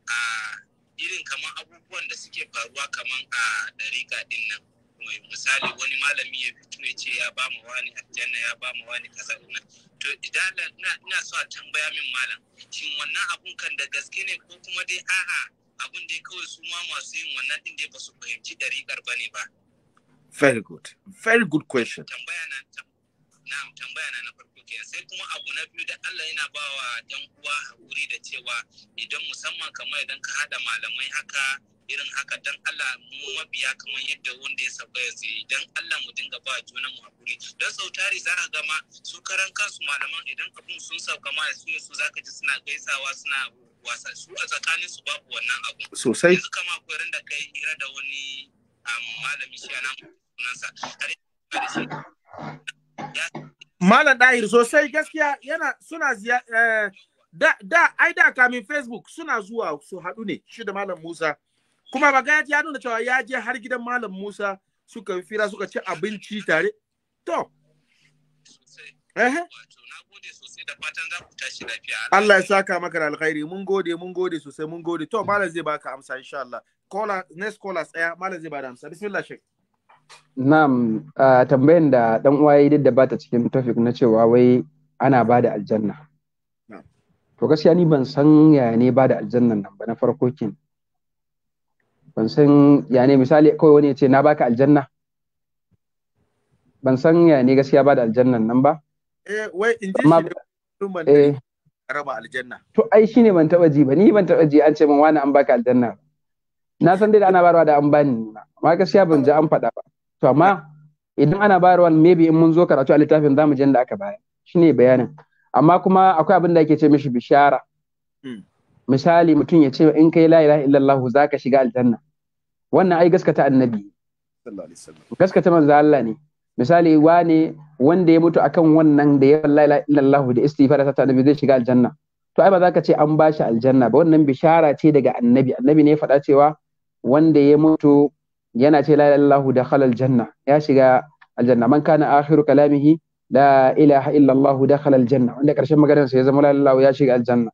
a ah, irin kamar abubuwan da suke faruwa kamar a ɗarika ɗin nan. koyi misali wani malami ya fito ya ce ya ba mu wani aljanna ya ba mu wani kaza ina to idan ina so a tambaya min malam shin wannan abun kan da gaske ne ko kuma dai a'a abun dai kawai su ma masu yin wannan din da ba su fahimci dariƙar ba ne ba very good very good question tambaya na na tambaya na na farko kenan sai kuma abu na biyu da Allah yana bawa dan uwa hakuri da cewa idan musamman kamar idan ka hada malamai haka irin haka dan Allah mu mabiya kamar yadda wanda ya saba yanzu dan Allah mu dinga ba juna mu hakuri dan sau tari za ka gama su karan kansu malaman idan abun sun sauka ma su ne su zaka ji suna gaisawa suna wasa su a tsakanin su babu wannan abu sosai su kama ko da kai hira da wani um, malami shi ana sunansa Malam Dahir sosai gaskiya yana suna ziya eh, da da ai da kamin Facebook suna zuwa su haɗu ne shi da Malam Musa kuma ba ga ya nuna cewa ya je har gidan malam musa suka fira suka ci abinci tare to Allah ya saka maka da alkhairi mun gode mun gode sosai mun gode to malam zai baka amsa insha Allah Kola, next kola tsaya malam zai baka amsa bismillah shek Na'am, tambayan da dan uwa ya duk da bata cikin topic na cewa wai ana bada aljanna. To gaskiya ni ban san yaya ne bada aljannan nan ba na farko kin. ban san ya ne misali kawai wani ya ce na baka aljanna ban san ya ne gaskiya ba da aljannan nan ba eh wai in ji shi eh. raba aljanna to ai shine ban taba ji ba ni ban taba ji an ce min wani an baka aljanna na san dai da ana barwa da an bani ma gaskiya ban ji an faɗa ba to amma idan ana barwa maybe in mun zo karatu a littafin zamu je da aka bayar shine bayanin amma kuma akwai abin da ake ce mishi bishara misali mutum ya ce in kai la ilaha illallah za ka shiga aljanna wannan ai gaskata annabi gaskata manzo Allah ne misali wane wanda ya mutu akan wannan da ya la ilaha illallah da istighfar ta annabi zai shiga aljanna to ai ba za ka ce an bashi aljanna ba wannan bishara ce daga annabi annabi ne ya faɗa cewa wanda ya mutu yana ce la ilaha illallah da khalal janna ya shiga aljanna man kana akhiru kalamihi la ilaha illallah dakhala aljanna wanda karshen maganar sa ya zama la ilaha ya shiga aljanna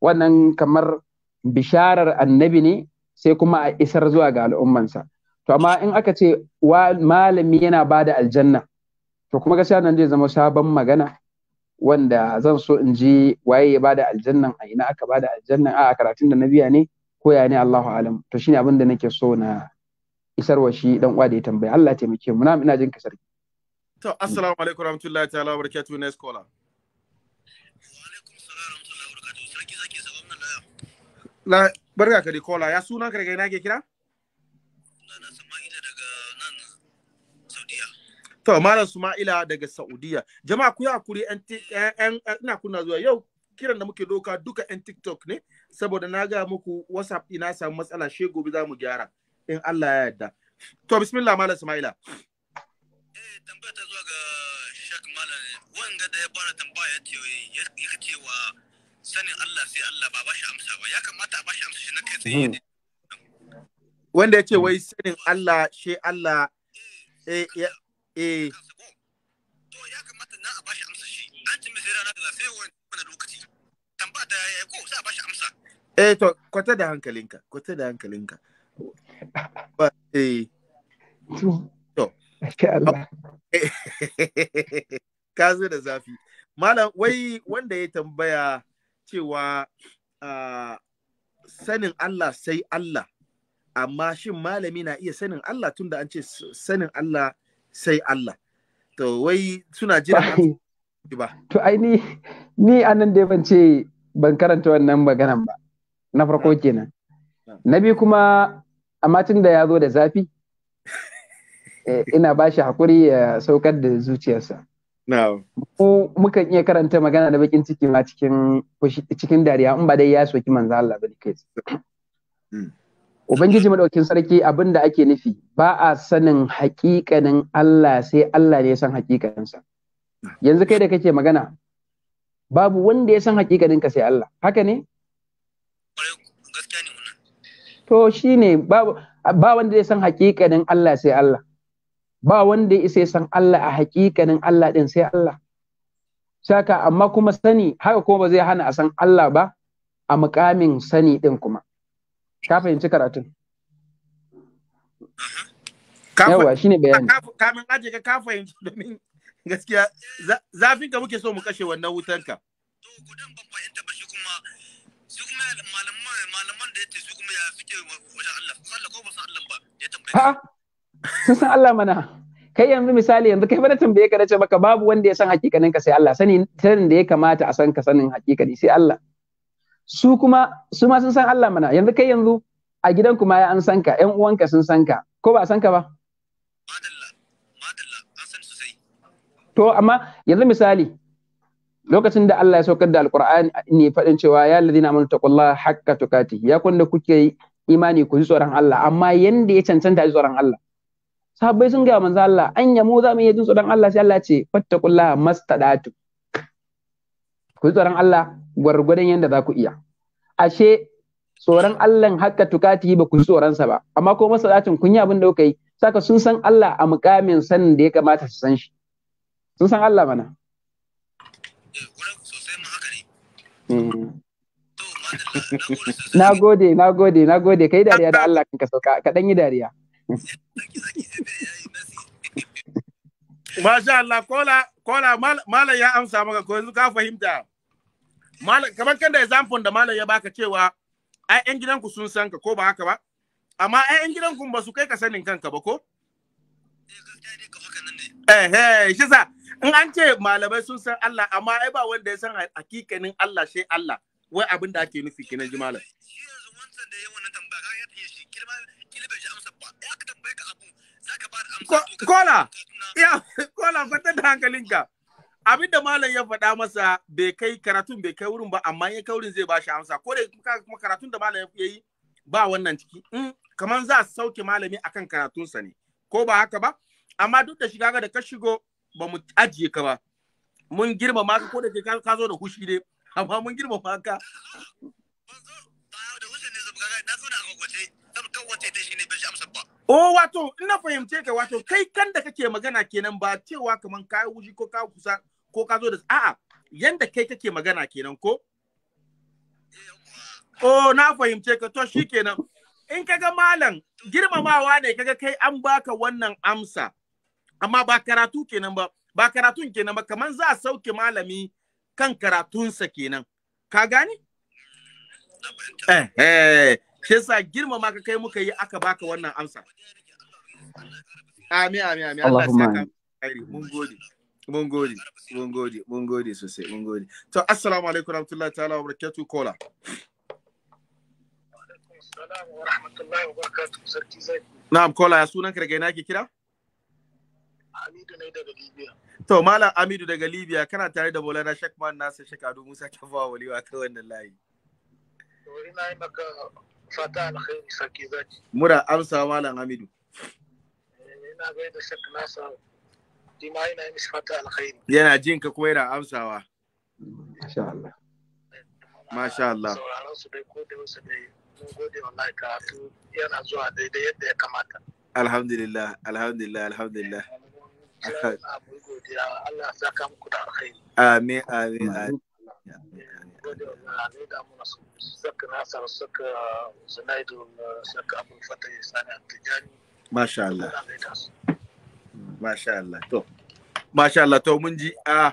wannan kamar bisharar annabi ne sai kuma a isar zuwa ga al'ummansa to amma in aka ce malami yana ba da aljanna to kuma gaskiya nan zai zama sabon magana wanda zan so in ji waye ya ba da aljannan a ina aka ba da aljannan a karatun da na biya ne ko ya ne Allahu alam to shine abin da nake so na isarwa shi dan uwa da ya tambaya Allah ya taimake mu na ina jin ka sarki to assalamu alaikum warahmatullahi ta'ala barakatuhu ne scholar la barka ka kola ya suna ka daga ina ke kira sunana sama'ila daga nan saudiya to malam suma'ila daga saudiya jama'a ku yi hakuri yan ina kunna zuwa yau kiran da muke doka duka yan tiktok ne saboda na ga muku whatsapp ina samu matsala she gobe za mu gyara in Allah ya yarda to bismillah malam suma'ila eh tambaya ta zuwa ga shak malam wanga da ya bara tambaya ya ce wa sanin Allah sai Allah ba bashi amsa ba ya kamata a bashi amsa shi na kai tsaye ne wanda ya ce wai sanin Allah shi Allah eh eh, eh to ya kamata na a bashi amsa shi an ci mai rana da sai wani wani lokaci tambaya da ya ko sai a bashi amsa eh to kwata da hankalinka kwata da hankalinka ba eh to to Allah <laughs> ka zo da zafi malam wai wanda ya tambaya cewa sanin Allah sai Allah amma shin malami na iya sanin Allah tunda an ce sanin Allah sai Allah to wai suna jira ba to ai ni anan dai ban ce ban karanta wannan maganan ba na farko ah. kenan ah. na biyu kuma amma tun da ya zo da zafi <laughs> eh, ina ba shi haƙuri ya saukar da zuciyarsa Mu mukan iya karanta magana da bakin ciki ma cikin cikin dariya in ba dai ya soki manzo Allah bane kai. Mm. Ubangiji madaukin sarki abin da ake nufi ba a sanin hakikanin Allah sai Allah ne ya san hakikaninsa. Yanzu kai da kake magana babu wanda ya san hakikaninka sai Allah haka ne? To shi ne ba wanda ya san hakikanin Allah sai Allah. ba wanda ya isa san Allah a hakikanin Allah ɗin sai Allah saka amma kuma sani haka kuma ba zai hana a san Allah ba a mukamin sani ɗin kuma ka fahimci karatun yawa ne bayani kamin aje ka ka fahimci domin gaskiya zafin ka muke so mu kashe wannan wutan ka to ba shi kuma su kuma malaman su kuma ya wajen Allah Allah ko ba Allah ba ya tambaye sun <laughs> san Allah mana kai yanzu misali yanzu kai bana tambaye ka nace maka babu wanda ya san hakikanin ka sai Allah sani sanin da ya kamata a san ka sanin hakikani sai Allah su kuma su ma sun san Allah mana yanzu kai yanzu a gidan kuma ya an san ka ƴan uwanka sun san ka ko ba san ka ba to amma yanzu misali lokacin da Allah ya saukar da alqur'ani ne faɗin cewa ya ladina amanu taqullaha haqqa tuqati ya kun da kuke imani ku ji tsoron Allah amma yanda ya cancanta ji tsoron Allah sahabbai sun ga manzo Allah anya mu za mu iya jin tsoron Allah sai Allah ce fattaqullaha mastadatu ku yi tsoron Allah gwargwadon yadda za ku iya ashe tsoron Allah haka tukati ba ku yi tsoron sa ba amma ko mastadatin kun yi abin da kuka yi saka sun san Allah a mukamin sanin da ya kamata su san shi sun san Allah mana hmm. <laughs> na gode na gode na gode kai dariya da Allah kanka sauka ka dan yi dariya Masha Allah, kola, kola, mala ya amsa maka ko yanzu ka fahimta. Kamar kan da example da mala ya baka cewa ai ƴan gidanku sun san ka ko ba haka ba? Amma ai ƴan gidanku ba su kai ka sanin kanka ba ko? Eh, eh, shi sa in an ce malamai sun san Allah amma ai ba wanda ya san hakikanin Allah sai Allah. Wai abin da ake nufi kenan ji malam. yanzu wancan da tambaya ya shi girma Kola, ya, kola kwatar da hankalinka. Abinda malam ya faɗa masa bai kai karatun bai kai wurin ba, amma ya kai wurin zai ba shi amsa. Ko da kuma karatun da malam ya yi ba wannan ciki. Kamar za su sauke malami akan karatunsa ne, ko ba haka ba? Amma duk da shiga da ka shigo ba mu ajiye ka ba. Mun girmama ka ko da ke ka zo da hushi ne, amma mun girmama ka. Ban zo ba da hushi ne zaba na zo na gwagwace. kawwace ta shine bai amsa ba oh wato ina fahimce ka wato kai kan da kake magana kenan ba cewa kaman ka wuji ko ka kusa ko ka zo da a'a yanda kai kake magana kenan ko oh na fahimce ka to shikenan in kaga malam girmamawa ne kaga kai an baka wannan amsa amma ba karatu kenan ba ba karatun kenan ba kaman za a sauke malami kan karatunsa kenan ka gani? eh eh shi yasa girmama ka kai muka yi aka baka wannan amsa amin amin amin Allah ya saka mun gode mun gode mun gode mun gode sosai mun gode to assalamu alaikum warahmatullahi ta'ala wa barakatuh kola Na'am kola ya sunan ka daga ina ke kira? Hamidu ne daga Libya. To Malam Amidu daga Libya kana tare da Maulana Sheikh Man Nasir Sheikh Ado Musa Kafawa Waliwa kan wannan layi. To ina yi maka fata alkhairi sarki zaki mura amsa malam hamidu eh, ina shak ina yi fata alkhairi yana jin ka kuma yana amsawa masha Allah masha Allah sauraron su dai ko da wasu dai mun gode yana zuwa daidai yadda ya kamata alhamdulillah alhamdulillah alhamdulillah eh, Allah ya saka muku da alkhairi amin amin amin gode muna su mun ji ah,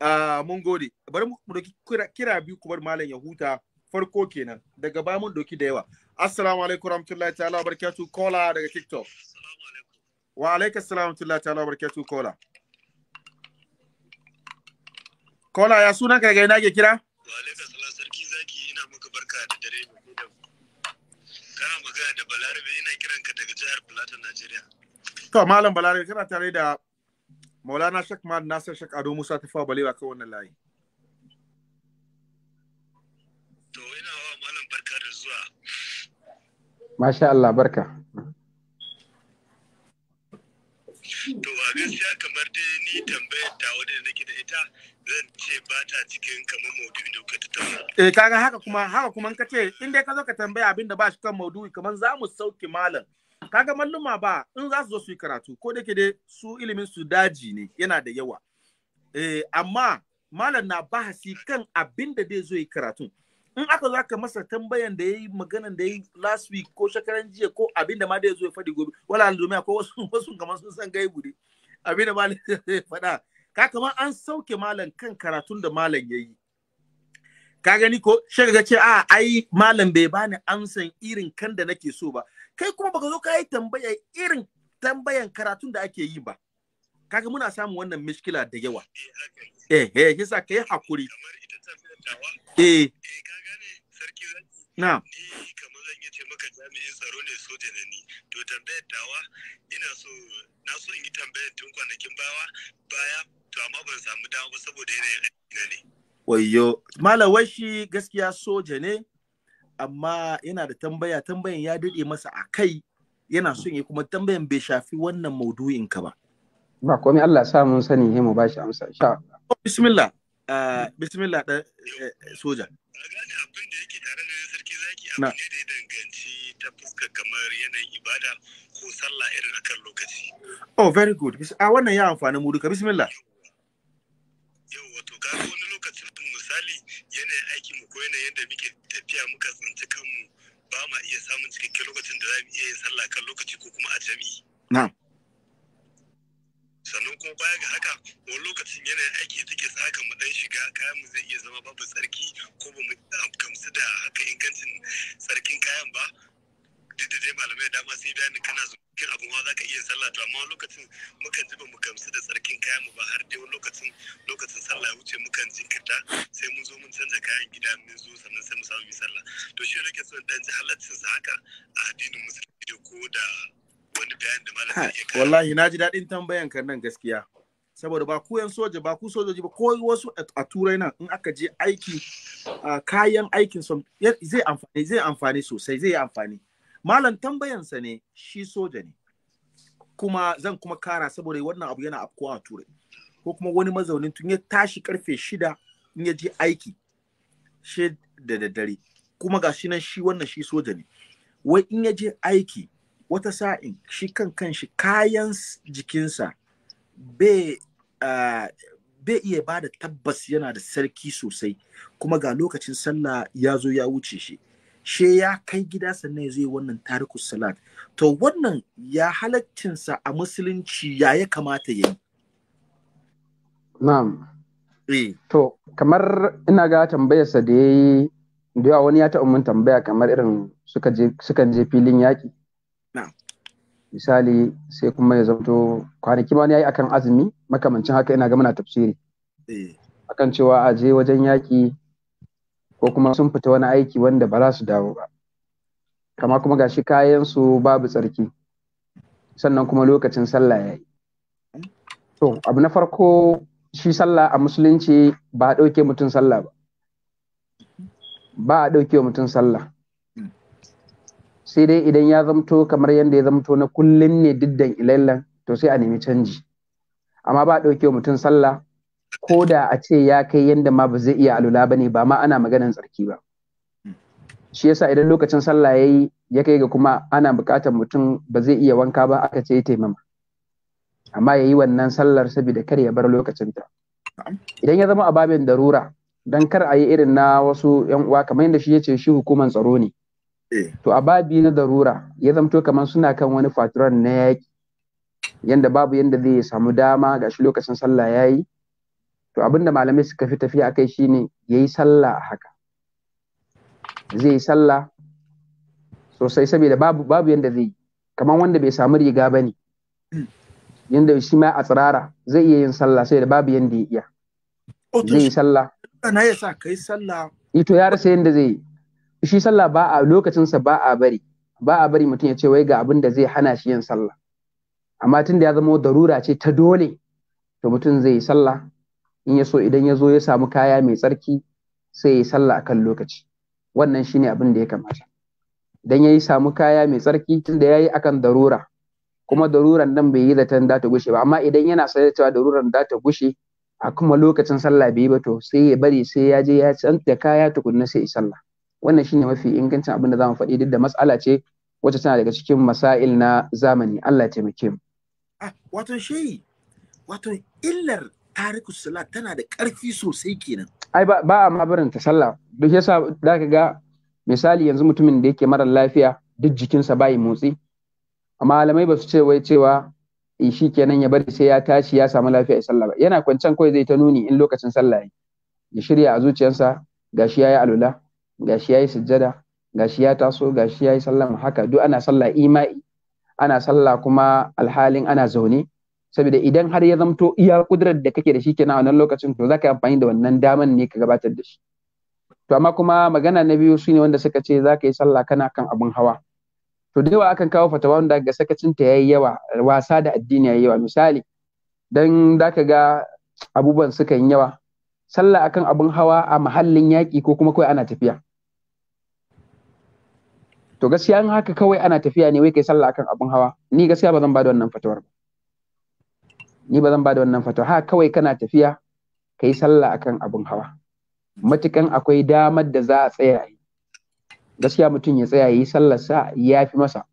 ah, mun gode bari mu doki kira biyu kuma malam ya huta farko kenan daga ba mun doki da yawa assalamu alaikum warahmatullahi ta'ala wa kola daga tiktok wa alaikum assalamu warahmatullahi ta'ala wa kola kola ya sunan ka ga ina ke kira Wa alaika salam sarki zaki ina maka barka da dare mai da kana magana da Balarabe ina kiran ka daga jihar Plateau Najeriya. To malam Balarabe kana tare da Maulana Sheikh Mahad Nasir Sheikh Ado Musa Tafawa Balewa kan wannan layi. To ina wa malam barka da zuwa. Masha Allah barka. To a gaskiya kamar dai ni tambayar ta wadda nake da ita zan ce ba ta cikin kamar maudu, da kuka tattauna. Eh kaga haka kuma haka kuma ka ce in dai ka zo ka tambaya abin da ba shi kan maudu kamar za mu sauke malam. Kaga malluma ba in za su zo su yi karatu ko da ke dai su ilimin su daji ne yana da yawa. Eh amma malam na bahasi kan abin da zai zo yi karatu. In aka zo aka masa tambayan da ya yi maganan da yayi yi last week ko shekaran jiya ko abin da ma dai zo ya faɗi gobe wala alzumiya ko wasu <laughs> wasu kamar sun san gaibu ne abin da malam <laughs> zai faɗa ka kamar an sauke malam kan karatun da malam ya yi ka gani ko shi ga ce a ah, ai malam bai bani amsan irin kan da nake so ba kai kuma baka zo ka yi tambaya irin tambayan karatun da ake yi ba kaga muna samun wannan mishkila da yawa eh eh kisa kai hakuri eh, eh. na kamar to tambayar dawa ina so na so in yi tambayar tun kwanakin bawa baya to amma ban samu dama ba saboda yanayin aiki ne wayyo malawai shi gaskiya soja ne amma yana da tambaya tambayan ya dade masa a kai yana son ya kuma tambayan bai shafi wannan maudu'in ka ba ba komai Allah sa mun sani he mu bashi amsa insha Allah oh, bismillah ah, bismillah da eh, eh, soja Na gane abin da yake tare da sarki zaki abu ne da ya danganci ta fuska kamar yanayin ibada ko sallah irin akan lokaci oh very good a ah, wannan ya amfani mu duka bismillah yau wato ga wani lokacin misali yanayin aikin mu ko yanayin da muke tafiya muka tsinci kanmu ba ma iya samun cikakken lokacin da za mu iya yin sallah kan lokaci ko kuma a jami'i. sannan kuma baya ga haka wani lokacin yanayin aiki take saka mu dan shiga kayan mu zai iya zama babu tsarki ko ba mu gamsu da haka ingancin tsarkin kayan ba duk da dai malamai da dama sai bayani kana zukin abu ma za ka iya sallah to amma lokacin mukan ji ba mu gamsu da tsarkin kayan mu ba har dai wani lokacin lokacin sallah ya wuce mukan jinkirta sai mun zo mun canza kayan gida mun zo sannan sai mu samu mu sallah to shi nake son dan ji halaccin sa haka a addinin musulmi da ko da wani bayani da malamai ya kai wallahi na ji daɗin tambayan kan nan gaskiya saboda ba ku yan soja ba ku sojoji ba ko wasu a turai nan in aka je aiki kayan aikin zai amfani zai amfani sosai zai amfani malam tambayansa ne shi soja ne kuma zan kuma kara saboda wannan abu yana afkuwa a turai ko kuma wani mazaunin tun ya tashi karfe shida in ya je aiki shi da daddare kuma ga shi nan shi wannan shi soja ne wai in ya je aiki wata sa'in shi kan kan shi kayan jikinsa bai ah, iya bada tabbas yana da sarki sosai kuma ga lokacin sallah ya zo ya wuce shi she ya kai gida sannan ya zo wannan tariku salat to wannan ya halaccinsa a musulunci ya ya kamata ya yi na'am eh to kamar ina ga tambayarsa da yayi da wani ya taɓa mun tambaya kamar irin suka je sukan je filin yaƙi misali sai kuma ya zamto kwanaki ma yayi akan azumi makamancin haka ina ga muna tafsiri eh. akan cewa a je wajen yaƙi ko kuma sun fita wani aiki wanda ba za su dawo ba kama kuma gashi kayan su babu tsarki sannan kuma lokacin sallah ya yi. to abu na farko shi sallah a musulunci ba a ɗauke mutum sallah ba ba a ɗauke mutum sallah sai dai idan ya zamto kamar yadda ya zamto na kullum ne diddan ilallan to sai a nemi canji amma ba a ɗauke mutum sallah ko da a ce ya kai yadda ma ba zai iya alula ba ne ba ma ana maganan tsarki ba hmm. shi yasa idan lokacin sallah yayi ya kai ga kuma ana buƙatar mutum ba zai iya wanka ba aka ce ya taimama amma ya yi wannan sallar saboda kar ya bar lokacinta idan ya zama a darura don kar a yi irin na wasu yan uwa kamar yadda shi ya ce shi hukumar tsaro ne eh. to ababi na darura ya zamto kamar suna kan wani faturar na yaƙi yanda babu yanda zai samu dama ga shi lokacin sallah ya yi to abinda malamai suka fi tafiya akai shine yayi sallah haka zai yi sallah sosai saboda babu babu yanda zai yi kamar wanda bai samu riga bane yanda shi ma a tsirara zai iya yin sallah saboda babu yanda ya iya oh, zai yi sallah ana ya sa kai sallah ito eh ya rasa yanda zai yi shi sallah ba a lokacinsa ba a bari ba a bari mutum ya ce wai ga abin da zai hana shi yin sallah amma tun da ya zama darura ce ta dole to mutum zai yi sallah in ya so idan ya zo ya samu kaya mai tsarki sai ya yi sallah akan lokaci wannan shine abin da ya kamata idan ya yi samu kaya mai tsarki tunda ya yi akan darura kuma daruran nan bai yi da da ta gushe ba amma idan yana sayar cewa daruran da ta gushe a kuma lokacin sallah bai ba to sai ya bari sai ya je ya tsanta kaya tukunna sai ya sallah wannan shine mafi ingancin abin da zamu faɗi duk da matsala ce wacce tana daga cikin masail na zamani Allah ya taimake mu ah, wato shi wato illar tarikus salla tana da ƙarfi sosai kenan ai ba a ma barin ta sallah duk yasa ka ga misali yanzu mutumin da yake mara lafiya duk jikinsa bai motsi amma malamai ba su ce wai cewa eh, shi kenan ya bari sai ya tashi ya samu lafiya ya salla ba yana kwancen kawai zai ta nuni in lokacin salla ya shirya a zuciyarsa gashi yi alula gashi yi sujjada gashi ya taso gashi yi sallama haka duk ana salla ima'i ana sallah kuma alhalin ana zaune saboda idan har ya zamto iya kudurar da kake da shi kenan a wannan lokacin to zaka yi amfani da wannan daman ne ka gabatar da shi to amma kuma magana na biyu shine wanda suka ce zaka yi sallah kana kan abun hawa to da yawa akan kawo fatawa wanda ga sakacin ta yayi yawa wasa da addini yayi yawa misali dan zaka ga abubuwan suka yi yawa sallah akan abun hawa a mahallin yaƙi ko kuma kawai ana tafiya to gaskiya in haka kawai ana tafiya ne wai kai sallah akan abun hawa ni gaskiya ba zan ba da wannan fatawar ba ni ba zan ba da wannan fatawa ha kawai kana tafiya ka yi sallah akan abun hawa matukan akwai damar da za a tsaya yi gaskiya mutum ya tsaya yi sallah ya fi masa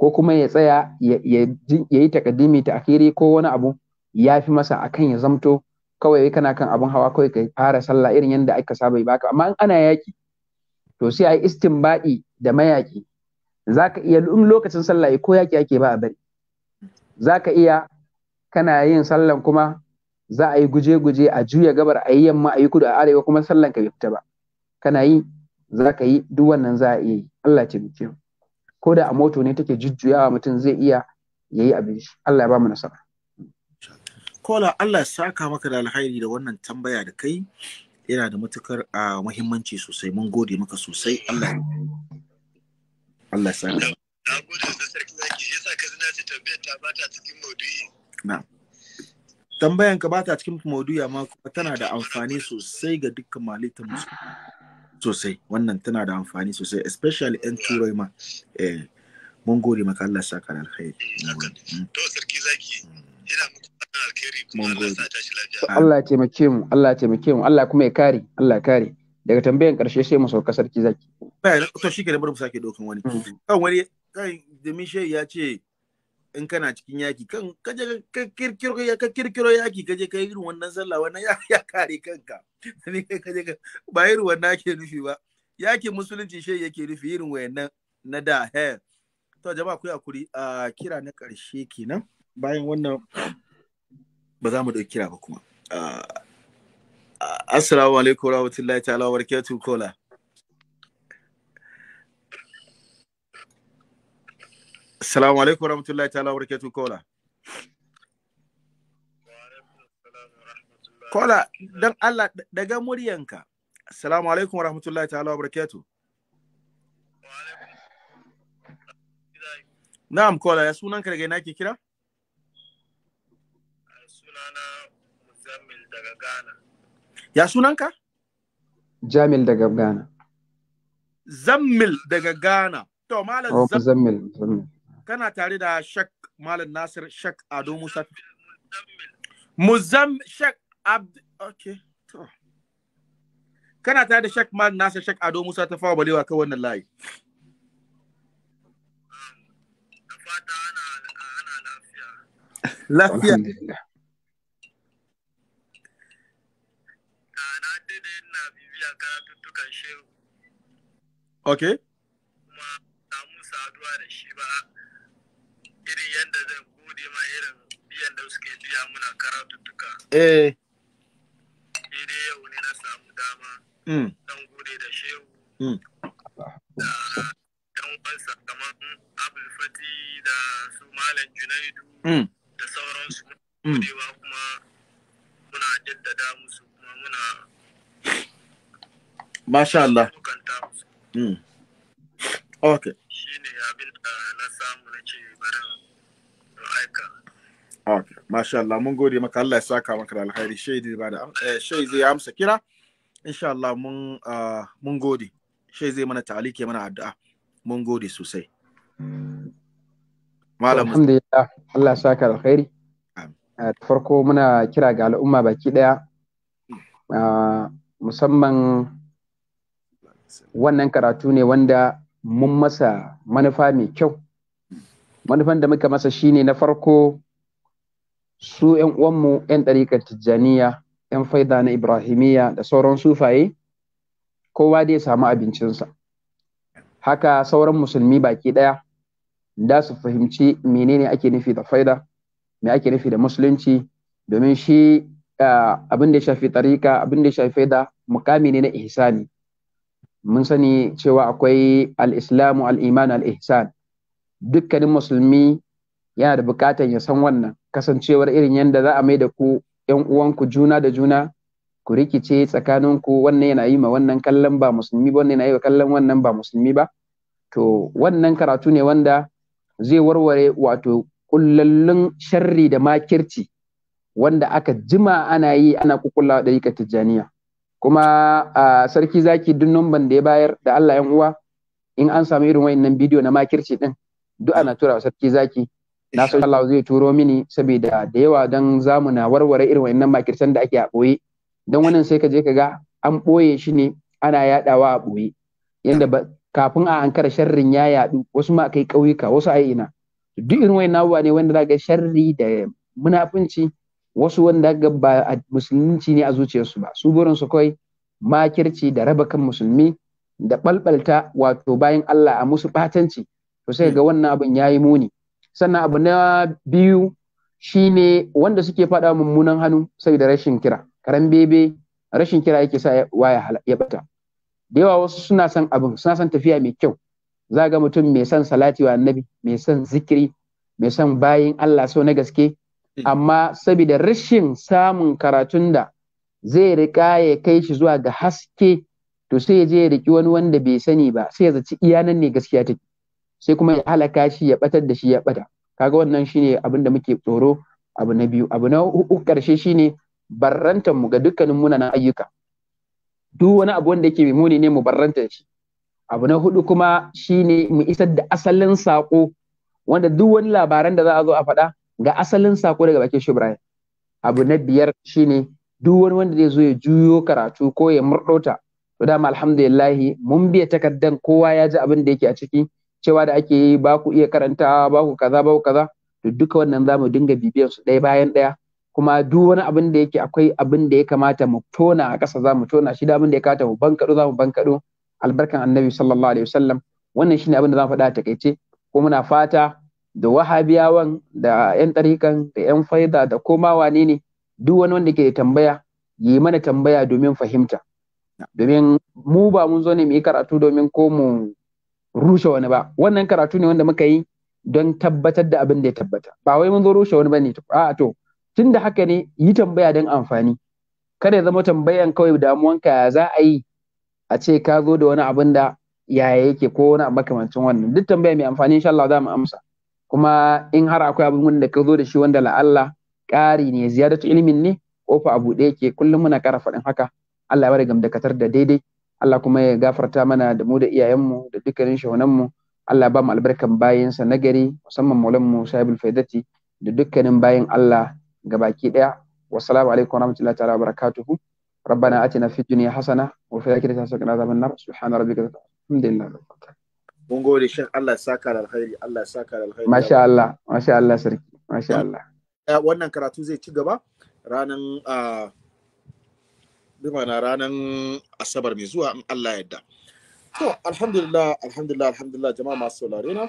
ko kuma ya tsaya ya yi takaddimi ta akhiri ko wani abu ya fi masa akan ya zamto kawai kana kan abun hawa kawai ka fara sallah irin yadda aka saba yi baka amma in ana yaki to sai a yi istinbadi da mayaki zaka iya in lokacin sallah ko yaki ake ba a bari zaka iya kana yin sallan kuma za a yi guje-guje a juya gabar a yi yamma a yi kudu a arewa kuma sallan ka bai fita ba kana yi za ka yi duk wannan za a iya yi Allah ce muke ko da a moto ne take jujjuyawa mutum zai iya yayi abin shi Allah ya ba mu nasara kola Allah ya saka maka da alheri da wannan tambaya da kai yana da matukar a muhimmanci sosai mun gode maka sosai Allah Allah ya saka na gode da sarki zaki yasa ka zina ce tambayar ta bata cikin maudu'i na tambayan ka bata cikin maudu'i ma kuma tana da amfani sosai ga dukkan malitan musu sosai wannan tana da amfani sosai especially yan turai ma eh, mun gode maka Allah saka da alkhairi to sarki zaki hmm. ina muku fatan alkhairi kuma Allah sa ta shi lafiya Allah ya taimake mu Allah ya taimake mu Allah kuma ya kare Allah ya kare daga tambayan karshe sai mu sauka sarki zaki to shi ke da bari mu sake dokan wani hmm. kan wani kan Demishe ya ce in kana cikin yaki kan kaje ka kirkiro ya ka kirkiro yaki kaje kai irin wannan sallah wannan ya, ya kare kanka <laughs> ne kaje ka ba irin wannan yake nufi ba yaki musulunci shi yake nufi irin wayannan na da he to jama'a ku hakuri a kira na karshe kenan bayan wannan ba za mu dauki kira ba kuma assalamu alaikum warahmatullahi ta'ala wa barakatuh kola Assalamu alaikum warahmatullahi ta'ala barakatuh kola. Kola dan Allah daga muryanka. Assalamu alaikum warahmatullahi ta'ala na Na'am kola ya sunan ka daga ina ke kira? Ya sunan ka? Jamil daga Ghana. Zammil daga Ghana. To malam oh, Zammil. kana tare da shak Malam Nasir shak Ado Musa. muzam shak Abd okay to. Kana tare da shak Malam Nasir shak Ado Musa ta fawa balewa kan wannan layi. Lafiya. Ah, okay. Kuma samu saduwa da shi ba irin yadda zan gode ma irin biyan da suke biya muna karatuttuka. Eh. Ire yau ne na samu dama. Mm. Dan gode da shehu. Mm. Da dan wansa kamar Abul Fati da su Malam Junaidu. Mm. Da sauransu. Mm. Godewa kuma muna jaddada musu kuma muna. Masha Allah. Mm. Okay. abin da na samu na ce aika Masha Allah, mun gode maka Allah ya saka maka da alkhairi shaidi ba da eh, shai zai amsa kira. Insha Allah mun ah, mun gode. Shai zai mana ta'aliki mana addu'a. Mun gode sosai. Malam Alhamdulillah, Allah ya saka alkhairi. Ta ah, farko muna kira ga al'umma baki daya. Ah, musamman wannan karatu ne wanda mun masa manufa mai kyau manufan da muka masa shine na farko su 'yan uwanmu 'yan ɗariƙar tijjaniya 'yan faida na ibrahimiyya da sauran sufaye kowa dai samu abincinsa haka sauran musulmi baki ɗaya da su fahimci menene ake nufi da faida me ake nufi da musulunci domin shi ah, abin da ya shafi ɗariƙa abin da ya shafi faida mukami ne na ihsani mun sani cewa akwai al'islamu, al’iman al dukkanin musulmi yana da bukatar ya san wannan kasancewar irin yadda za a mai da ku yan uwanku juna da juna ku rikice tsakaninku wannan yana yi ma wannan kallon ba musulmi ba wannan yana yi wa kallon wannan ba musulmi ba to wannan karatu ne wanda zai warware wato kullallun sharri da makirci wanda aka jima ana yi ana kukullawa ɗariƙar tijjaniya kuma a sarki zaki duk numban da ya bayar da Allah yan uwa in an samu irin wayannan bidiyo na makirci din duk ana tura wa sarki zaki na san Allah zai turo mini saboda da yawa dan zamu na warware irin wayannan makircin da ake a boye dan wannan sai ka je ka ga an boye shi ne ana yadawa a boye yanda kafin a ankara sharrin ya yadu wasu ma kai kauyuka wasu a ina duk irin wayannan abubuwa ne wanda zaka sharri da munafunci wasu wanda ga ba musulunci ne a zuciyarsu ba su su kawai makirci da raba kan musulmi da balbalta wato bayan Allah a musu batanci to sai ga wannan abin yayi muni sannan abu na biyu shine wanda suke faɗa mummunan hannu saboda rashin kira karan bebe rashin kira yake sa waya ya bata da yawa wasu suna son abin suna son tafiya mai kyau za mutum mai son salati wa annabi mai son zikiri mai son bayin Allah sau na gaske Mm. amma saboda rashin samun karatun da zai riƙa ya kai shi zuwa ga haske to sai ya je ya riƙi wani wanda bai sani ba sai ya zaci iyanan nan ne gaskiya take sai kuma ya halaka shi ya batar da shi ya bata kaga wannan shine abin da muke tsoro abu na biyu abu na uku karshe shine barrantar mu ga dukkanin munanan ayyuka duk wani abu wanda yake muni ne mu barranta shi abu na hudu kuma shine mu isar da asalin sako wanda duk wani labaran da za a zo a faɗa ga asalin sako daga bakin Ibrahim abu na biyar shine duk wani wanda zai zo ya juyo karatu ko ya murdota to dama alhamdulillah mun biya takaddan kowa ya ji abin da yake a ciki cewa da ake yi ba ku iya karanta ba ku kaza ba ku kaza to duka wannan za mu dinga bibiyar su ɗaya bayan ɗaya kuma duk wani abin da yake akwai abin da ya kamata mu tona a ƙasa za mu tona shi da abin da ya kamata mu bankaɗo za mu bankaɗo albarkan annabi sallallahu alaihi wasallam wannan shine abin da za mu faɗa a takaice ko muna fata da wahabiyawan da 'yan tarikan da 'yan faida da koma wane ne duk wani wanda ke da tambaya yi mana tambaya domin fahimta domin mu ba mun zo ne mu yi karatu domin ko mu rushe wani ba wannan karatu ne wanda muka yi don tabbatar da abin da ya tabbata ba wai mun zo rushe wani ba ne. a to tun da haka ne yi tambaya don amfani kada ya zama tambayan kawai damuwanka ya za a yi a ce ka zo da wani abin da yaya yake ko wani makamancin wannan duk tambaya mai amfani insha Allah za mu amsa kuma in har akwai abin da ka zo da shi wanda la'alla ƙari ne ziyadatu ilimin ne kofa abu ɗaya ke kullum muna ƙara faɗin haka Allah ya bari gam da da daidai Allah kuma ya gafarta mana da mu da iyayenmu da dukkanin shahunanmu Allah ba mu albarkan bayansa na gari musamman mu sahibul faidati da dukkanin bayan Allah gabaki daya wassalamu alaikum warahmatullahi ta'ala barakatuhu ربنا اتنا في الدنيا حسنه وفي الاخره حسنه وقنا عذاب النار سبحان ربك الحمد لله mun gode shin Allah saka da alkhairi Allah saka da alkhairi masha Allah masha Allah sarki masha Allah eh, wannan karatu zai ci gaba ranan ah, bi mana ranan asabar mai zuwa in Allah yarda to alhamdulillah alhamdulillah alhamdulillah jama'a masu saurare na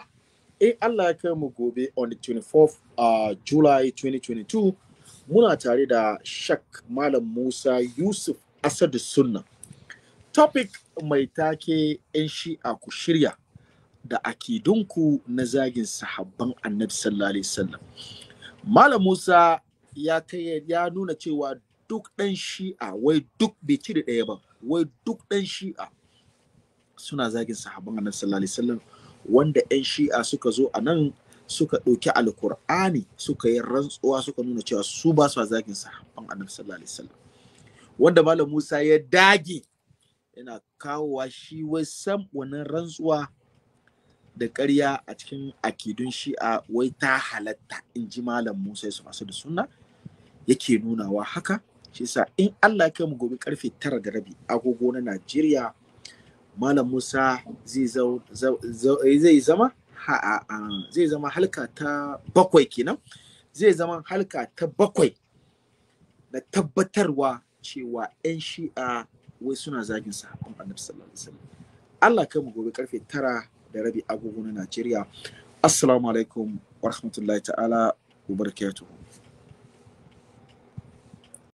eh Allah ya kai mu gobe on the 24th uh, ah, July 2022 muna tare da Shak Malam Musa Yusuf Asadu Sunna topic mai take 'yan a ku shirya da akidunku na zagin sahabban annabi sallallahu alaihi wasallam malam musa ya kai ya nuna cewa duk ɗan shi'a wai duk bai cire ɗaya ba wai duk ɗan shi'a suna zagin sahabban annabi sallallahu alaihi wasallam wanda 'yan shi'a suka zo a nan suka ɗauki alkur'ani suka yi rantsuwa suka nuna cewa su ba su zagin sahabban annabi sallallahu alaihi wasallam wanda malam Musa ya dage yana kawowa shi wai sam wannan rantsuwa da ƙarya a cikin akidun shi'a wai ta halatta in ji malam musa su masu da sunna yake nunawa haka shi sa in allah kai mu gobe karfe tara da rabi agogo na najeriya malam musa zai eh, zama zai zama halka ta bakwai kenan zai zama halka ta bakwai na tabbatarwa cewa 'yan shi'a wai suna zagin sahabban annabi sallallahu alaihi wasallam Allah kai mu gobe karfe tara da rabi agogo na Najeriya. Assalamu alaikum wa rahmatullahi ta'ala wa barakatuhu.